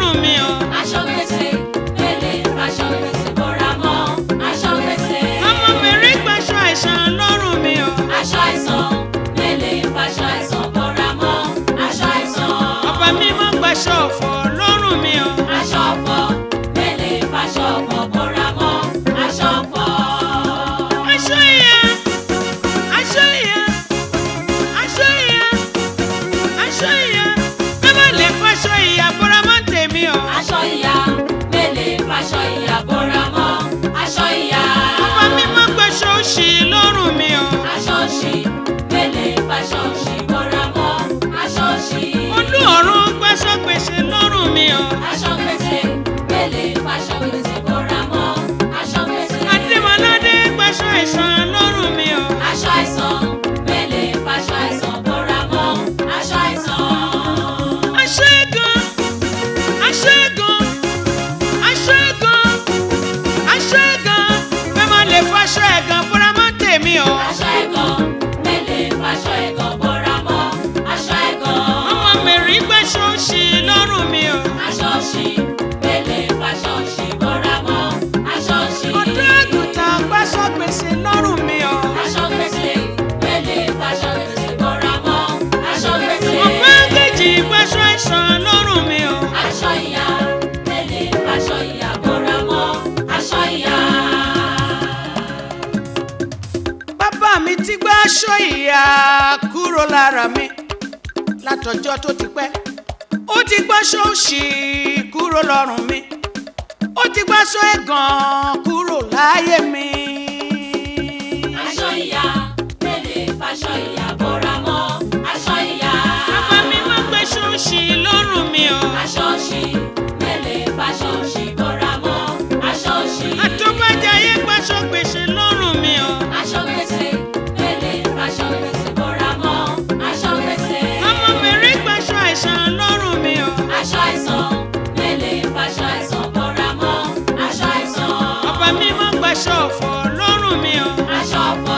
ṣòfò lọ́rùn mi o. lára mi látọjọ́ tó ti pẹ́ ó ti gbọ́ ṣóòṣì kúrò lọ́rùn mi ó ti gbọ́ sọ ẹ̀gàn kúrò láyé mi. aṣọ ìyá mẹ́lẹ̀ faṣọ ìyá bọ́ra mọ́ aṣọ ìyá. bàbá mi wá gbé ṣóòṣì lọ́rùn mi o. aṣọ òṣì mẹ́lẹ̀ bọ́ra mọ́ aṣọ òṣì. àtúbàjẹ́ ayé gbèsè lọ́rùn. aṣọ ọ̀fọ̀ lọ́rùn mi o. aṣọ ọ̀fọ̀.